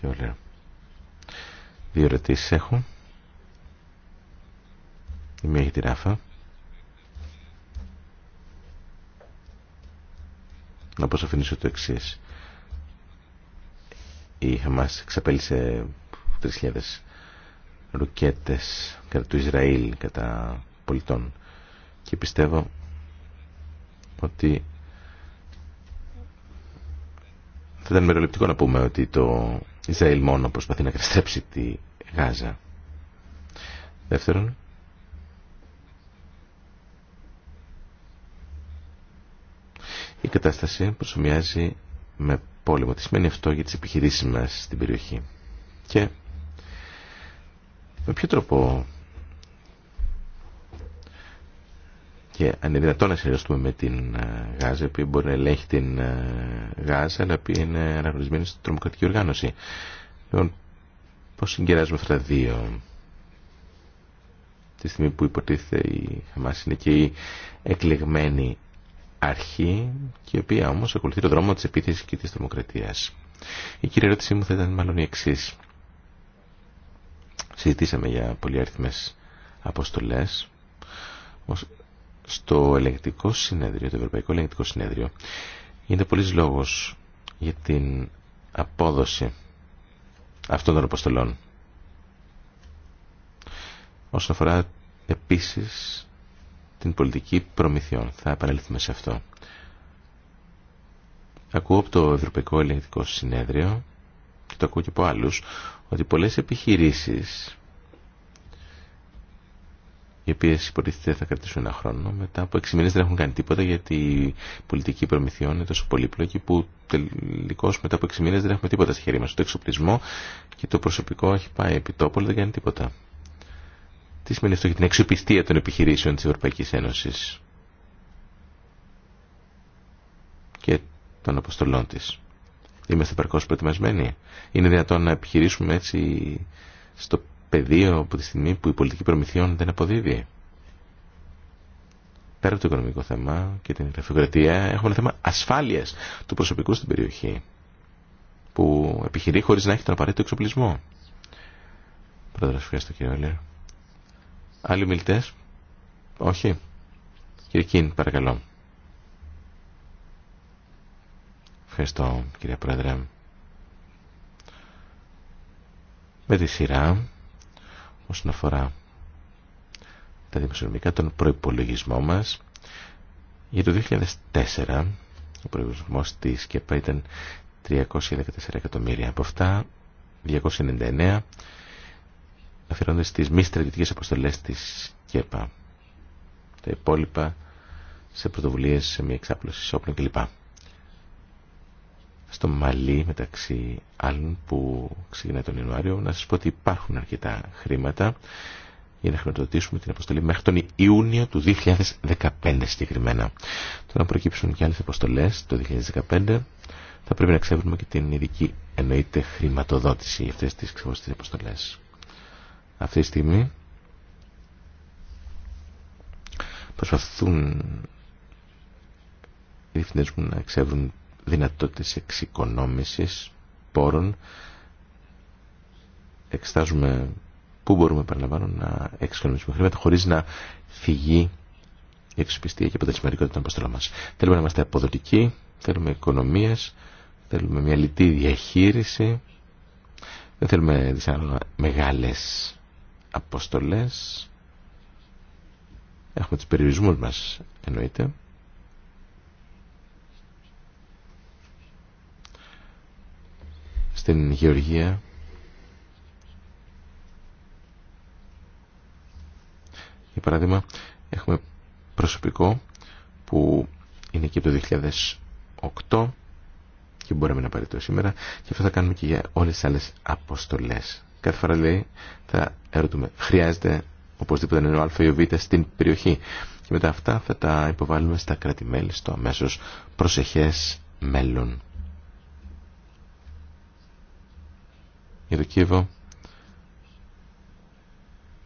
Speaker 2: Και όλα Δύο ερωτήσει έχω. Η μία έχει τη Ράφα. Να το εξή. Η Χαμάς εξαπέλυσε 3.000 ρουκέτες κατά του Ισραήλ, κατά πολιτών και πιστεύω ότι θα ήταν μεροληπτικό να πούμε ότι το Ισραήλ μόνο προσπαθεί να καταστρέψει τη Γάζα. Δεύτερον, η κατάσταση προσομοιάζει με πόλεμο. Τι σημαίνει αυτό για τις επιχειρήσεις μας στην περιοχή. Και με ποιο τρόπο και αν είναι δυνατόν να συνεργαστούμε με την ε, Γάζα, που μπορεί να ελέγχει την ε, Γάζα, αλλά οποία είναι αναγνωρισμένη στην τρομοκρατική οργάνωση. Λοιπόν, πώς συγκεράζουμε αυτά τα δύο. Τη στιγμή που υποτίθεται η Χάμά είναι και η εκλεγμένη αρχή, και η οποία όμω ακολουθεί το δρόμο τη επίθεση και τη τρομοκρατίας. Η κύρια ερώτησή μου θα ήταν μάλλον η εξή. Συζητήσαμε για πολυαριθμέ αποστολέ στο ελεγκτικό συνέδριο, το Ευρωπαϊκό Ελεγκτικό Συνέδριο, γίνεται πολλής λόγος για την απόδοση αυτών των αποστολών. Όσον αφορά επίσης την πολιτική προμηθειών, θα επαναλήθουμε σε αυτό. Ακούω από το Ευρωπαϊκό Ελεγκτικό Συνέδριο και το ακούω και από άλλους, ότι πολλές επιχειρήσεις οι οποίε υποτίθεται θα κρατήσουν ένα χρόνο, μετά από 6 μήνε δεν έχουν κάνει τίποτα γιατί η πολιτική προμηθειών είναι τόσο πολύπλοκη που τελικώ μετά από 6 μήνε δεν έχουμε τίποτα στη χέρια μα. Το εξοπλισμό και το προσωπικό έχει πάει επί τόπο, δεν κάνει τίποτα. Τι σημαίνει αυτό για την αξιοπιστία των επιχειρήσεων τη Ευρωπαϊκή Ένωση και των αποστολών τη. Είμαστε παρκώ προετοιμασμένοι. Είναι δυνατόν να επιχειρήσουμε έτσι στο πεδίο από τη στιγμή που η πολιτική προμηθειών δεν αποδίδει. Πέρα από το οικονομικό θέμα και την γραφειοκρατία έχουμε ένα θέμα ασφάλειας του προσωπικού στην περιοχή που επιχειρεί χωρίς να έχει τον απαραίτητο εξοπλισμό. Πρόεδρος, ευχαριστώ κύριε Όλερ. Άλλοι μιλητές. Όχι. Κύριε Κίν, παρακαλώ. Ευχαριστώ κύριε Πρόεδρε. Με τη σειρά όσον αφορά τα δημοσιονομικά, τον προϋπολογισμό μας. Για το 2004 ο προϋπολογισμός της ΚΕΠΑ ήταν 314 εκατομμύρια. Από αυτά 299 αφιερώνονται στις μη στρατιωτικές αποστολές της ΚΕΠΑ. Τα υπόλοιπα σε πρωτοβουλίες, σε μια εξάπλωση όπλων κλπ στο Μαλί μεταξύ άλλων που ξεκινάει τον Ιανουάριο να σας πω ότι υπάρχουν αρκετά χρήματα για να χρηματοδοτήσουμε την αποστολή μέχρι τον Ιούνιο του 2015 συγκεκριμένα. Τώρα να προκύψουν και άλλες αποστολές το 2015 θα πρέπει να ξέρουμε και την ειδική εννοείται χρηματοδότηση για αυτές τις ξεχωριστές αποστολές. Αυτή τη στιγμή προσπαθούν οι διευθυντές μου να εξεύρουν δυνατότητες εξοικονόμησης πόρων. Εξετάζουμε πού μπορούμε παραλαμβάνω να εξοικονομήσουμε χρήματα χωρίς να φυγεί η εξοπιστία και η αποτελεσματικότητα των αποστολών μας. Θέλουμε να είμαστε αποδοτικοί, θέλουμε οικονομίες, θέλουμε μια λιτή διαχείριση, δεν θέλουμε μεγάλε μεγάλες αποστολές. Έχουμε τις περιορισμούς μας εννοείται. στην Γεωργία για παράδειγμα έχουμε προσωπικό που είναι εκεί από το 2008 και μπορούμε να πάρει το σήμερα και αυτό θα κάνουμε και για όλες τις άλλες αποστολές κάθε φορά λέει θα ερωτούμε χρειάζεται οπωσδήποτε ο α ή ο β στην περιοχή και μετά αυτά θα τα υποβάλουμε στα κράτη-μέλη στο αμέσως προσεχές μέλλον για το Κίεβο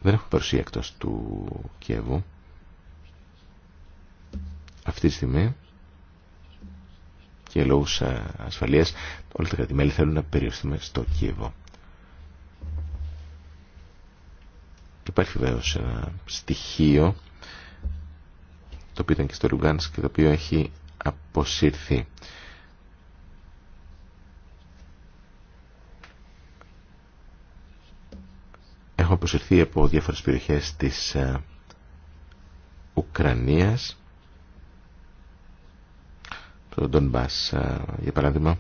Speaker 2: δεν έχουμε παρουσία εκτός του Κιέβου αυτή τη στιγμή και λόγω ε, ασφαλείας όλα τα κρατημέλη θέλουν να περιοριστούμε στο Κίεβο. Υπάρχει βέβαια ένα στοιχείο το οποίο ήταν και στο Ρουγκάνς και το οποίο έχει αποσύρθει. Έχω αποσυρθεί από διάφορες περιοχές της ε, Ουκρανίας το Ντονμπάς ε, για παράδειγμα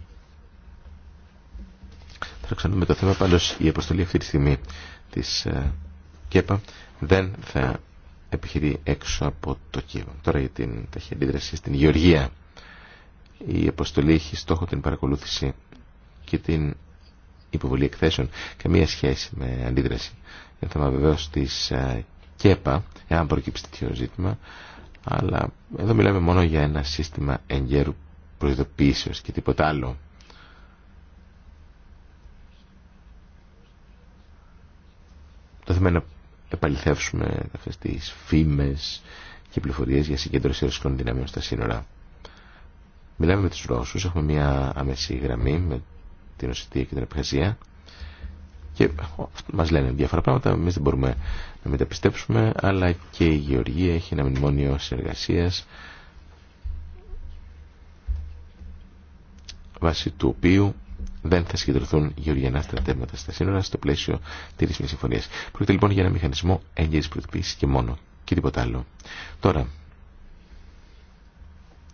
Speaker 2: θα ξανούμε το θέμα πάντως η αποστολή αυτή τη στιγμή της ε, ΚΕΠΑ δεν θα επιχειρεί έξω από το Κίεβο τώρα για την ταχύα αντίδραση στην Γεωργία η αποστολή έχει στόχο την παρακολούθηση και την υποβολή εκθέσεων καμία σχέση με αντίδραση. Είναι θέμα βεβαίω τη ε, ΚΕΠΑ, εάν προκύψει τέτοιο ζήτημα, αλλά εδώ μιλάμε μόνο για ένα σύστημα εγκαίρου προειδοποίησεω και τίποτα άλλο. Το θέμα είναι να επαληθεύσουμε αυτέ τις φήμες και πληροφορίες για συγκέντρωση ρωσικών δυναμίων στα σύνορα. Μιλάμε με του Ρώσους, έχουμε μια αμεσή γραμμή με την Οσυντία και την Απχαζία και μας λένε διάφορα πράγματα, εμεί δεν μπορούμε να μεταπιστέψουμε αλλά και η Γεωργία έχει ένα μνημόνιο συνεργασίας βάσει του οποίου δεν θα συγκεντρωθούν γεωργιανά στρατεύματα στα σύνορα στο πλαίσιο τη ρυθμή συμφωνία. Πρόκειται λοιπόν για ένα μηχανισμό έγκαιρη προειδοποίηση και μόνο και τίποτα άλλο. Τώρα,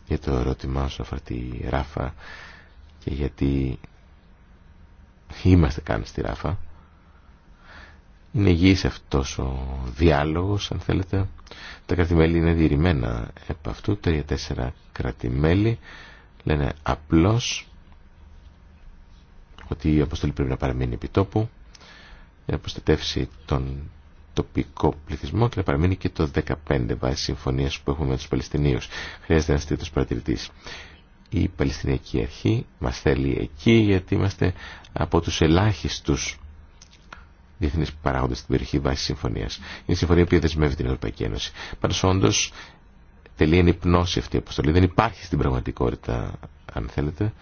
Speaker 2: για το ερώτημα όσον αφορά τη Ράφα και γιατί είμαστε καν στη ράφα. Είναι υγιής αυτός ο διάλογος, αν θέλετε. Τα κρατημέλη είναι διηρημένα επ' αυτού. Τρία-τέσσερα κρατημέλη λένε απλώς ότι η αποστολή πρέπει να παραμείνει επιτόπου για να προστατεύσει τον τοπικό πληθυσμό και να παραμείνει και το 15 βάσει συμφωνίας που έχουμε με του Παλαιστινίου. Χρειάζεται ένα τρίτος παρατηρητή η Παλαιστινιακή Αρχή μας θέλει εκεί γιατί είμαστε από τους ελάχιστους διεθνείς παράγοντες στην περιοχή βάση συμφωνίας. Είναι συμφωνία που δεσμεύει την Ευρωπαϊκή Ένωση. Πάντως όντως τελεί ενυπνώσει αυτή η αποστολή. Δεν υπάρχει στην πραγματικότητα αν θέλετε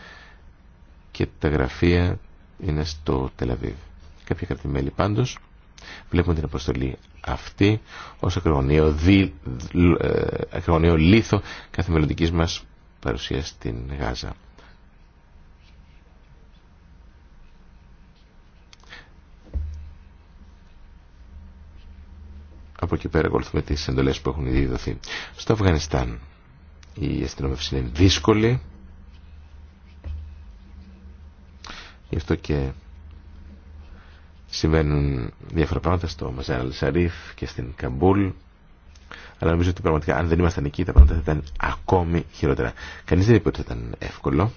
Speaker 2: και τα γραφεία είναι στο Τελαβίβ. Κάποια κρατημέλη πάντως βλέπουμε την αποστολή αυτή ως ακρογωνίο ε, λίθο κάθε μελλοντικής μας παρουσία στην Γάζα. Από εκεί πέρα ακολουθούμε τι εντολέ που έχουν ήδη δοθεί. Στο Αφγανιστάν η αστυνομία είναι δύσκολη. Γι' αυτό και συμβαίνουν διάφορα πράγματα στο Μαζάρα Λισαρίφ και στην Καμπούλ. Αλλά νομίζω ότι πραγματικά αν δεν ήμασταν εκεί τα πράγματα θα ήταν ακόμη χειρότερα. Κανεί δεν είπε ότι θα ήταν εύκολο.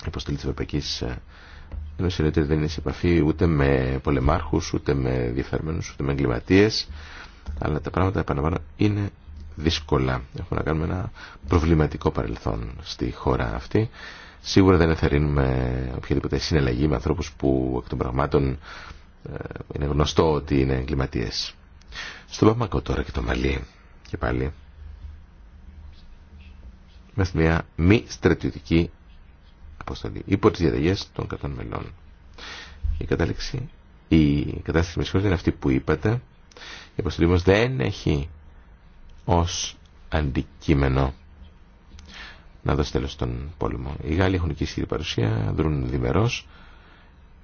Speaker 2: Η αποστολή της Ευρωπαϊκής Ένωσης ε, ότι δεν είναι σε επαφή ούτε με πολεμάρχους, ούτε με διαφέρμένου ούτε με εγκληματίε, Αλλά τα πράγματα, επαναλαμβάνω, είναι δύσκολα. Έχουμε να κάνουμε ένα προβληματικό παρελθόν στη χώρα αυτή. Σίγουρα δεν εθαρρύνουμε οποιαδήποτε συναλλαγή με ανθρώπου που εκ των πραγμάτων ε, είναι γνωστό ότι είναι εγκληματίε. Στον Παμακό τώρα και το Μαλί και πάλι με μια μη στρατιωτική αποστολή υπό τις διαταγές των κρατών μελών. Η κατάληξη, η κατάσταση με είναι αυτή που είπατε. Η αποστολή μας δεν έχει ως αντικείμενο να δώσει τέλος στον πόλεμο. Οι Γάλλοι έχουν και ισχυρή παρουσία, δρούν διμερός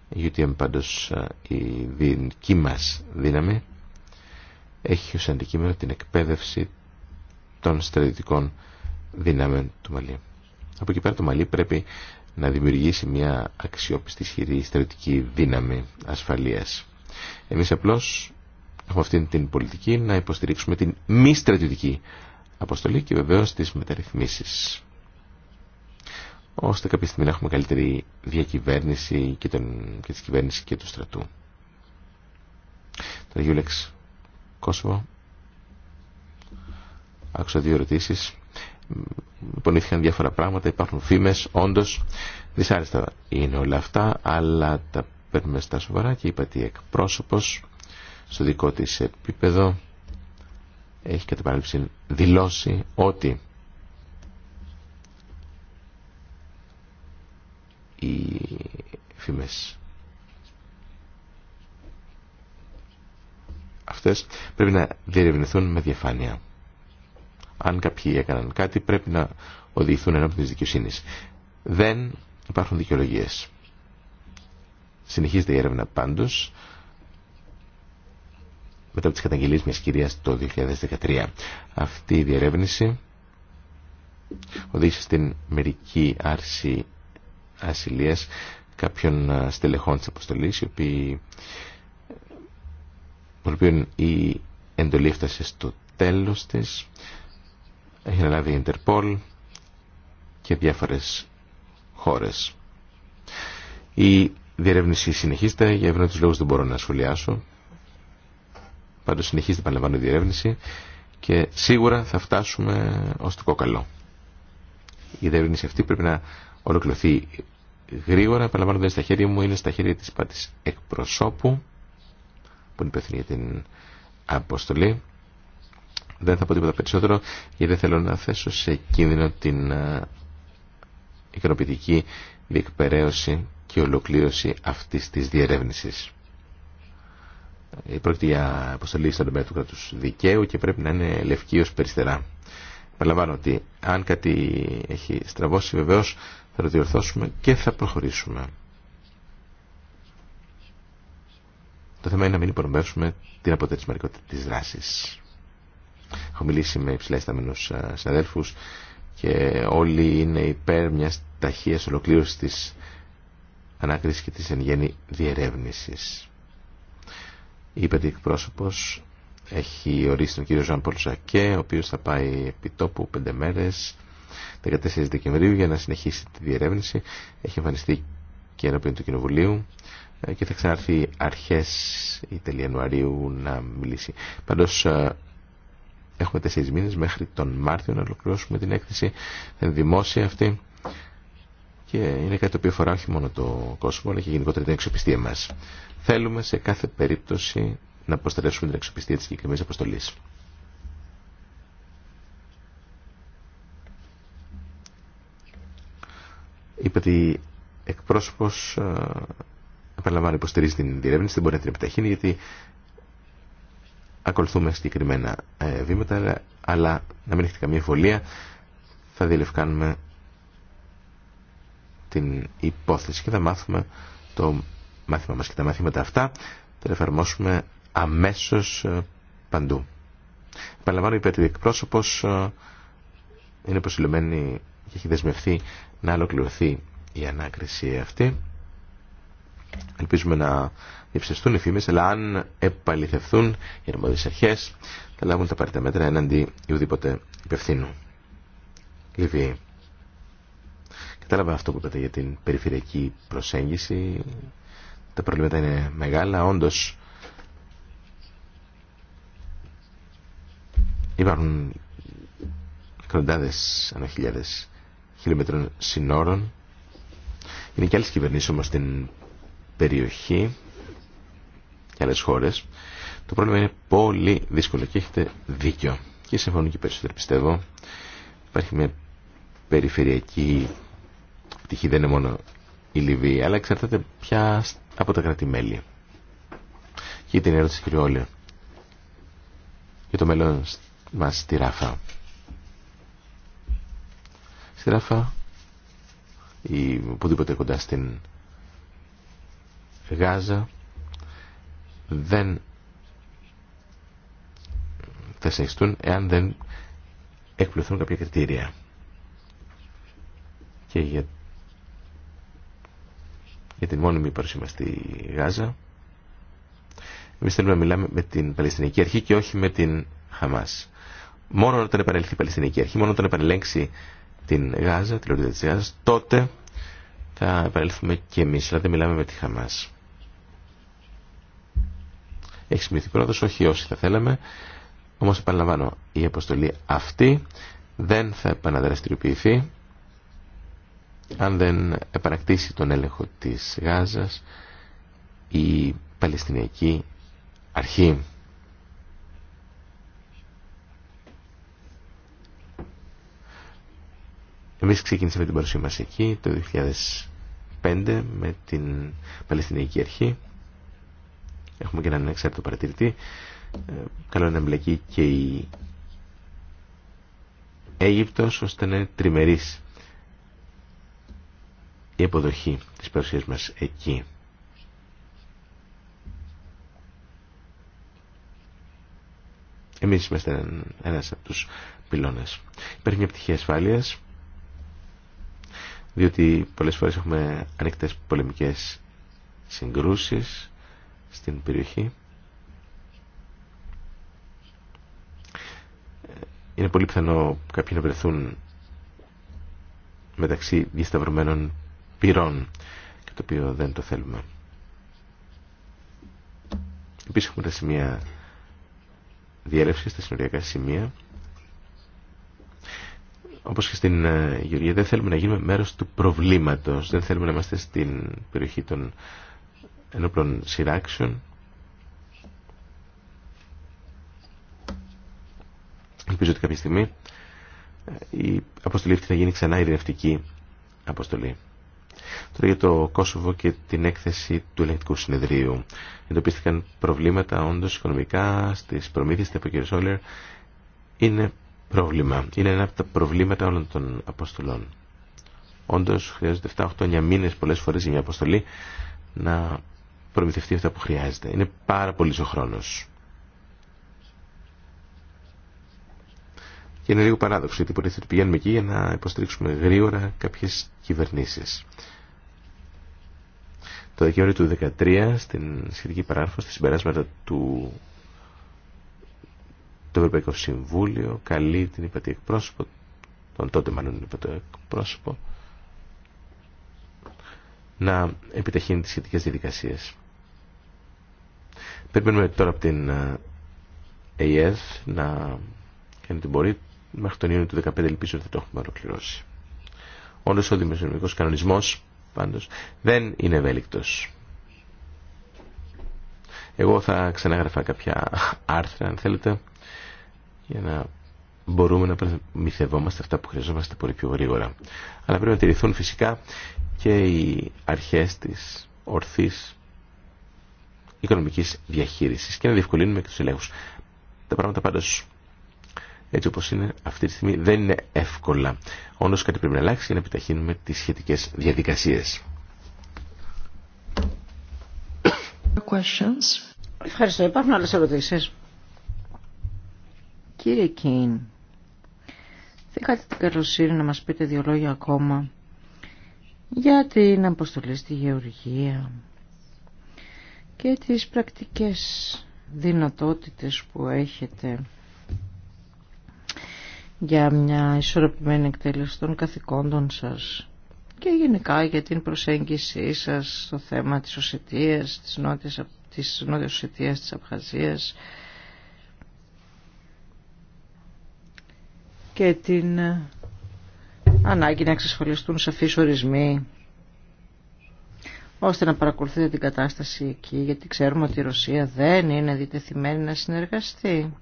Speaker 2: Η UTM πάντως ε, η δική μας δύναμη έχει ως αντικείμενο την εκπαίδευση των στρατιωτικών δυνάμεων του Μαλή. Από εκεί πέρα το Μαλή πρέπει να δημιουργήσει μια αξιόπιστη ισχυρή στρατιωτική δύναμη ασφαλείας. Εμείς απλώς έχουμε αυτή την πολιτική να υποστηρίξουμε την μη στρατιωτική αποστολή και βεβαίως τις μεταρρυθμίσεις ώστε κάποια στιγμή να έχουμε καλύτερη διακυβέρνηση και, τον, και της κυβέρνησης και του στρατού. Το Γιούλεξ Κόσοβο. Άκουσα δύο ερωτήσει. Πονήθηκαν διάφορα πράγματα, υπάρχουν φήμε, όντω. Δυσάρεστα είναι όλα αυτά, αλλά τα παίρνουμε στα σοβαρά και είπα ότι εκπρόσωπο στο δικό τη επίπεδο έχει κατά παράληψη δηλώσει ότι οι φήμες αυτές πρέπει να διερευνηθούν με διαφάνεια. Αν κάποιοι έκαναν κάτι πρέπει να οδηγηθούν ενώπιν της δικαιοσύνης. Δεν υπάρχουν δικαιολογίες. Συνεχίζεται η έρευνα πάντως μετά από τις καταγγελίες μιας κυρίας το 2013. Αυτή η διερεύνηση οδήγησε στην μερική άρση ασυλίας κάποιων ε, στελεχών της αποστολής οι οποίοι τον οποίο η εντολή έφτασε στο τέλος της. Έχει αναλάβει η Ιντερπολ και διάφορες χώρες. Η διερεύνηση συνεχίζεται, για ευνότητες λόγους δεν μπορώ να σχολιάσω. Πάντως συνεχίζεται, παραλαμβάνω η διερεύνηση και σίγουρα θα φτάσουμε ως το κόκαλο. Η διερεύνηση αυτή πρέπει να ολοκληρωθεί γρήγορα, παραλαμβάνω δεν στα χέρια μου, είναι στα χέρια της πάτης εκπροσώπου που είναι για την αποστολή. Δεν θα πω τίποτα περισσότερο γιατί δεν θέλω να θέσω σε κίνδυνο την ε, ικανοποιητική διεκπαιρέωση και ολοκλήρωση αυτής της διερεύνησης. Ε, πρόκειται για αποστολή στον τομέα του κράτου δικαίου και πρέπει να είναι λευκή ω περιστερά. Παραλαμβάνω ότι αν κάτι έχει στραβώσει βεβαίω θα το διορθώσουμε και θα προχωρήσουμε. Το θέμα είναι να μην υπονομεύσουμε την αποτελεσματικότητα τη δράση. Έχω μιλήσει με υψηλά ισταμένους συναδέλφου και όλοι είναι υπέρ μια ταχεία ολοκλήρωσης της ανάκρισης και τη εν γέννη διερεύνησης. Η υπέτη έχει ορίσει τον κύριο Ζαν Πολσακέ, ο οποίο θα πάει επί τόπου πέντε μέρε, 14 Δεκεμβρίου, για να συνεχίσει τη διερεύνηση. Έχει εμφανιστεί και ενώπιον του Κοινοβουλίου. Ε, και θα ξαναρθεί αρχές ή τέλη Ιανουαρίου να μιλήσει. Πάντως ε, έχουμε τέσσερις μήνες μέχρι τον Μάρτιο να ολοκληρώσουμε την έκθεση. Θα είναι δημόσια αυτή και είναι κάτι το οποίο φορά όχι μόνο το κόσμο αλλά και γενικότερα την εξοπιστία μας. Θέλουμε σε κάθε περίπτωση να προστατεύσουμε την εξοπιστία της συγκεκριμένη αποστολή. Είπατε εκπρόσωπος ε, επαναλαμβάνω υποστηρίζει την διερεύνηση, δεν μπορεί να την επιταχύνει γιατί ακολουθούμε συγκεκριμένα ε, βήματα, αλλά να μην έχετε καμία εμβολία, θα διελευκάνουμε την υπόθεση και θα μάθουμε το μάθημα μας και τα μαθήματα αυτά θα τα εφαρμόσουμε αμέσως ε, παντού. Επαναλαμβάνω, είπε ότι εκπρόσωπος ε, είναι προσυλλομένη και έχει δεσμευθεί να ολοκληρωθεί η ανάκριση αυτή. Ελπίζουμε να διευσεστούν οι φήμε, αλλά αν επαληθευθούν οι αρμόδιε αρχέ, θα λάβουν τα απαραίτητα μέτρα έναντι ουδήποτε υπευθύνου. Λιβύη. Κατάλαβα αυτό που είπατε για την περιφερειακή προσέγγιση. Τα προβλήματα είναι μεγάλα. όντω. υπάρχουν εκατοντάδε, ανά χιλιάδε χιλιόμετρων συνόρων. Είναι και άλλες κυβερνήσει όμω στην περιοχή και άλλες χώρες το πρόβλημα είναι πολύ δύσκολο και έχετε δίκιο και συμφωνώ και περισσότερο πιστεύω υπάρχει μια περιφερειακή πτυχή δεν είναι μόνο η Λιβύη αλλά εξαρτάται πια από τα κρατημέλη και την ερώτηση κ. Όλε για το μέλλον μας στη Ράφα στη Ράφα ή οπουδήποτε κοντά στην Γάζα δεν θα συνεχιστούν εάν δεν εκπληρωθούν κάποια κριτήρια. Και για, για την μόνιμη παρουσία μας στη Γάζα εμείς θέλουμε να μιλάμε με την Παλαιστινική Αρχή και όχι με την Χαμάς. Μόνο όταν επανελθεί η Παλαιστινική Αρχή, μόνο όταν επανελέγξει την Γάζα, τη λωρίδα της Γάζας, τότε θα επανέλθουμε και εμείς, αλλά δεν μιλάμε με τη Χαμάς. Έχει σημειωθεί πρόοδος, όχι όσοι θα θέλαμε. Όμως επαναλαμβάνω, η αποστολή αυτή δεν θα επαναδραστηριοποιηθεί αν δεν επανακτήσει τον έλεγχο της Γάζας η Παλαιστινιακή Αρχή. Εμείς ξεκίνησαμε την παρουσία μας εκεί το 2005 με την Παλαιστινιακή Αρχή Έχουμε και έναν εξάρτητο παρατηρητή. Ε, καλό είναι να εμπλεκεί και η Αίγυπτος ώστε να είναι τριμερής η αποδοχή της παρουσίας μας εκεί. Εμείς είμαστε ένας από τους πυλώνες. Υπάρχει μια πτυχή ασφάλειας, διότι πολλές φορές έχουμε ανοιχτές πολεμικές συγκρούσεις, στην περιοχή. Είναι πολύ πιθανό κάποιοι να βρεθούν μεταξύ διασταυρωμένων πυρών, και το οποίο δεν το θέλουμε. Επίσης έχουμε τα σημεία διέλευση, τα συνοριακά σημεία. Όπως και στην ε, Γεωργία δεν θέλουμε να γίνουμε μέρος του προβλήματος, δεν θέλουμε να είμαστε στην περιοχή των ενόπλων σειράξεων. Ελπίζω ότι κάποια στιγμή ε, η αποστολή αυτή θα γίνει ξανά ειρηνευτική αποστολή. Τώρα για το Κόσοβο και την έκθεση του ελεγκτικού συνεδρίου. Εντοπίστηκαν προβλήματα όντω οικονομικά στι προμήθειε, τη κ. Σόλερ. Είναι πρόβλημα. Είναι ένα από τα προβλήματα όλων των αποστολών. Όντω Όντως 7, 8, 9 μήνε πολλέ φορέ για μια αποστολή να προμηθευτεί αυτά που χρειάζεται. Είναι πάρα πολύ ο χρόνο. Και είναι λίγο παράδοξο, γιατί υποτίθεται να πηγαίνουμε εκεί για να υποστηρίξουμε γρήγορα κάποιε κυβερνήσει. Το Δεκέμβριο του 2013, στην σχετική παράγραφο, στη συμπεράσματα του το Ευρωπαϊκό Συμβούλιο, καλεί την υπατή εκπρόσωπο, τον τότε μάλλον υπατή εκπρόσωπο, να επιταχύνει τις σχετικές διαδικασίες. Περιμένουμε τώρα από την ΕΙΕΔ να κάνει την πορεία. Μέχρι τον Ιούνιο του 2015 ελπίζω ότι θα το έχουμε ολοκληρώσει. Όντω ο δημοσιονομικό κανονισμό πάντω δεν είναι ευέλικτο. Εγώ θα ξανάγραφα κάποια άρθρα, αν θέλετε, για να μπορούμε να μυθευόμαστε αυτά που χρειαζόμαστε πολύ πιο γρήγορα. Αλλά πρέπει να τηρηθούν φυσικά και οι αρχές της ορθής οικονομικής διαχείρισης και να διευκολύνουμε και τους ελέγχους. Τα πράγματα πάντως έτσι όπως είναι αυτή τη στιγμή δεν είναι εύκολα. Όντως κάτι πρέπει να αλλάξει για να επιταχύνουμε τις σχετικές διαδικασίες.
Speaker 1: Ευχαριστώ. Υπάρχουν άλλες ερωτήσεις. Κύριε Κίν, θέλετε την καλοσύνη να μας πείτε δύο λόγια ακόμα για την αποστολή στη Γεωργία και τις πρακτικές δυνατότητες που έχετε για μια ισορροπημένη εκτέλεση των καθηκόντων σας και γενικά για την προσέγγιση σας στο θέμα της Οσετίας, της Νότιας, της νότιας Οσετίας, της Απχαζίας και την ανάγκη να εξασφαλιστούν σαφείς ορισμοί ώστε να παρακολουθείτε την κατάσταση εκεί, γιατί ξέρουμε ότι η Ρωσία δεν είναι διτεθειμένη να συνεργαστεί.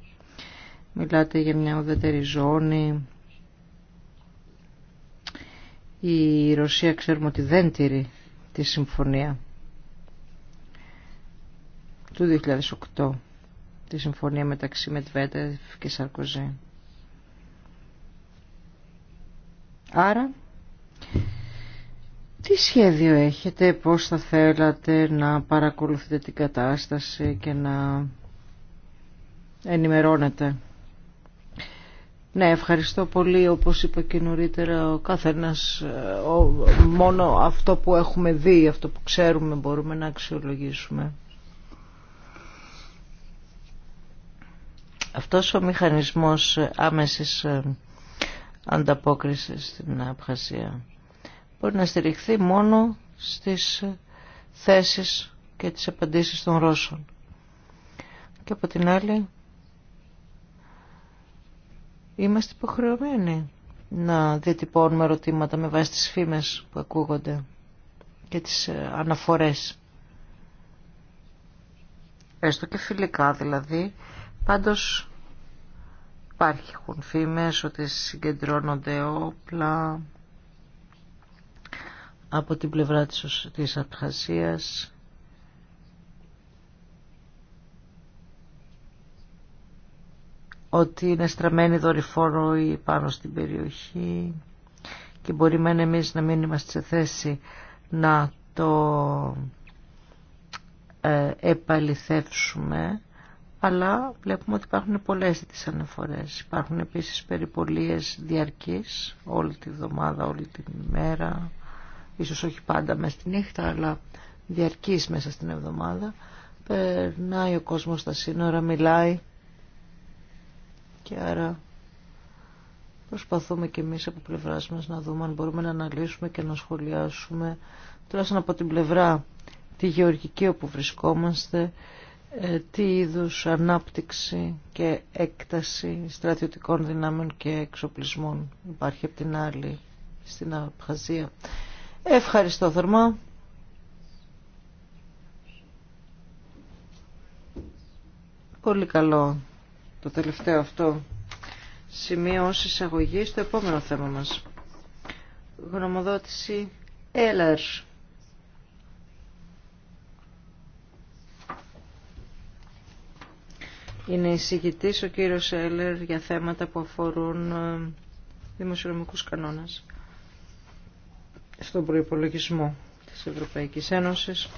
Speaker 1: Μιλάτε για μια ουδετερή ζώνη. Η Ρωσία ξέρουμε ότι δεν τηρεί τη συμφωνία του 2008, τη συμφωνία μεταξύ Μετβέτεφ και Σαρκοζή. Άρα τι σχέδιο έχετε, πώς θα θέλατε να παρακολουθείτε την κατάσταση και να ενημερώνετε. Ναι, ευχαριστώ πολύ. Όπως είπα και νωρίτερα, ο καθένας, μόνο αυτό που έχουμε δει, αυτό που ξέρουμε μπορούμε να αξιολογήσουμε. Αυτός ο μηχανισμός άμεσης ε, ανταπόκρισης στην Απχασία μπορεί να στηριχθεί μόνο στις θέσεις και τις απαντήσεις των Ρώσων. Και από την άλλη είμαστε υποχρεωμένοι να διατυπώνουμε ερωτήματα με βάση τις φήμες που ακούγονται και τις ε, αναφορές. Έστω και φιλικά δηλαδή, πάντως υπάρχουν φήμες ότι συγκεντρώνονται όπλα, από την πλευρά της, της Απχασίας ότι είναι δορυφόρο ή πάνω στην περιοχή και μπορεί μεν εμείς να μην είμαστε σε θέση να το ε, επαληθεύσουμε αλλά βλέπουμε ότι υπάρχουν πολλές τις αναφορές. Υπάρχουν επίσης περιπολίες διαρκής όλη τη βδομάδα, όλη τη μέρα ίσως όχι πάντα μέσα στη νύχτα, αλλά διαρκής μέσα στην εβδομάδα. Περνάει ο κόσμος στα σύνορα, μιλάει και άρα προσπαθούμε και εμείς από πλευράς μας να δούμε αν μπορούμε να αναλύσουμε και να σχολιάσουμε τουλάχιστον από την πλευρά τη γεωργική όπου βρισκόμαστε ε, τι είδους ανάπτυξη και έκταση στρατιωτικών δυνάμεων και εξοπλισμών υπάρχει από την άλλη στην Απχαζία. Ευχαριστώ θερμά. Πολύ καλό το τελευταίο αυτό σημείο ως εισαγωγή στο επόμενο θέμα μας. Γνωμοδότηση Έλλαρ. Είναι εισηγητής ο κύριος Έλερ για θέματα που αφορούν ε, δημοσιονομικούς κανόνες στον προϋπολογισμό της Ευρωπαϊκής Ένωσης.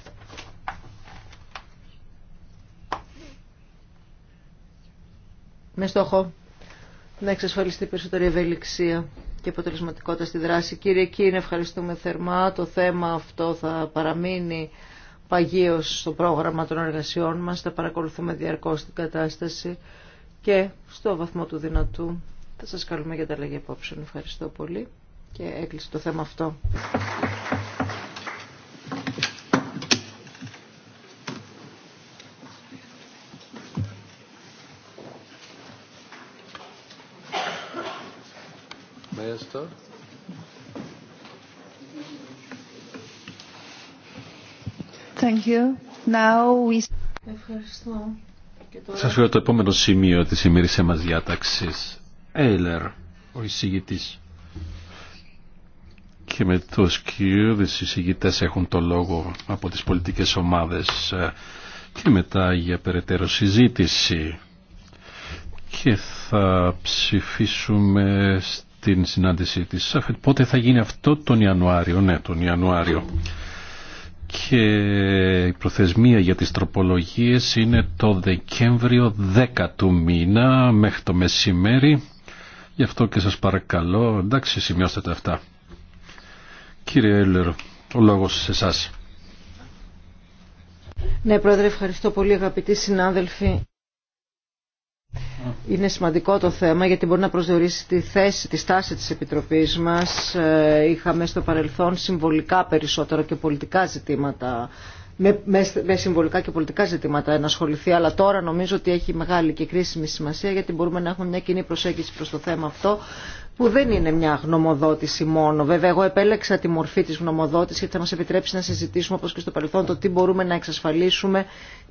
Speaker 1: Με στόχο να εξασφαλιστεί περισσότερη ευελιξία και αποτελεσματικότητα στη δράση. Κύριε κύριε ευχαριστούμε θερμά. Το θέμα αυτό θα παραμείνει παγίως στο πρόγραμμα των εργασιών μας. Θα παρακολουθούμε διαρκώς την κατάσταση και στο βαθμό του δυνατού θα σας καλούμε για τα λέγια απόψε. Ευχαριστώ πολύ και έκλεισε το θέμα αυτό. Thank you. Now we... Ευχαριστώ.
Speaker 3: Σα Σας φέρω το επόμενο σημείο της ημερήσια μας διάταξη. Έλερ, ο εισηγητή και με τους κυρίους εισηγητές έχουν το λόγο από τις πολιτικές ομάδες ε, και μετά για περαιτέρω συζήτηση και θα ψηφίσουμε στην συνάντησή της Πότε θα γίνει αυτό τον Ιανουάριο, ναι τον Ιανουάριο. Και η προθεσμία για τις τροπολογίες είναι το Δεκέμβριο 10 του μήνα μέχρι το μεσημέρι. Γι' αυτό και σας παρακαλώ, εντάξει σημειώστε τα αυτά. Κύριε Έλλερ, ο λόγος σε εσά.
Speaker 1: Ναι, Πρόεδρε, ευχαριστώ πολύ αγαπητοί συνάδελφοι. Είναι σημαντικό το θέμα γιατί μπορεί να προσδιορίσει τη θέση, τη στάση της Επιτροπής μας. Ε, είχαμε στο παρελθόν συμβολικά περισσότερο και πολιτικά ζητήματα με, με, με συμβολικά και πολιτικά ζητήματα να ασχοληθεί, αλλά τώρα νομίζω ότι έχει μεγάλη και κρίσιμη σημασία γιατί μπορούμε να έχουμε μια κοινή προσέγγιση προς το θέμα αυτό που δεν είναι μια γνωμοδότηση μόνο. Βέβαια, εγώ επέλεξα τη μορφή της γνωμοδότηση γιατί θα μα επιτρέψει να συζητήσουμε όπω και στο παρελθόν το τι μπορούμε να εξασφαλίσουμε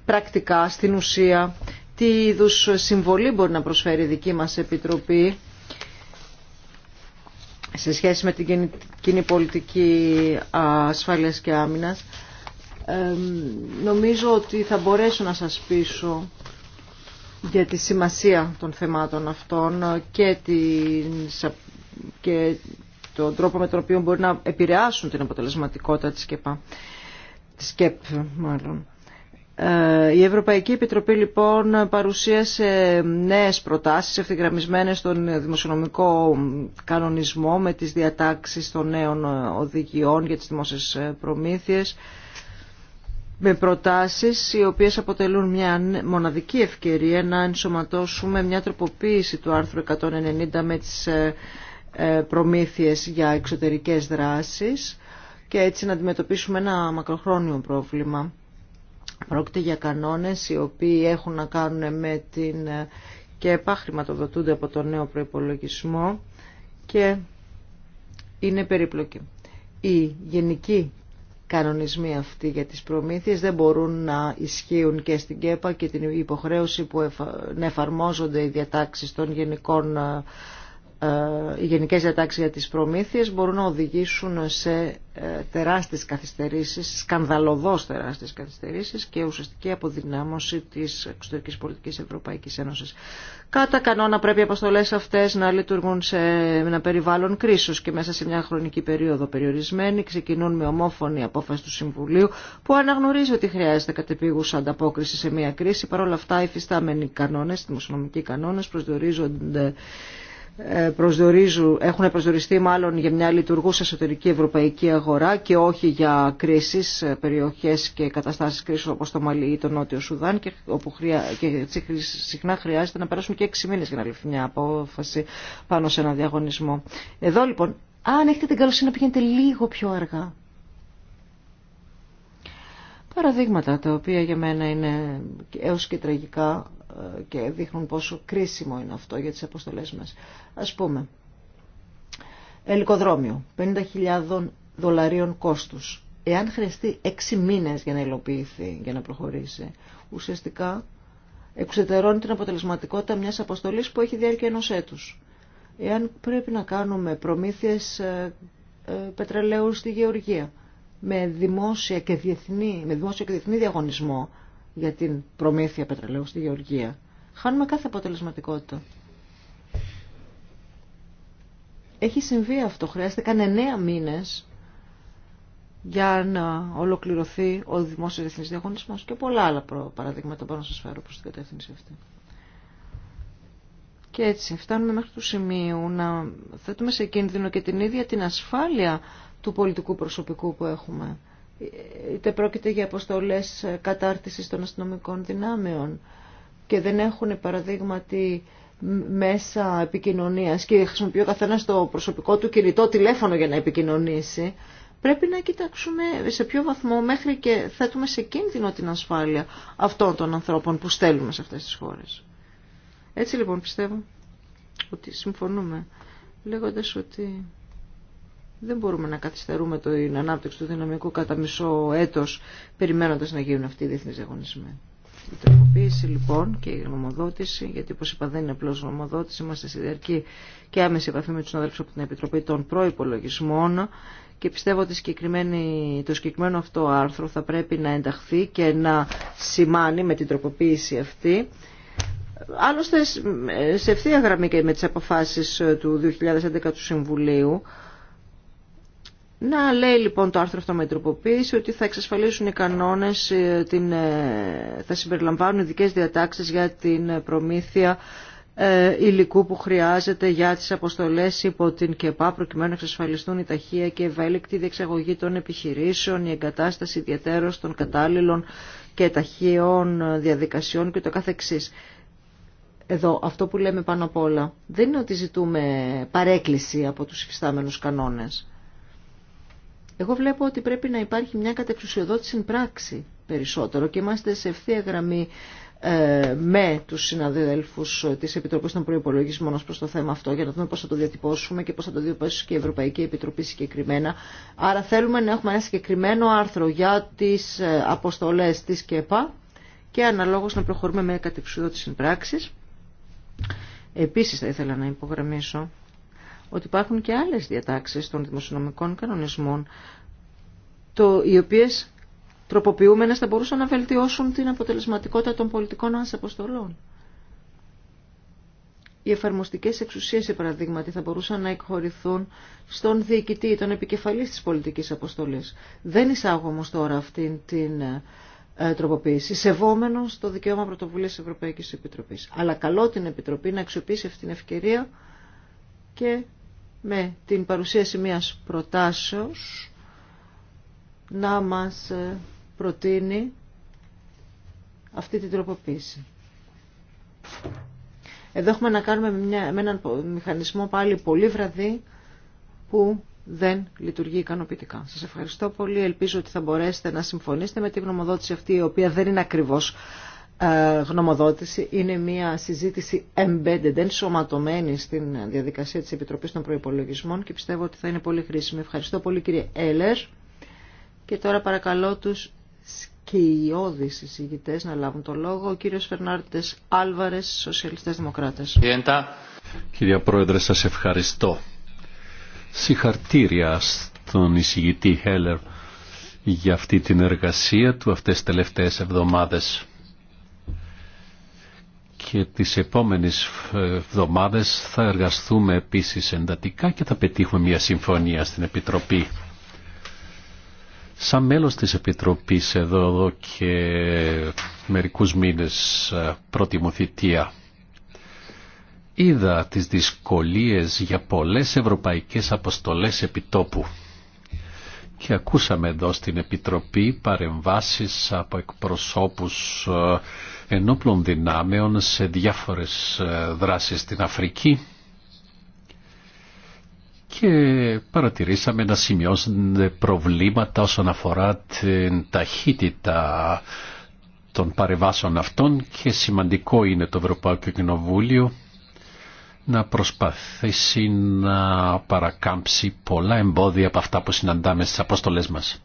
Speaker 1: πρακτικά στην ουσία, τι είδου συμβολή μπορεί να προσφέρει η δική μα Επιτροπή σε σχέση με την κοινή πολιτική ασφάλειας και άμυνας. Ε, νομίζω ότι θα μπορέσω να σας πείσω για τη σημασία των θεμάτων αυτών και, τον τρόπο με τον οποίο μπορεί να επηρεάσουν την αποτελεσματικότητα της ΚΕΠΑ. Της ΚΕΠ, μάλλον. Ε, η Ευρωπαϊκή Επιτροπή λοιπόν παρουσίασε νέες προτάσεις ευθυγραμμισμένες στον δημοσιονομικό κανονισμό με τις διατάξεις των νέων οδηγιών για τις δημόσιες προμήθειες με προτάσεις οι οποίες αποτελούν μια μοναδική ευκαιρία να ενσωματώσουμε μια τροποποίηση του άρθρου 190 με τις ε, ε, προμήθειες για εξωτερικές δράσεις και έτσι να αντιμετωπίσουμε ένα μακροχρόνιο πρόβλημα. Πρόκειται για κανόνες οι οποίοι έχουν να κάνουν με την ε, και επάχρηματοδοτούνται από τον νέο προϋπολογισμό και είναι περίπλοκοι. Η γενική κανονισμοί αυτοί για τις προμήθειες δεν μπορούν να ισχύουν και στην ΚΕΠΑ και την υποχρέωση που εφαρμόζονται οι διατάξεις των γενικών ε, ε, οι γενικές διατάξεις για τις προμήθειες μπορούν να οδηγήσουν σε ε, τεράστιες καθυστερήσεις, σκανδαλωδώς τεράστιες καθυστερήσεις και ουσιαστική αποδυνάμωση της εξωτερικής πολιτικής Ευρωπαϊκής Ένωσης. Κατά κανόνα πρέπει οι αποστολές αυτές να λειτουργούν σε ένα περιβάλλον κρίσεως και μέσα σε μια χρονική περίοδο περιορισμένη ξεκινούν με ομόφωνη απόφαση του Συμβουλίου που αναγνωρίζει ότι χρειάζεται κατεπίγουσα ανταπόκριση σε μια κρίση. Παρ' όλα αυτά οι φυστάμενοι κανόνες, οι δημοσιονομικοί κανόνες προσδιορίζονται ε, έχουν προσδοριστεί μάλλον για μια λειτουργούσα εσωτερική ευρωπαϊκή αγορά και όχι για κρίσεις, ε, περιοχές και καταστάσεις κρίσης όπως το Μαλί ή το Νότιο Σουδάν και, όπου χρεια... και συχνά χρειάζεται να περάσουν και έξι μήνες για να ληφθεί μια απόφαση πάνω σε ένα διαγωνισμό. Εδώ λοιπόν, αν έχετε την καλοσύνη να πηγαίνετε λίγο πιο αργά. Παραδείγματα τα οποία για μένα είναι έως και τραγικά και δείχνουν πόσο κρίσιμο είναι αυτό για τις αποστολές μας. Ας πούμε, ελικοδρόμιο, 50.000 δολαρίων κόστους. Εάν χρειαστεί 6 μήνες για να υλοποιηθεί, για να προχωρήσει, ουσιαστικά εξετερώνει την αποτελεσματικότητα μιας αποστολής που έχει διάρκεια ενός έτους. Εάν πρέπει να κάνουμε προμήθειες ε, ε, πετρελαίου στη Γεωργία, με δημόσια και διεθνή, με δημόσιο και διεθνή διαγωνισμό, για την προμήθεια πετρελαίου στη Γεωργία. Χάνουμε κάθε αποτελεσματικότητα. Έχει συμβεί αυτό. Χρειάστηκαν εννέα μήνες για να ολοκληρωθεί ο δημόσιος διεθνής διαγωνισμός και πολλά άλλα παραδείγματα μπορώ να σας φέρω προς την κατεύθυνση αυτή. Και έτσι φτάνουμε μέχρι το σημείο να θέτουμε σε κίνδυνο και την ίδια την ασφάλεια του πολιτικού προσωπικού που έχουμε είτε πρόκειται για αποστολές κατάρτισης των αστυνομικών δυνάμεων και δεν έχουν παραδείγματι μέσα επικοινωνίας και χρησιμοποιεί ο καθένα το προσωπικό του κινητό τηλέφωνο για να επικοινωνήσει, πρέπει να κοιτάξουμε σε ποιο βαθμό μέχρι και θέτουμε σε κίνδυνο την ασφάλεια αυτών των ανθρώπων που στέλνουμε σε αυτές τις χώρες. Έτσι λοιπόν πιστεύω ότι συμφωνούμε λέγοντας ότι δεν μπορούμε να καθυστερούμε την ανάπτυξη του δυναμικού κατά μισό έτο, περιμένοντα να γίνουν αυτοί οι διεθνεί διαγωνισμοί. Η τροποποίηση λοιπόν και η γνωμοδότηση, γιατί όπω είπα δεν είναι απλώ γνωμοδότηση, είμαστε σε διαρκή και άμεση επαφή με του συνάδελφου από την Επιτροπή των Προϋπολογισμών και πιστεύω ότι το συγκεκριμένο αυτό άρθρο θα πρέπει να ενταχθεί και να σημάνει με την τροποποίηση αυτή Άλλωστε, σε ευθεία γραμμή και με τι αποφάσει του 2011 του Συμβουλίου, να λέει λοιπόν το άρθρο αυτό με τροποποίηση ότι θα εξασφαλίσουν οι κανόνες, ε, ε, θα συμπεριλαμβάνουν ειδικέ διατάξεις για την ε, προμήθεια υλικού που χρειάζεται για τις αποστολές υπό την ΚΕΠΑ προκειμένου να εξασφαλιστούν η ταχεία και ευέλικτη διεξαγωγή των επιχειρήσεων, η εγκατάσταση ιδιαίτερως των κατάλληλων και ταχείων διαδικασιών και το καθεξής. Εδώ αυτό που λέμε πάνω απ' όλα δεν είναι ότι ζητούμε παρέκκληση από τους υφιστάμενους κανόνες. Εγώ βλέπω ότι πρέπει να υπάρχει μια κατεξουσιοδότηση πράξη περισσότερο και είμαστε σε ευθεία γραμμή ε, με τους συναδέλφους της Επιτροπής των Προϋπολογισμών ως προς το θέμα αυτό για να δούμε πώς θα το διατυπώσουμε και πώς θα το διατυπώσει και η Ευρωπαϊκή Επιτροπή συγκεκριμένα. Άρα θέλουμε να έχουμε ένα συγκεκριμένο άρθρο για τις ε, αποστολές της ΚΕΠΑ και αναλόγως να προχωρούμε με κατεξουσιοδότηση πράξη. Επίσης θα ήθελα να υπογραμμίσω ότι υπάρχουν και άλλες διατάξεις των δημοσιονομικών κανονισμών, το, οι οποίες τροποποιούμενες θα μπορούσαν να βελτιώσουν την αποτελεσματικότητα των πολιτικών μας αποστολών. Οι εφαρμοστικές εξουσίες, για παραδείγματι, θα μπορούσαν να εκχωρηθούν στον διοικητή ή τον επικεφαλή της πολιτικής αποστολή. Δεν εισάγω όμως τώρα αυτήν την ε, τροποποίηση, σεβόμενο το δικαίωμα πρωτοβουλία τη Ευρωπαϊκή Επιτροπή. Αλλά καλώ την Επιτροπή να αξιοποιήσει αυτή την ευκαιρία και με την παρουσίαση μιας προτάσεως να μας ε, προτείνει αυτή την τροποποίηση. Εδώ έχουμε να κάνουμε με έναν μηχανισμό πάλι πολύ βραδύ που δεν λειτουργεί ικανοποιητικά. Σας ευχαριστώ πολύ. Ελπίζω ότι θα μπορέσετε να συμφωνήσετε με την γνωμοδότηση αυτή η οποία δεν είναι ακριβώς ε, γνωμοδότηση είναι μια συζήτηση embedded, ενσωματωμένη στην διαδικασία της Επιτροπής των Προϋπολογισμών και πιστεύω ότι θα είναι πολύ χρήσιμη. Ευχαριστώ πολύ κύριε Έλερ και τώρα παρακαλώ τους σκυλιώδεις εισηγητές να λάβουν το λόγο. Ο κύριος Φερνάρτες Άλβαρες, Σοσιαλιστές Δημοκράτες.
Speaker 3: Κύριε Πρόεδρε, σας ευχαριστώ. Συγχαρτήρια στον εισηγητή Έλερ για αυτή την εργασία του αυτές τις τελευταίες εβδομάδες και τις επόμενες εβδομάδες θα εργαστούμε επίσης εντατικά και θα πετύχουμε μια συμφωνία στην Επιτροπή. Σαν μέλος της Επιτροπής εδώ, εδώ και μερικούς μήνες πρώτη μου είδα τις δυσκολίες για πολλές ευρωπαϊκές αποστολές επιτόπου και ακούσαμε εδώ στην Επιτροπή παρεμβάσεις από εκπροσώπους ενόπλων δυνάμεων σε διάφορες ε, δράσεις στην Αφρική και παρατηρήσαμε να σημειώσονται προβλήματα όσον αφορά την ταχύτητα των παρεβάσεων αυτών και σημαντικό είναι το Ευρωπαϊκό Κοινοβούλιο να προσπαθήσει να παρακάμψει πολλά εμπόδια από αυτά που συναντάμε στις αποστολές μας.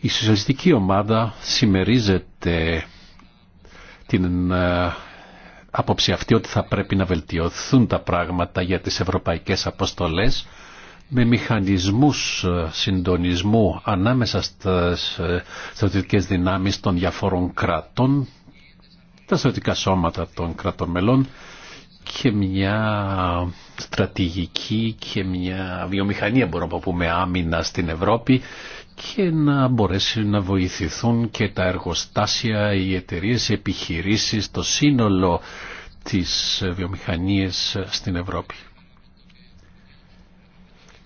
Speaker 3: Η σοσιαλιστική ομάδα συμμερίζεται την ε, άποψη αυτή ότι θα πρέπει να βελτιωθούν τα πράγματα για τις ευρωπαϊκές αποστολές με μηχανισμούς ε, συντονισμού ανάμεσα στις ε, στρατιωτικές δυνάμεις των διαφόρων κρατών, τα στρατιωτικά σώματα των κρατών μελών και μια στρατηγική και μια βιομηχανία μπορούμε να πούμε άμυνα στην Ευρώπη και να μπορέσει να βοηθηθούν και τα εργοστάσια, οι εταιρείε, οι επιχειρήσεις, το σύνολο της βιομηχανίας στην Ευρώπη.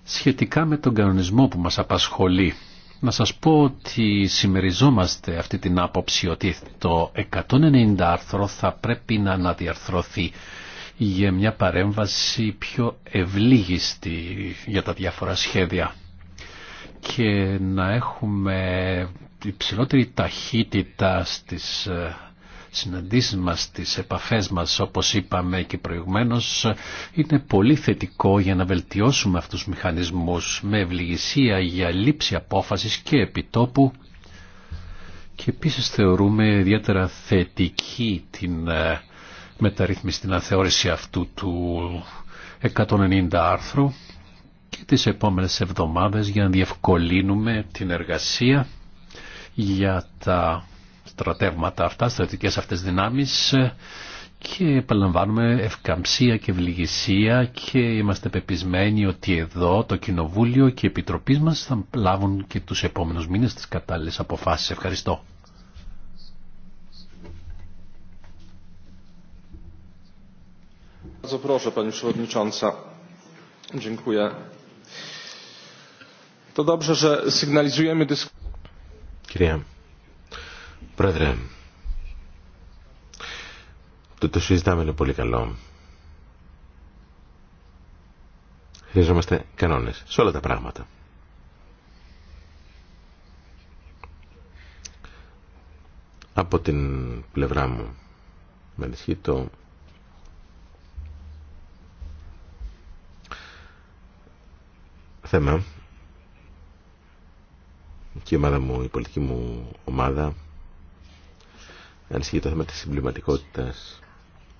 Speaker 3: Σχετικά με τον κανονισμό που μας απασχολεί, να σας πω ότι συμμεριζόμαστε αυτή την άποψη ότι το 190 άρθρο θα πρέπει να αναδιαρθρωθεί για μια παρέμβαση πιο ευλίγιστη για τα διάφορα σχέδια και να έχουμε υψηλότερη ταχύτητα στις ε, συναντήσεις μας, στις επαφές μας όπως είπαμε και προηγουμένως είναι πολύ θετικό για να βελτιώσουμε αυτούς τους μηχανισμούς με ευληγησία για λήψη απόφασης και επιτόπου και επίσης θεωρούμε ιδιαίτερα θετική την ε, μεταρρύθμιση, την αθεώρηση αυτού του 190 άρθρου και τις επόμενες εβδομάδες για να διευκολύνουμε την εργασία για τα στρατεύματα αυτά, στρατικές αυτές δυνάμεις και επαναλαμβάνουμε ευκαμψία και ευληγησία και είμαστε πεπισμένοι ότι εδώ το Κοινοβούλιο και οι επιτροπή μας θα λάβουν και τους επόμενους μήνες τις κατάλληλες αποφάσεις. Ευχαριστώ. Pani Przewodnicząca. Dziękuję. Ε,
Speaker 2: Κυρία Πρόεδρε, το το συζητάμε είναι πολύ καλό. Χρειαζόμαστε κανόνες σε όλα τα πράγματα. Από την πλευρά μου με ενισχύει το θέμα και η ομάδα μου, η πολιτική μου ομάδα ανησυχεί το θέμα της συμπληματικότητας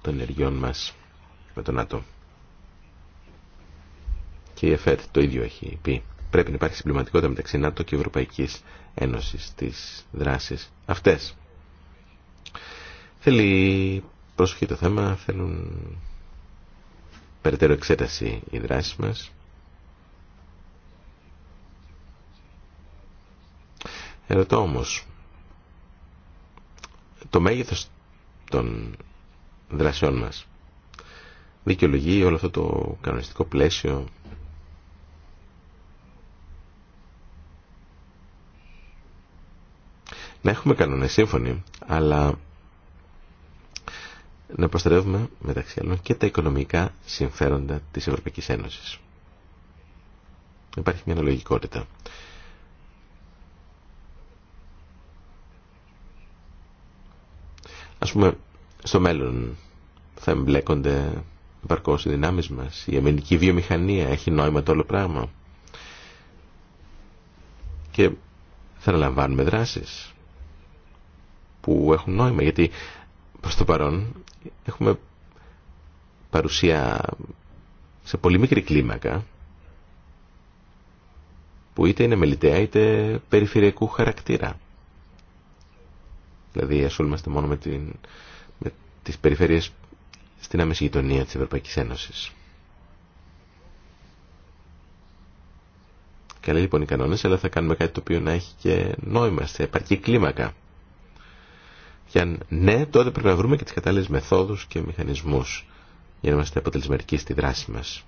Speaker 2: των ενεργειών μας με τον ΝΑΤΟ. Και η ΕΦΕΤ το ίδιο έχει πει. Πρέπει να υπάρχει συμπληματικότητα μεταξύ ΝΑΤΟ και Ευρωπαϊκής Ένωσης στις δράσεις αυτές. Θέλει προσοχή το θέμα, θέλουν περαιτέρω εξέταση οι δράσεις μας. Ερωτώ όμως, το μέγεθο των δρασιών μας δικαιολογεί όλο αυτό το κανονιστικό πλαίσιο να έχουμε κανόνες σύμφωνοι αλλά να προστατεύουμε μεταξύ άλλων και τα οικονομικά συμφέροντα της Ευρωπαϊκής Ένωσης υπάρχει μια αναλογικότητα ας πούμε στο μέλλον θα εμπλέκονται παρκώς οι δυνάμεις μας η αμυντική βιομηχανία έχει νόημα το όλο πράγμα και θα αναλαμβάνουμε δράσεις που έχουν νόημα γιατί προς το παρόν έχουμε παρουσία σε πολύ μικρή κλίμακα που είτε είναι μελιτέα είτε περιφερειακού χαρακτήρα. Δηλαδή ασχολούμαστε μόνο με, την, με τις περιφέρειες στην άμεση γειτονία της Ευρωπαϊκής Ένωσης. Καλή λοιπόν οι κανόνες, αλλά θα κάνουμε κάτι το οποίο να έχει και νόημα σε επαρκή κλίμακα. Και αν ναι, τότε πρέπει να βρούμε και τις κατάλληλες μεθόδους και μηχανισμούς για να είμαστε αποτελεσματικοί στη δράση μας.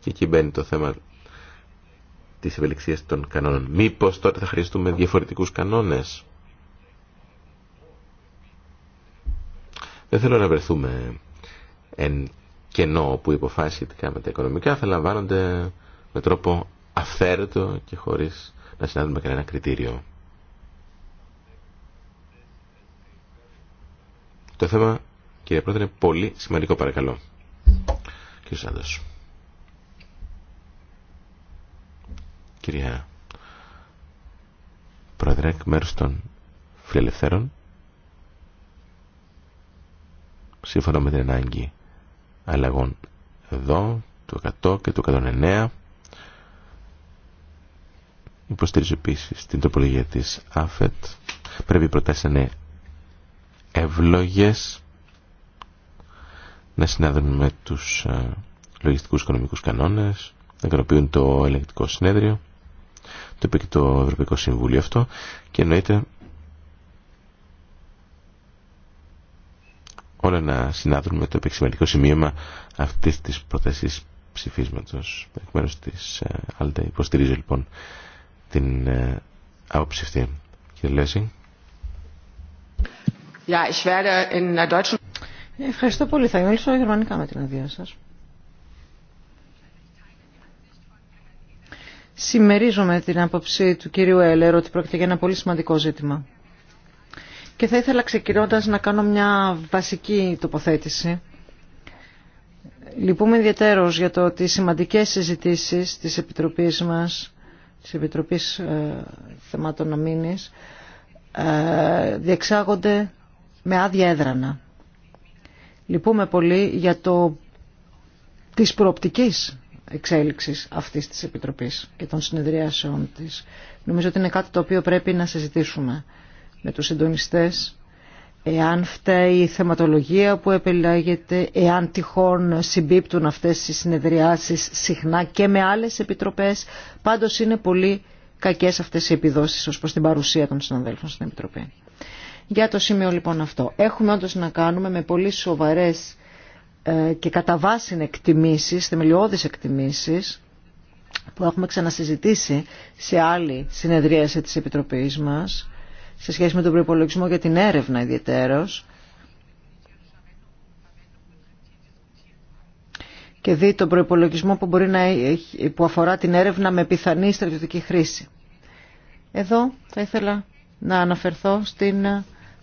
Speaker 2: Και εκεί μπαίνει το θέμα Τη ευελιξία των κανόνων. Μήπω τότε θα χρειαστούμε διαφορετικούς κανόνες. Δεν θέλω να βρεθούμε εν κενό που οι σχετικά με τα οικονομικά θα λαμβάνονται με τρόπο αυθαίρετο και χωρίς να συνάδουμε κανένα κριτήριο. Το θέμα, κύριε Πρόεδρε, είναι πολύ σημαντικό παρακαλώ. Κύριε Σάντος. Κυρία Πρόεδρε, εκ μέρους των φιλελευθέρων, σύμφωνα με την ανάγκη αλλαγών εδώ, του 100 και του 109, υποστηρίζω επίση την τροπολογία της ΑΦΕΤ, πρέπει οι προτάσεις να είναι ευλογέ, να συνάδουν με τους ε, λογιστικούς οικονομικούς κανόνες, να ικανοποιούν το ελεγκτικό συνέδριο, το είπε και το Ευρωπαϊκό Συμβούλιο αυτό και εννοείται όλα να συνάδουν με το επεξηματικό σημείωμα αυτής της πρότασης ψηφίσματος. Εκ μέρους της ΑΛΤΕ ε, υποστηρίζω λοιπόν την ε, άποψη αυτή. Κύριε Λέση.
Speaker 1: Ευχαριστώ πολύ. Θα μιλήσω γερμανικά με την αδειά σας. Συμμερίζομαι την άποψη του κυρίου Έλερ ότι πρόκειται για ένα πολύ σημαντικό ζήτημα. Και θα ήθελα ξεκινώντα να κάνω μια βασική τοποθέτηση. Λυπούμε ιδιαίτερω για το ότι οι σημαντικές συζητήσεις της Επιτροπής μας, της Επιτροπής ε, Θεμάτων Αμήνη, ε, διεξάγονται με άδεια έδρανα. Λυπούμε πολύ για το της προοπτικής εξέλιξης αυτής της Επιτροπής και των συνεδριάσεών της. Νομίζω ότι είναι κάτι το οποίο πρέπει να συζητήσουμε με τους συντονιστές εάν φταίει η θεματολογία που επιλέγεται, εάν τυχόν συμπίπτουν αυτές οι συνεδριάσεις συχνά και με άλλες επιτροπές. Πάντως είναι πολύ κακές αυτές οι επιδόσεις ως προς την παρουσία των συναδέλφων στην Επιτροπή. Για το σημείο λοιπόν αυτό. Έχουμε όντως να κάνουμε με πολύ σοβαρές ε, και κατά βάση εκτιμήσεις, θεμελιώδεις εκτιμήσεις που έχουμε ξανασυζητήσει σε άλλη συνεδρίαση της Επιτροπής μας σε σχέση με τον προϋπολογισμό για την έρευνα ιδιαίτερος και δει τον προϋπολογισμό που, να που αφορά την έρευνα με πιθανή στρατιωτική χρήση. Εδώ θα ήθελα να αναφερθώ στην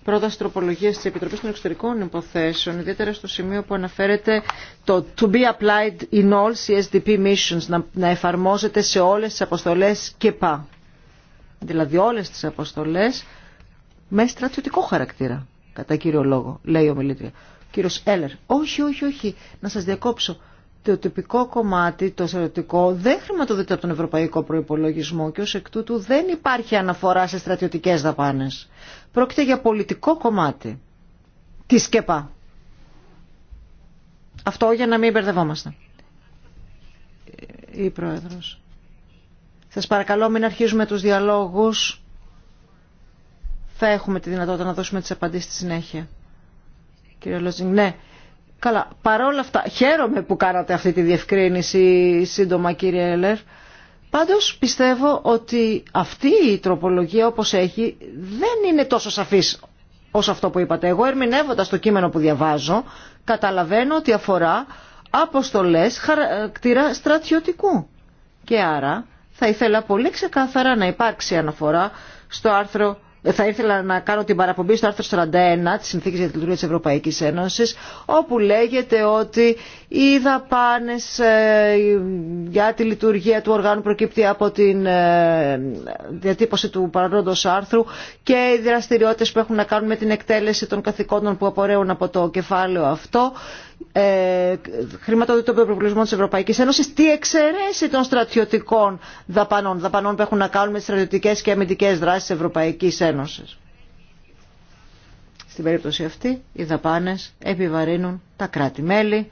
Speaker 1: πρόταση τροπολογίας της Επιτροπής των Εξωτερικών Υποθέσεων, ιδιαίτερα στο σημείο που αναφέρεται το «to be applied in all CSDP missions», να, να εφαρμόζεται σε όλες τις αποστολές και πα. Δηλαδή όλε τις αποστολές με στρατιωτικό χαρακτήρα, κατά κύριο λόγο, λέει ο μιλήτρια. Κύριος Έλλερ, όχι, όχι, όχι, να σας διακόψω το τυπικό κομμάτι, το στρατιωτικό, δεν χρηματοδοτείται από τον ευρωπαϊκό προπολογισμό και ω εκ τούτου δεν υπάρχει αναφορά σε στρατιωτικέ δαπάνε. Πρόκειται για πολιτικό κομμάτι τη ΣΚΕΠΑ. Αυτό για να μην μπερδευόμαστε. Ε, η Πρόεδρος. Σας παρακαλώ μην αρχίζουμε τους διαλόγους. Θα έχουμε τη δυνατότητα να δώσουμε τι απαντήσει στη συνέχεια. Κύριε Λόζινγκ, ναι, Καλά, παρόλα αυτά, χαίρομαι που κάνατε αυτή τη διευκρίνηση σύντομα κύριε Έλερ. Πάντως πιστεύω ότι αυτή η τροπολογία όπως έχει δεν είναι τόσο σαφής όσο αυτό που είπατε. Εγώ ερμηνεύοντας το κείμενο που διαβάζω καταλαβαίνω ότι αφορά αποστολές χαρακτήρα στρατιωτικού. Και άρα θα ήθελα πολύ ξεκάθαρα να υπάρξει αναφορά στο άρθρο θα ήθελα να κάνω την παραπομπή στο άρθρο 41 της Συνθήκης για τη Λειτουργία της Ευρωπαϊκής Ένωσης όπου λέγεται ότι οι δαπάνες ε, για τη λειτουργία του οργάνου προκύπτει από την ε, διατύπωση του παρόντος άρθρου και οι δραστηριότητες που έχουν να κάνουν με την εκτέλεση των καθηκόντων που απορρέουν από το κεφάλαιο αυτό ε, χρηματοδοτικό τη Ευρωπαϊκή Ένωση, τη εξαιρέσει των στρατιωτικών δαπανών, δαπανών που έχουν να κάνουν με στρατιωτικέ και αμυντικέ δράσει τη Ευρωπαϊκή Ένωση. Στην περίπτωση αυτή, οι δαπάνε επιβαρύνουν τα κράτη-μέλη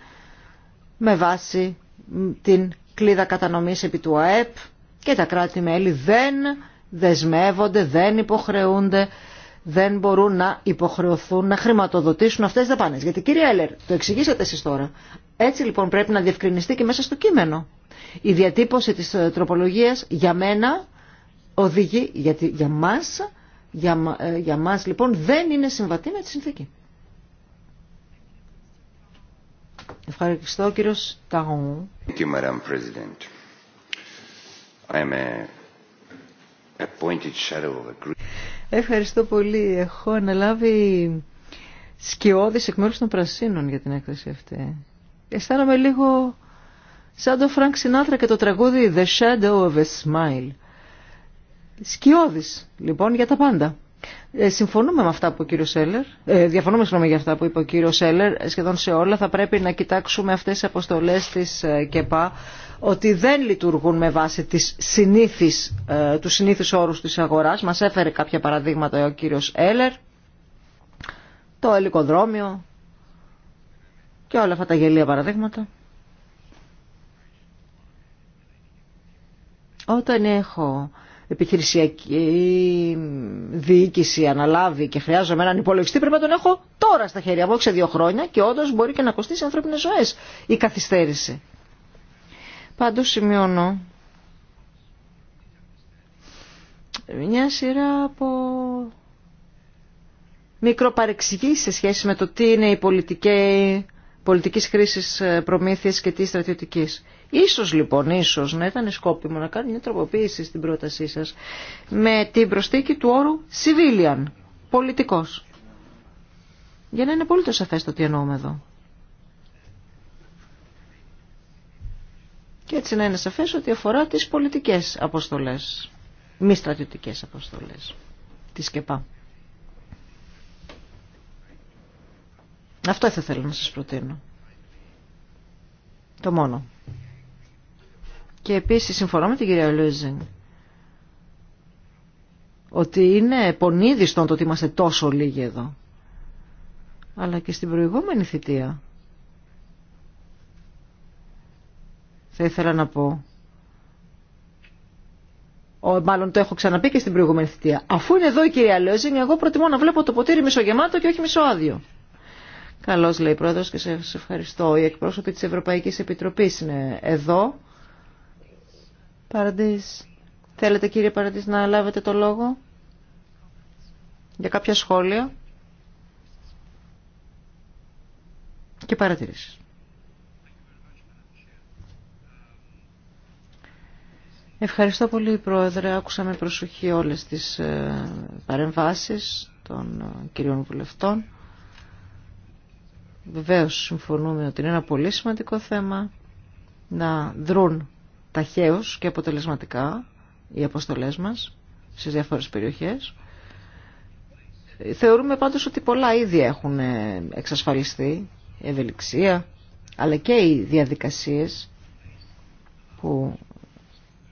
Speaker 1: με βάση την κλίδα κατανομή επί του ΑΕΠ και τα κράτη-μέλη δεν δεσμεύονται, δεν υποχρεούνται δεν μπορούν να υποχρεωθούν να χρηματοδοτήσουν αυτές τις δαπάνες. Γιατί κύριε Έλερ, το εξηγήσατε εσείς τώρα. Έτσι λοιπόν πρέπει να διευκρινιστεί και μέσα στο κείμενο. Η διατύπωση της ε, τροπολογίας για μένα οδηγεί, γιατί για μας, για, ε, για μας λοιπόν δεν είναι συμβατή με τη συνθήκη. Ευχαριστώ κύριος Ευχαριστώ πολύ. Έχω αναλάβει σκιώδης εκ μέρους των Πρασίνων για την έκθεση αυτή. Αισθάνομαι λίγο σαν το Φρανκ Σινάτρα και το τραγούδι The Shadow of a Smile. Σκιώδης, λοιπόν, για τα πάντα. Ε, συμφωνούμε με αυτά που ο κύριο Σέλλερ, ε, διαφωνούμε συγγνώμη για αυτά που είπε ο κύριο Σέλλερ, σχεδόν σε όλα θα πρέπει να κοιτάξουμε αυτές τις αποστολές της ε, ΚΕΠΑ ότι δεν λειτουργούν με βάση τις συνήθεις, ε, τους συνήθεις όρους της αγοράς. Μας έφερε κάποια παραδείγματα ο κύριος Έλερ, το ελικοδρόμιο και όλα αυτά τα γελία παραδείγματα. Όταν έχω επιχειρησιακή διοίκηση αναλάβει και χρειάζομαι έναν υπολογιστή, πρέπει να τον έχω τώρα στα χέρια μου, όχι σε δύο χρόνια και όντω μπορεί και να κοστίσει ανθρώπινε ζωές η καθυστέρηση. Πάντω σημειώνω μια σειρά από μικροπαρεξηγήσεις σε σχέση με το τι είναι η πολιτική πολιτικής χρήσης ε, προμήθειας και τι στρατιωτικής. Ίσως λοιπόν, ίσως να ήταν σκόπιμο να κάνω μια τροποποίηση στην πρότασή σας με την προστίκη του όρου civilian, πολιτικός. Για να είναι πολύ το σαφές το τι εννοούμε εδώ. και έτσι να είναι σαφές ότι αφορά τις πολιτικές αποστολές, μη στρατιωτικές αποστολές τη ΚΕΠΑ. Αυτό θα θέλω να σας προτείνω. Το μόνο. Και επίσης συμφωνώ με την κυρία Λούιζινγκ ότι είναι πονίδιστον το ότι είμαστε τόσο λίγοι εδώ. Αλλά και στην προηγούμενη θητεία θα ήθελα να πω ο, μάλλον το έχω ξαναπεί και στην προηγούμενη θητεία. Αφού είναι εδώ η κυρία Λέζινγκ, εγώ προτιμώ να βλέπω το ποτήρι μισογεμάτο και όχι μισοάδιο. Καλώ λέει η πρόεδρο και σε ευχαριστώ. Οι εκπρόσωποι τη Ευρωπαϊκή Επιτροπή είναι εδώ. Παραντή. Θέλετε κύριε Παραντή να λάβετε το λόγο για κάποια σχόλια και παρατηρήσεις. Ευχαριστώ πολύ Πρόεδρε. Άκουσα με προσοχή όλες τις ε, παρεμβάσεις των ε, κυρίων βουλευτών. Βεβαίως συμφωνούμε ότι είναι ένα πολύ σημαντικό θέμα να δρούν ταχαίως και αποτελεσματικά οι αποστολές μας στις διάφορες περιοχές. Θεωρούμε πάντως ότι πολλά ήδη έχουν ε, εξασφαλιστεί, η ευελιξία, αλλά και οι διαδικασίες που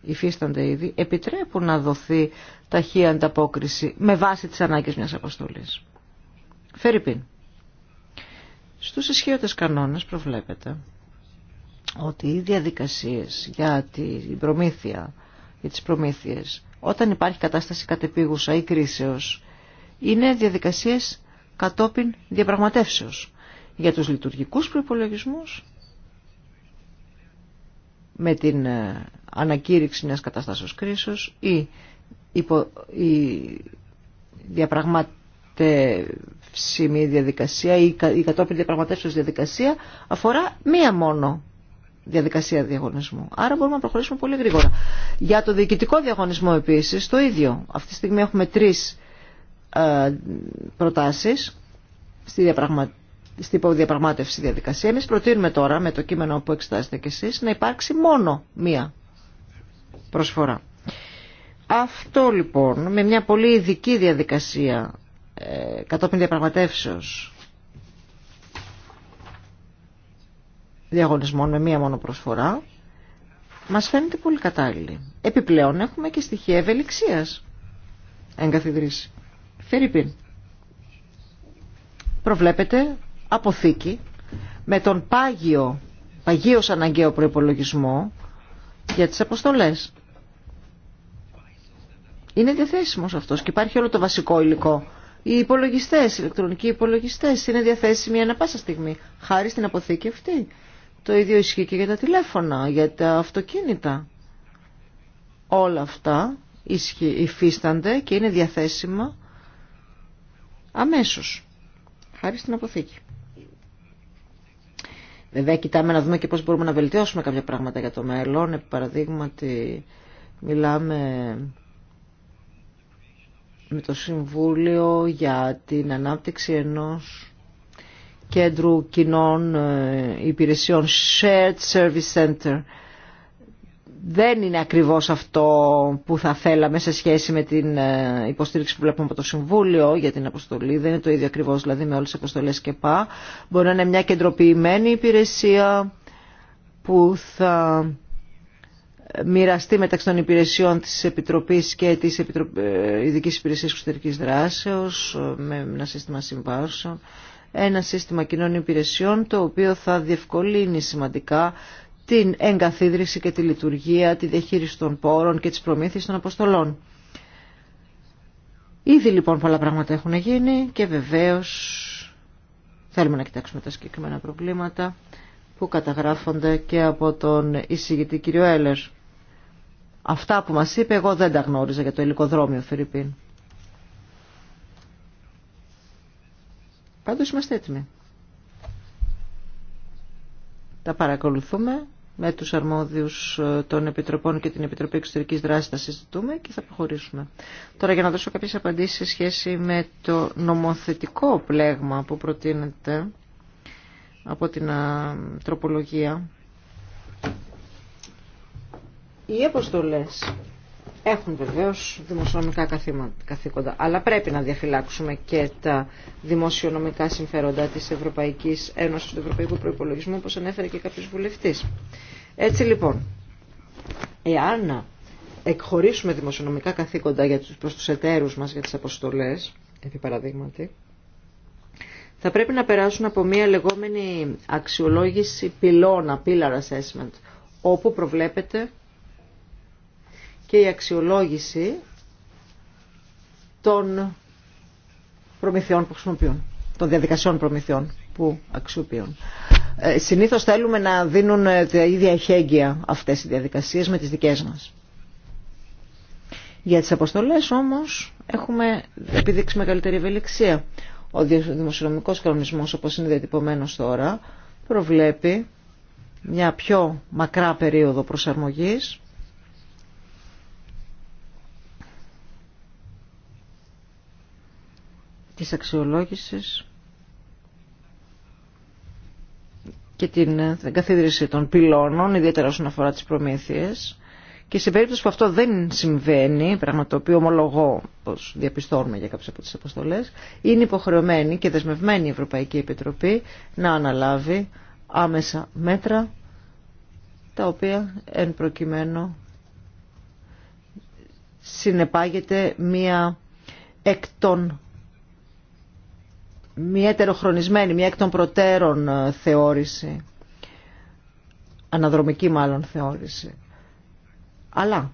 Speaker 1: υφίστανται ήδη επιτρέπουν να δοθεί ταχεία ανταπόκριση με βάση τις ανάγκες μιας αποστολής. Φερρυπίν. Στους ισχύοντες κανόνες προβλέπεται ότι οι διαδικασίες για την προμήθεια, για τις προμήθειες, όταν υπάρχει κατάσταση κατεπίγουσα ή κρίσεως, είναι διαδικασίες κατόπιν διαπραγματεύσεως. Για τους λειτουργικούς προϋπολογισμούς, με την ε, ανακήρυξη μιας καταστάσεως κρίσεως ή η διαπραγματεύσιμη διαδικασία ή η κατόπιν διαπραγματεύσεως διαδικασία αφορά μία μόνο διαδικασία διαγωνισμού. Άρα μπορούμε να προχωρήσουμε πολύ γρήγορα. Για το διοικητικό διαγωνισμό επίσης το ίδιο. Αυτή τη στιγμή έχουμε τρεις ε, προτάσεις στη διαπραγματεύση στην υποδιαπραγμάτευση διαδικασία. Εμεί προτείνουμε τώρα, με το κείμενο που εξετάζετε κι εσεί, να υπάρξει μόνο μία προσφορά. Αυτό λοιπόν με μια πολύ ειδική διαδικασία ε, κατόπιν διαπραγματεύσεως διαγωνισμών με μία μόνο προσφορά μας φαίνεται πολύ κατάλληλη. Επιπλέον έχουμε και στοιχεία ευελιξίας εγκαθιδρύση. Φερρυπίν. Προβλέπεται αποθήκη με τον πάγιο, παγιος αναγκαίο προϋπολογισμό για τις αποστολές. Είναι διαθέσιμος αυτός και υπάρχει όλο το βασικό υλικό. Οι υπολογιστές, οι ηλεκτρονικοί υπολογιστές είναι διαθέσιμοι ανά πάσα στιγμή, χάρη στην αποθήκη αυτή. Το ίδιο ισχύει και για τα τηλέφωνα, για τα αυτοκίνητα. Όλα αυτά υφίστανται και είναι διαθέσιμα αμέσως, χάρη στην αποθήκη. Βέβαια κοιτάμε να δούμε και πώς μπορούμε να βελτιώσουμε κάποια πράγματα για το μέλλον. Επί παραδείγματι μιλάμε με το Συμβούλιο για την ανάπτυξη ενός κέντρου κοινών ε, υπηρεσιών Shared Service Center δεν είναι ακριβώς αυτό που θα θέλαμε σε σχέση με την ε, υποστήριξη που βλέπουμε από το Συμβούλιο για την αποστολή. Δεν είναι το ίδιο ακριβώς δηλαδή με όλες τις αποστολές και πά. Μπορεί να είναι μια κεντροποιημένη υπηρεσία που θα μοιραστεί μεταξύ των υπηρεσιών της Επιτροπής και της επιτροπής ε, Ειδικής Υπηρεσίας Εξωτερικής Δράσεως ε, με ένα σύστημα συμβάσεων. Ένα σύστημα κοινών υπηρεσιών το οποίο θα διευκολύνει σημαντικά την εγκαθίδρυση και τη λειτουργία, τη διαχείριση των πόρων και τις προμήθειες των αποστολών. Ήδη λοιπόν πολλά πράγματα έχουν γίνει και βεβαίως θέλουμε να κοιτάξουμε τα συγκεκριμένα προβλήματα που καταγράφονται και από τον εισηγητή κύριο Έλερ. Αυτά που μας είπε εγώ δεν τα γνώριζα για το ελικοδρόμιο, Φερρυπίν. Πάντως είμαστε έτοιμοι. Τα παρακολουθούμε με τους αρμόδιους ε, των Επιτροπών και την Επιτροπή Εξωτερικής Δράσης θα συζητούμε και θα προχωρήσουμε. Τώρα για να δώσω κάποιες απαντήσεις σε σχέση με το νομοθετικό πλέγμα που προτείνεται από την τροπολογία. Οι αποστολές έχουν βεβαίως δημοσιονομικά καθήκοντα, αλλά πρέπει να διαφυλάξουμε και τα δημοσιονομικά συμφέροντα της Ευρωπαϊκής Ένωσης του Ευρωπαϊκού Προϋπολογισμού, όπως ανέφερε και κάποιος βουλευτής. Έτσι λοιπόν, εάν εκχωρήσουμε δημοσιονομικά καθήκοντα για τους, προς τους εταίρους μας για τις αποστολές, επί παραδείγματι, θα πρέπει να περάσουν από μια λεγόμενη αξιολόγηση πυλώνα, pillar assessment, όπου προβλέπεται η αξιολόγηση των προμηθειών που χρησιμοποιούν, των διαδικασιών προμηθειών που αξιοποιούν. Ε, συνήθως θέλουμε να δίνουν ε, τα ίδια εχέγγυα αυτές οι διαδικασίες με τις δικές μας. Για τις αποστολές όμως έχουμε επιδείξει μεγαλύτερη ευελιξία. Ο δημοσιονομικός κανονισμός όπως είναι διατυπωμένος τώρα προβλέπει μια πιο μακρά περίοδο προσαρμογής της αξιολόγησης και την καθίδρυση των πυλώνων, ιδιαίτερα όσον αφορά τις προμήθειες. Και σε περίπτωση που αυτό δεν συμβαίνει, πράγμα το οποίο ομολογώ πως διαπιστώνουμε για κάποιες από τις αποστολές, είναι υποχρεωμένη και δεσμευμένη η Ευρωπαϊκή Επιτροπή να αναλάβει άμεσα μέτρα τα οποία εν προκειμένου συνεπάγεται μία εκ των μια ετεροχρονισμένη, μια εκ των προτέρων ε, θεώρηση, αναδρομική μάλλον θεώρηση. Αλλά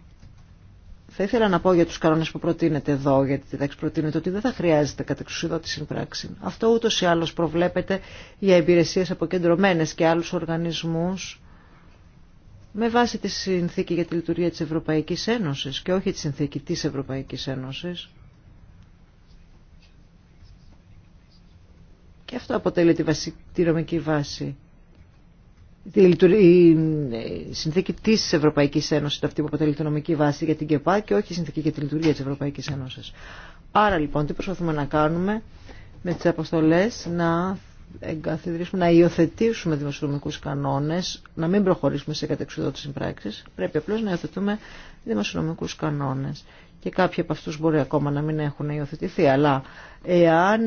Speaker 1: θα ήθελα να πω για τους κανόνες που προτείνεται εδώ, γιατί εντάξει ότι δεν θα χρειάζεται κατεξουσιδότηση συμπράξη. Αυτό ούτως ή άλλως προβλέπεται για υπηρεσίες αποκεντρωμένες και άλλους οργανισμούς με βάση τη συνθήκη για τη λειτουργία της Ευρωπαϊκής Ένωσης και όχι τη συνθήκη της Ευρωπαϊκής Ένωσης. Και αυτό αποτελεί τη, βασική, τη νομική βάση. Η ε, συνθήκη τη Ευρωπαϊκή Ένωση αυτή που αποτελεί τη νομική βάση για την ΚΕΠΑ και όχι η συνθήκη για τη λειτουργία τη Ευρωπαϊκή Ένωση. Άρα λοιπόν, τι προσπαθούμε να κάνουμε με τι αποστολέ, να εγκαθιδρύσουμε, να υιοθετήσουμε δημοσιονομικού κανόνε, να μην προχωρήσουμε σε κατεξουδότηση πράξη. Πρέπει απλώ να υιοθετούμε δημοσιονομικού κανόνε και κάποιοι από αυτούς μπορεί ακόμα να μην έχουν υιοθετηθεί, αλλά εάν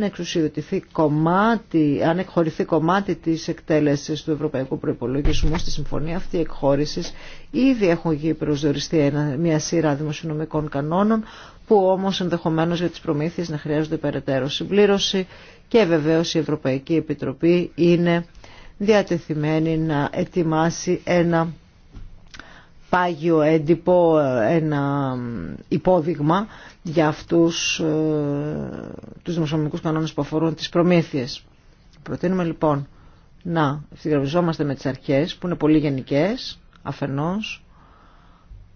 Speaker 1: κομμάτι, αν εκχωρηθεί κομμάτι της εκτέλεσης του Ευρωπαϊκού Προϋπολογισμού στη συμφωνία αυτή εκχώρησης, ήδη έχουν γίνει προσδιοριστεί μια σειρά δημοσιονομικών κανόνων, που όμως ενδεχομένως για τις προμήθειες να χρειάζονται περαιτέρω συμπλήρωση και βεβαίως η Ευρωπαϊκή Επιτροπή είναι διατεθειμένη να ετοιμάσει ένα πάγιο έντυπο, ένα υπόδειγμα για αυτούς ε, τους δημοσιονομικούς κανόνες που αφορούν τις προμήθειες. Προτείνουμε λοιπόν να ευθυγραμμιζόμαστε με τις αρχές που είναι πολύ γενικές, αφενός,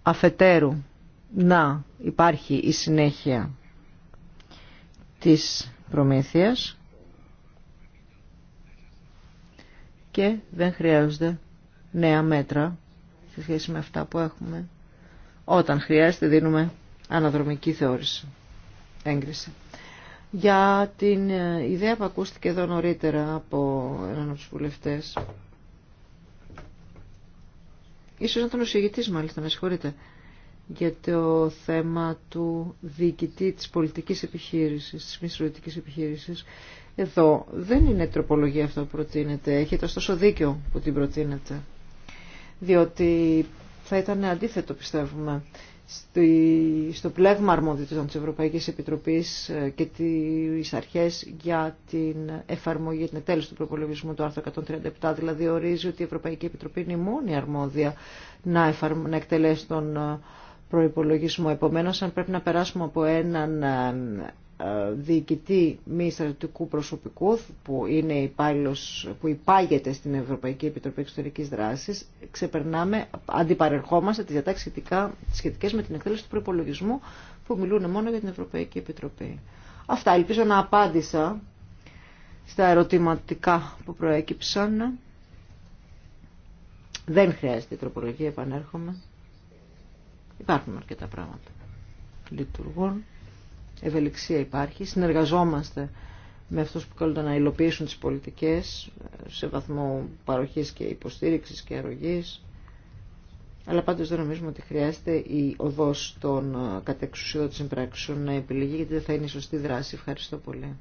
Speaker 1: αφετέρου να υπάρχει η συνέχεια της προμήθειας και δεν χρειάζονται νέα μέτρα σε σχέση με αυτά που έχουμε. Όταν χρειάζεται δίνουμε αναδρομική θεώρηση, έγκριση. Για την ε, ιδέα που ακούστηκε εδώ νωρίτερα από έναν από τους βουλευτές, ίσως να τον συγητής μάλιστα, με συγχωρείτε, για το θέμα του διοικητή της πολιτικής επιχείρησης, της μη επιχείρησης. Εδώ δεν είναι τροπολογία αυτό που προτείνεται, έχετε ωστόσο δίκιο που την προτείνετε διότι θα ήταν αντίθετο πιστεύουμε στο πλέγμα αρμόδιοτήτων της Ευρωπαϊκής Επιτροπής ε, και τις αρχές για την εφαρμογή, την εκτέλεση του προπολογισμού του άρθρου 137, δηλαδή ορίζει ότι η Ευρωπαϊκή Επιτροπή είναι η μόνη αρμόδια να, να εκτελέσει τον ε, προϋπολογισμό. Επομένως, αν πρέπει να περάσουμε από έναν ε, ε, διοικητή μη στρατιωτικού προσωπικού που, είναι υπάλληλος, που υπάγεται στην Ευρωπαϊκή Επιτροπή Εξωτερικής Δράσης ξεπερνάμε, αντιπαρερχόμαστε τις διατάξεις σχετικέ σχετικές με την εκτέλεση του προπολογισμού που μιλούν μόνο για την Ευρωπαϊκή Επιτροπή. Αυτά ελπίζω να απάντησα στα ερωτηματικά που προέκυψαν. Δεν χρειάζεται η τροπολογία, επανέρχομαι. Υπάρχουν αρκετά πράγματα. Λειτουργούν ευελιξία υπάρχει. Συνεργαζόμαστε με αυτούς που καλούνται να υλοποιήσουν τις πολιτικές σε βαθμό παροχής και υποστήριξης και αρρωγής. Αλλά πάντως δεν νομίζουμε ότι χρειάζεται η οδός των ε, κατεξουσιών συμπράξεων να επιλεγεί γιατί δεν θα είναι η σωστή δράση. Ευχαριστώ πολύ.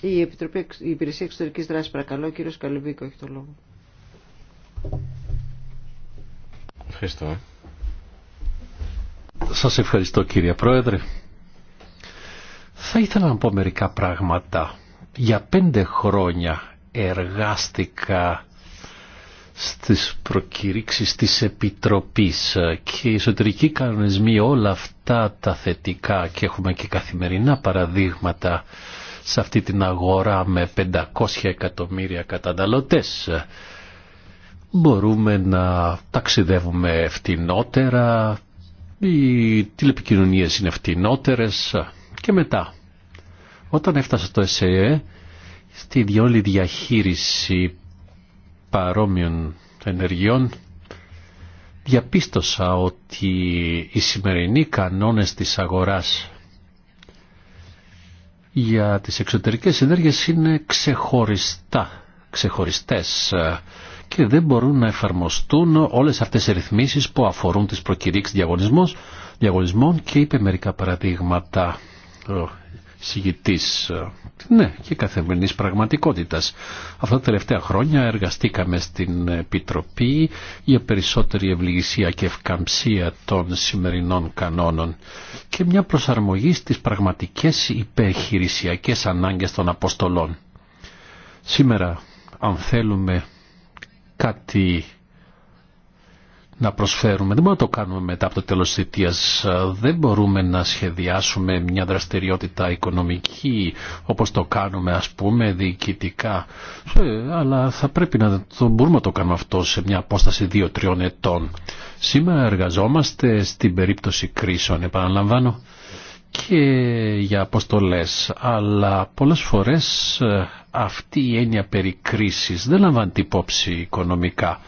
Speaker 1: Η, Επιτροπή, η Υπηρεσία Εξωτερικής Δράσης, παρακαλώ, ο κύριος Καλυμπίκο έχει το λόγο.
Speaker 2: Ευχαριστώ.
Speaker 3: Σας ευχαριστώ κύριε Πρόεδρε. Θα ήθελα να πω μερικά πράγματα. Για πέντε χρόνια εργάστηκα στις προκηρύξεις της Επιτροπής και οι εσωτερικοί κανονισμοί όλα αυτά τα θετικά και έχουμε και καθημερινά παραδείγματα σε αυτή την αγορά με 500 εκατομμύρια καταναλωτές. Μπορούμε να ταξιδεύουμε φτηνότερα, οι τηλεπικοινωνίες είναι φτηνότερες και μετά. Όταν έφτασα το ΕΣΕΕ, e, στη διόλη διαχείριση παρόμοιων ενεργειών, διαπίστωσα ότι οι σημερινοί κανόνες της αγοράς για τις εξωτερικές ενέργειες είναι ξεχωριστά, ξεχωριστές και δεν μπορούν να εφαρμοστούν όλες αυτές οι ρυθμίσεις που αφορούν τις προκηρύξεις διαγωνισμών και είπε μερικά παραδείγματα συγητής ε, ναι, και καθημερινής πραγματικότητας. Αυτά τα τελευταία χρόνια εργαστήκαμε στην Επιτροπή για περισσότερη ευληγησία και ευκαμψία των σημερινών κανόνων και μια προσαρμογή στις πραγματικές υπερχειρησιακές ανάγκες των αποστολών. Σήμερα, αν θέλουμε κάτι να προσφέρουμε. Δεν μπορούμε να το κάνουμε μετά από το τέλος της θητείας. Δεν μπορούμε να σχεδιάσουμε μια δραστηριότητα οικονομική όπως το κάνουμε ας πούμε διοικητικά. Ε, αλλά θα πρέπει να το, μπορούμε να το κάνουμε αυτό σε μια απόσταση 2-3 ετών. Σήμερα εργαζόμαστε στην περίπτωση κρίσεων, επαναλαμβάνω και για αποστολές, αλλά πολλές φορές ε, αυτή η έννοια περί κρίσης δεν λαμβάνει υπόψη οικονομικά.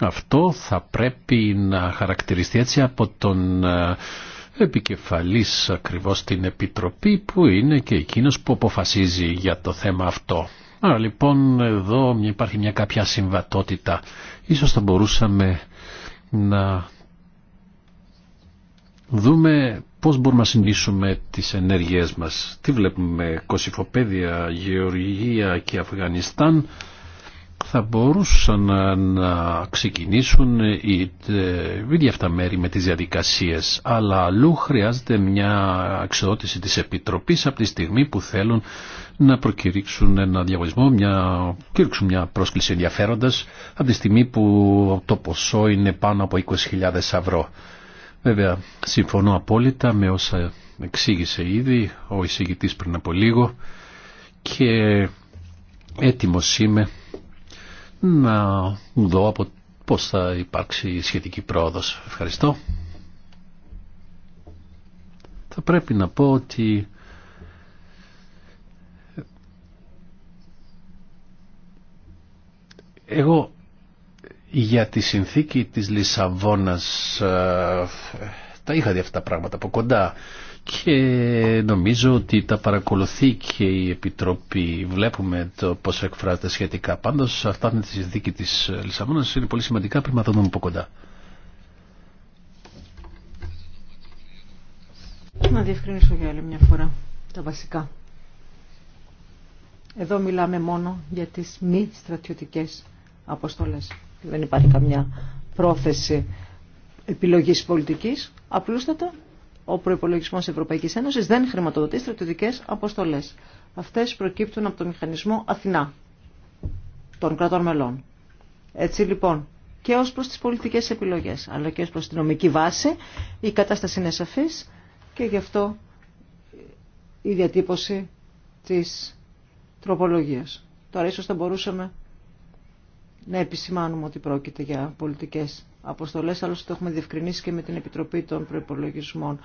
Speaker 3: Αυτό θα πρέπει να χαρακτηριστεί έτσι από τον ε, επικεφαλής ακριβώς την Επιτροπή που είναι και εκείνος που αποφασίζει για το θέμα αυτό. Άρα λοιπόν εδώ υπάρχει μια κάποια συμβατότητα. Ίσως θα μπορούσαμε να δούμε πώς μπορούμε να συνδύσουμε τις ενέργειές μας. Τι βλέπουμε, Κωσυφοπέδια, Γεωργία και Αφγανιστάν θα μπορούσαν να, να ξεκινήσουν οι ε, ίδια αυτά μέρη με τις διαδικασίες αλλά αλλού χρειάζεται μια αξιότηση της Επιτροπής από τη στιγμή που θέλουν να προκηρύξουν ένα διαγωνισμό, μια, κήρυξουν μια πρόσκληση ενδιαφέροντας από τη στιγμή που το ποσό είναι πάνω από 20.000 ευρώ. Βέβαια, συμφωνώ απόλυτα με όσα εξήγησε ήδη ο εισηγητής πριν από λίγο και έτοιμος είμαι να δω από πώς θα υπάρξει η σχετική πρόοδος. Ευχαριστώ. Θα πρέπει να πω ότι εγώ για τη συνθήκη της Λισαβόνας ε, τα είχα δει αυτά τα πράγματα από κοντά και νομίζω ότι τα παρακολουθεί και η Επιτροπή βλέπουμε το πώς εκφράζεται σχετικά πάντως αυτά είναι τη συνθήκη της Λισαβόνας είναι πολύ σημαντικά πριν να δούμε από κοντά
Speaker 1: Να διευκρινίσω για άλλη μια φορά τα βασικά εδώ μιλάμε μόνο για τις μη στρατιωτικές αποστολές. Δεν υπάρχει καμιά πρόθεση επιλογής πολιτικής. Απλούστατα, ο προϋπολογισμός Ευρωπαϊκής Ένωσης δεν χρηματοδοτεί στρατιωτικές αποστολές. Αυτές προκύπτουν από το μηχανισμό Αθηνά των κρατών μελών. Έτσι λοιπόν, και ως προς τις πολιτικές επιλογές, αλλά και ως προς την νομική βάση, η κατάσταση είναι σαφής και γι' αυτό η διατύπωση της τροπολογίας. Τώρα ίσως θα μπορούσαμε να επισημάνουμε ότι πρόκειται για πολιτικές αποστολές, άλλωστε το έχουμε διευκρινίσει και με την Επιτροπή των Προϋπολογισμών.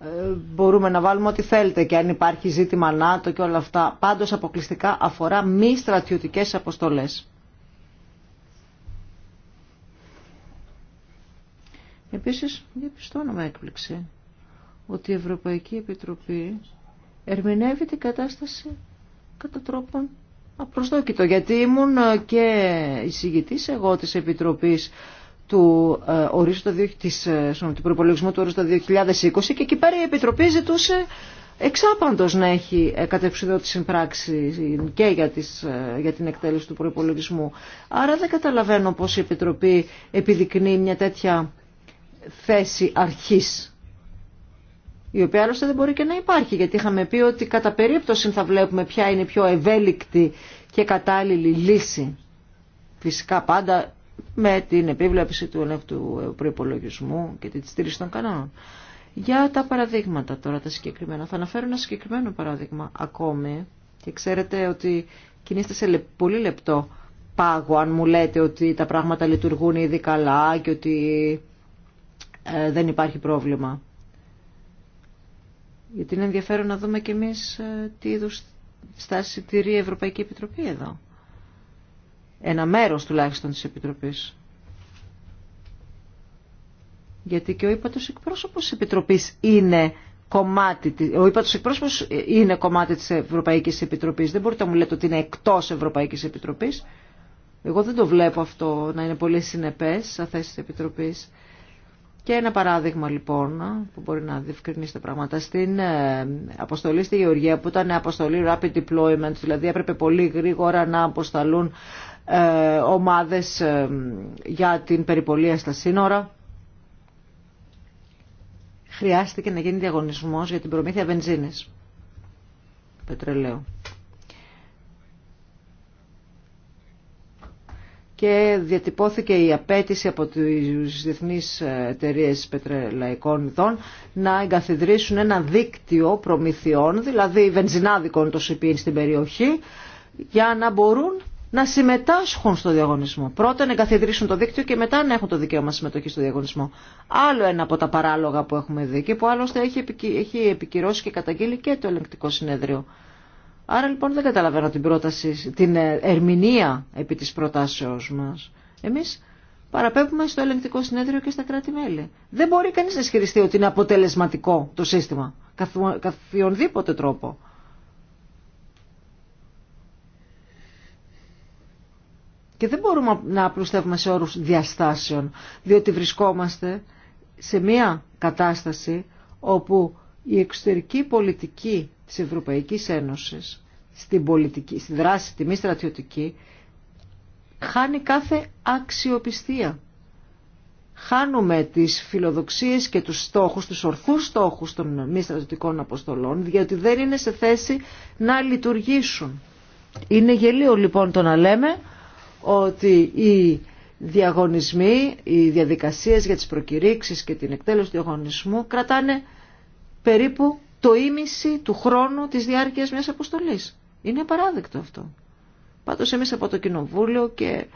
Speaker 1: Ε, μπορούμε να βάλουμε ό,τι θέλετε και αν υπάρχει ζήτημα ΝΑΤΟ και όλα αυτά. Πάντως αποκλειστικά αφορά μη στρατιωτικές αποστολές. Επίσης, διαπιστώνω με έκπληξη ότι η Ευρωπαϊκή Επιτροπή ερμηνεύει την κατάσταση κατά τρόπον Απροσδόκητο, γιατί ήμουν ε, και εισηγητής εγώ της Επιτροπής του, ε, ε του προπολογισμού του ορίζοντα 2020 και εκεί πέρα η Επιτροπή ζητούσε εξάπαντος να έχει ε, πράξη συμπράξη και για, τις, ε, για την εκτέλεση του προπολογισμού. Άρα δεν καταλαβαίνω πώς η Επιτροπή επιδεικνύει μια τέτοια θέση αρχής η οποία άλλωστε δεν μπορεί και να υπάρχει, γιατί είχαμε πει ότι κατά περίπτωση θα βλέπουμε ποια είναι η πιο ευέλικτη και κατάλληλη λύση. Φυσικά πάντα με την επίβλεψη του ελεύθερου προπολογισμού και τη στήριξη των κανόνων. Για τα παραδείγματα τώρα, τα συγκεκριμένα. Θα αναφέρω ένα συγκεκριμένο παράδειγμα ακόμη και ξέρετε ότι κινείστε σε πολύ λεπτό πάγο αν μου λέτε ότι τα πράγματα λειτουργούν ήδη καλά και ότι ε, δεν υπάρχει πρόβλημα. Γιατί είναι ενδιαφέρον να δούμε και εμείς ε, τι είδου στάση τηρεί η Ευρωπαϊκή Επιτροπή εδώ. Ένα μέρος τουλάχιστον της Επιτροπής. Γιατί και ο ύπατος εκπρόσωπος της Επιτροπής είναι κομμάτι, ο ύπατος εκπρόσωπος είναι κομμάτι της Ευρωπαϊκής Επιτροπής. Δεν μπορείτε να μου λέτε ότι είναι εκτός Ευρωπαϊκής Επιτροπής. Εγώ δεν το βλέπω αυτό να είναι πολύ συνεπές σαν θέση της Επιτροπής. Και ένα παράδειγμα λοιπόν που μπορεί να διευκρινίσει τα πράγματα στην ε, αποστολή στη Γεωργία που ήταν αποστολή rapid deployment, δηλαδή έπρεπε πολύ γρήγορα να αποσταλούν ε, ομάδες ε, για την περιπολία στα σύνορα. Χρειάστηκε να γίνει διαγωνισμός για την προμήθεια βενζίνης, πετρελαίου. και διατυπώθηκε η απέτηση από τις διεθνείς εταιρείε πετρελαϊκών ειδών να εγκαθιδρύσουν ένα δίκτυο προμηθειών, δηλαδή βενζινάδικων το ΣΥΠΗΝ στην περιοχή, για να μπορούν να συμμετάσχουν στο διαγωνισμό. Πρώτα να εγκαθιδρύσουν το δίκτυο και μετά να έχουν το δικαίωμα συμμετοχή στο διαγωνισμό. Άλλο ένα από τα παράλογα που έχουμε δει και που άλλωστε έχει επικυρώσει και καταγγείλει και το ελεγκτικό συνέδριο. Άρα λοιπόν δεν καταλαβαίνω την, πρόταση, την ε, ερμηνεία επί της προτάσεως μας. Εμείς παραπέμπουμε στο ελεγκτικό συνέδριο και στα κράτη-μέλη. Δεν μπορεί κανείς να ισχυριστεί ότι είναι αποτελεσματικό το σύστημα, καθιονδήποτε τρόπο. Και δεν μπορούμε να απλουστεύουμε σε όρους διαστάσεων, διότι βρισκόμαστε σε μια κατάσταση όπου η εξωτερική πολιτική της Ευρωπαϊκής Ένωσης στην πολιτική, στη δράση, τη μη στρατιωτική, χάνει κάθε αξιοπιστία. Χάνουμε τις φιλοδοξίες και τους στόχους, τους ορθούς στόχους των μη στρατιωτικών αποστολών, διότι δεν είναι σε θέση να λειτουργήσουν. Είναι γελίο λοιπόν το να λέμε ότι οι διαγωνισμοί, οι διαδικασίες για τις προκηρύξεις και την εκτέλεση του διαγωνισμού κρατάνε περίπου το ίμιση του χρόνου της διάρκειας μιας αποστολής. Είναι παράδεκτο αυτό. Πάντως εμείς από το Κοινοβούλιο και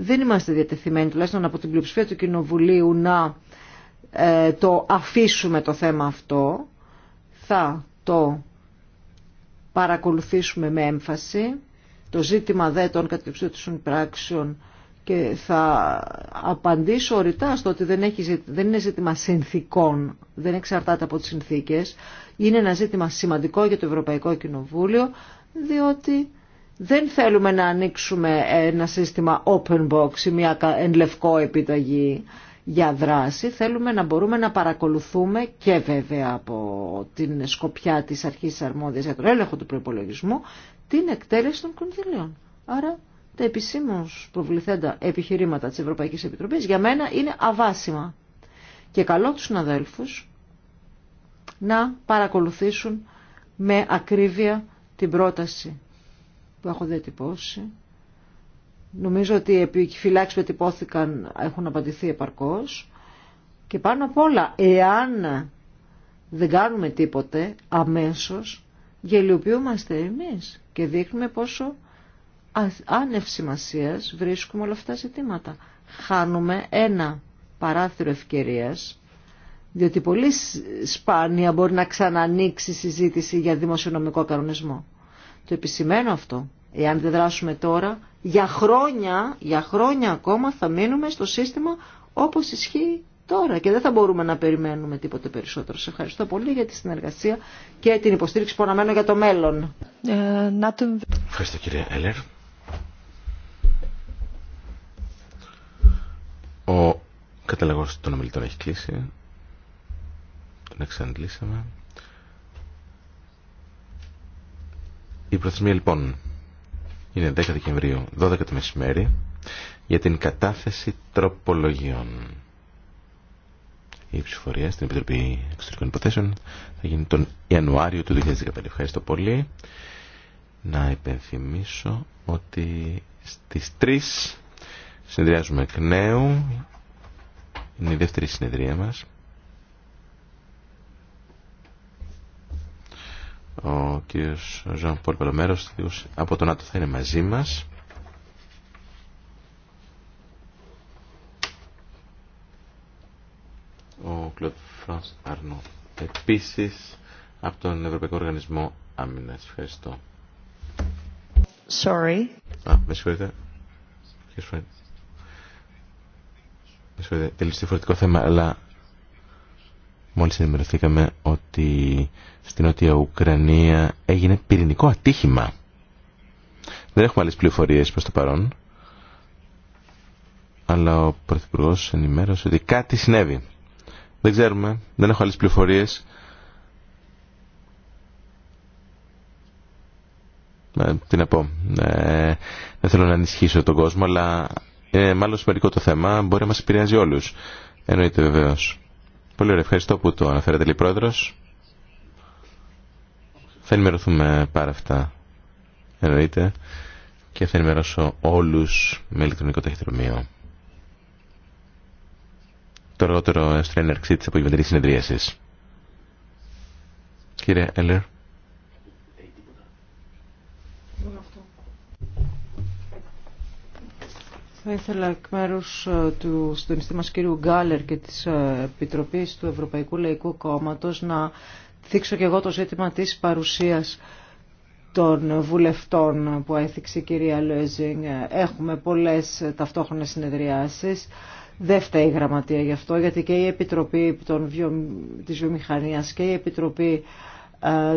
Speaker 1: δεν είμαστε διατεθειμένοι τουλάχιστον από την πλειοψηφία του Κοινοβουλίου να ε, το αφήσουμε το θέμα αυτό. Θα το παρακολουθήσουμε με έμφαση. Το ζήτημα δε των πράξεων και θα απαντήσω ορυτά στο ότι δεν, έχει, δεν είναι ζήτημα συνθήκων, δεν εξαρτάται από τις συνθήκες. Είναι ένα ζήτημα σημαντικό για το Ευρωπαϊκό Κοινοβούλιο, διότι δεν θέλουμε να ανοίξουμε ένα σύστημα open box ή μια εν επιταγή για δράση. Θέλουμε να μπορούμε να παρακολουθούμε και βέβαια από την σκοπιά της αρχής αρμόδιας για τον έλεγχο του προπολογισμού την εκτέλεση των κονδυλίων. Άρα τα επισήμως προβληθέντα επιχειρήματα της Ευρωπαϊκής Επιτροπής για μένα είναι αβάσιμα. Και καλό τους συναδέλφους να παρακολουθήσουν με ακρίβεια την πρόταση που έχω διατυπώσει. Νομίζω ότι οι επιφυλάξεις που ετυπώθηκαν έχουν απαντηθεί επαρκώς. Και πάνω απ' όλα, εάν δεν κάνουμε τίποτε αμέσως, γελιοποιούμαστε εμείς και δείχνουμε πόσο άνευ σημασία βρίσκουμε όλα αυτά τα ζητήματα. Χάνουμε ένα παράθυρο ευκαιρίας, διότι πολύ σπάνια μπορεί να ξανανοίξει η συζήτηση για δημοσιονομικό κανονισμό. Το επισημαίνω αυτό. Εάν δεν δράσουμε τώρα, για χρόνια, για χρόνια ακόμα θα μείνουμε στο σύστημα όπως ισχύει τώρα και δεν θα μπορούμε να περιμένουμε τίποτε περισσότερο. Σε ευχαριστώ πολύ για τη συνεργασία και την υποστήριξη που αναμένω για το μέλλον.
Speaker 4: Ε,
Speaker 2: ευχαριστώ κύριε Ο καταλαγός των ομιλητών έχει κλείσει. Τον εξαντλήσαμε. Η προθεσμία λοιπόν είναι 10 Δεκεμβρίου, 12 το μεσημέρι, για την κατάθεση τροπολογιών. Η ψηφορία στην Επιτροπή Εξωτερικών Υποθέσεων θα γίνει τον Ιανουάριο του 2015. Ευχαριστώ πολύ. Να υπενθυμίσω ότι στις 3 Συνεδριάζουμε εκ νέου. Είναι η δεύτερη συνεδρία μας. Ο κύριος Ζωάν Πολπελομέρος, από τον Άτο θα είναι μαζί μας. Ο Κλοντ Φρανς Αρνό επίσης από τον Ευρωπαϊκό Οργανισμό Άμυνας. Ευχαριστώ. Sorry. Α, με τελείως διαφορετικό θέμα, αλλά μόλις ενημερωθήκαμε ότι στην Νότια Ουκρανία έγινε πυρηνικό ατύχημα. Δεν έχουμε άλλες πληροφορίες προς το παρόν, αλλά ο Πρωθυπουργό ενημέρωσε ότι κάτι συνέβη. Δεν ξέρουμε, δεν έχω άλλες πληροφορίες. τι να πω, ε, δεν θέλω να ανισχύσω τον κόσμο, αλλά είναι μάλλον σημαντικό το θέμα, μπορεί να μα επηρεάζει όλου Εννοείται βεβαίω. Πολύ ωραία, ευχαριστώ που το αναφέρατε λέει Θα ενημερωθούμε πάρα αυτά, εννοείται, και θα ενημερώσω όλου με ηλεκτρονικό ταχυδρομείο. Το αργότερο στην έναρξη της απογευματινή συνεδρίασης. Κύριε Έλερ.
Speaker 1: Θα ήθελα εκ μέρου ε, του συντονιστή μα κύριου Γκάλερ και τη ε, Επιτροπή του Ευρωπαϊκού Λαϊκού Κόμματο να θίξω και εγώ το ζήτημα τη παρουσία των βουλευτών που έθιξε η κυρία Λέζινγκ. Έχουμε πολλέ ταυτόχρονε συνεδριάσει. Δεν φταίει η γραμματεία γι' αυτό, γιατί και η Επιτροπή των βιο... της Βιομηχανίας και η Επιτροπή ε,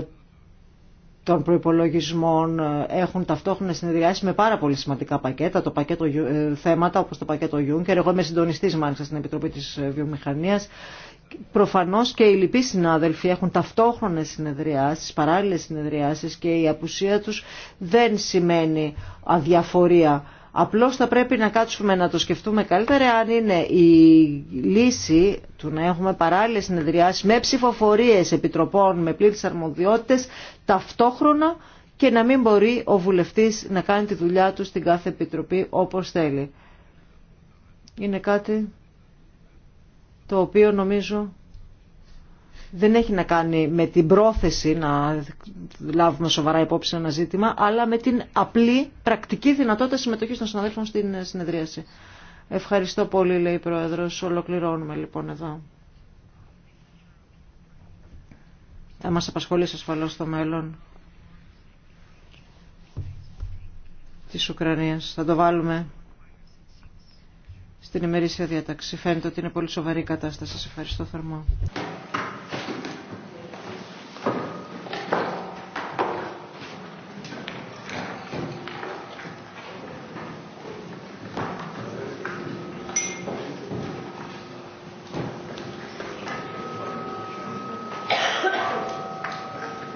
Speaker 1: των προϋπολογισμών ε, έχουν ταυτόχρονα συνεδριάσει με πάρα πολύ σημαντικά πακέτα, το πακέτο ε, θέματα όπως το πακέτο Juncker. Εγώ είμαι συντονιστής μάλιστα στην Επιτροπή της ε, Βιομηχανίας. Προφανώς και οι λοιποί συνάδελφοι έχουν ταυτόχρονες συνεδριάσεις, παράλληλες συνεδριάσεις και η απουσία τους δεν σημαίνει αδιαφορία Απλώς θα πρέπει να κάτσουμε να το σκεφτούμε καλύτερα αν είναι η λύση του να έχουμε παράλληλες συνεδριάσεις με ψηφοφορίες επιτροπών, με πλήρες αρμοδιότητες ταυτόχρονα και να μην μπορεί ο βουλευτής να κάνει τη δουλειά του στην κάθε επιτροπή όπως θέλει. Είναι κάτι το οποίο νομίζω δεν έχει να κάνει με την πρόθεση να λάβουμε σοβαρά υπόψη ένα ζήτημα, αλλά με την απλή πρακτική δυνατότητα συμμετοχή των συναδέλφων στην συνεδρίαση. Ευχαριστώ πολύ, λέει η πρόεδρο. Ολοκληρώνουμε λοιπόν εδώ. Θα μας απασχολήσει ασφαλώς στο μέλλον τη Ουκρανία. Θα το βάλουμε στην ημερήσια διάταξη. Φαίνεται ότι είναι πολύ σοβαρή η κατάσταση. Σας ευχαριστώ θερμά.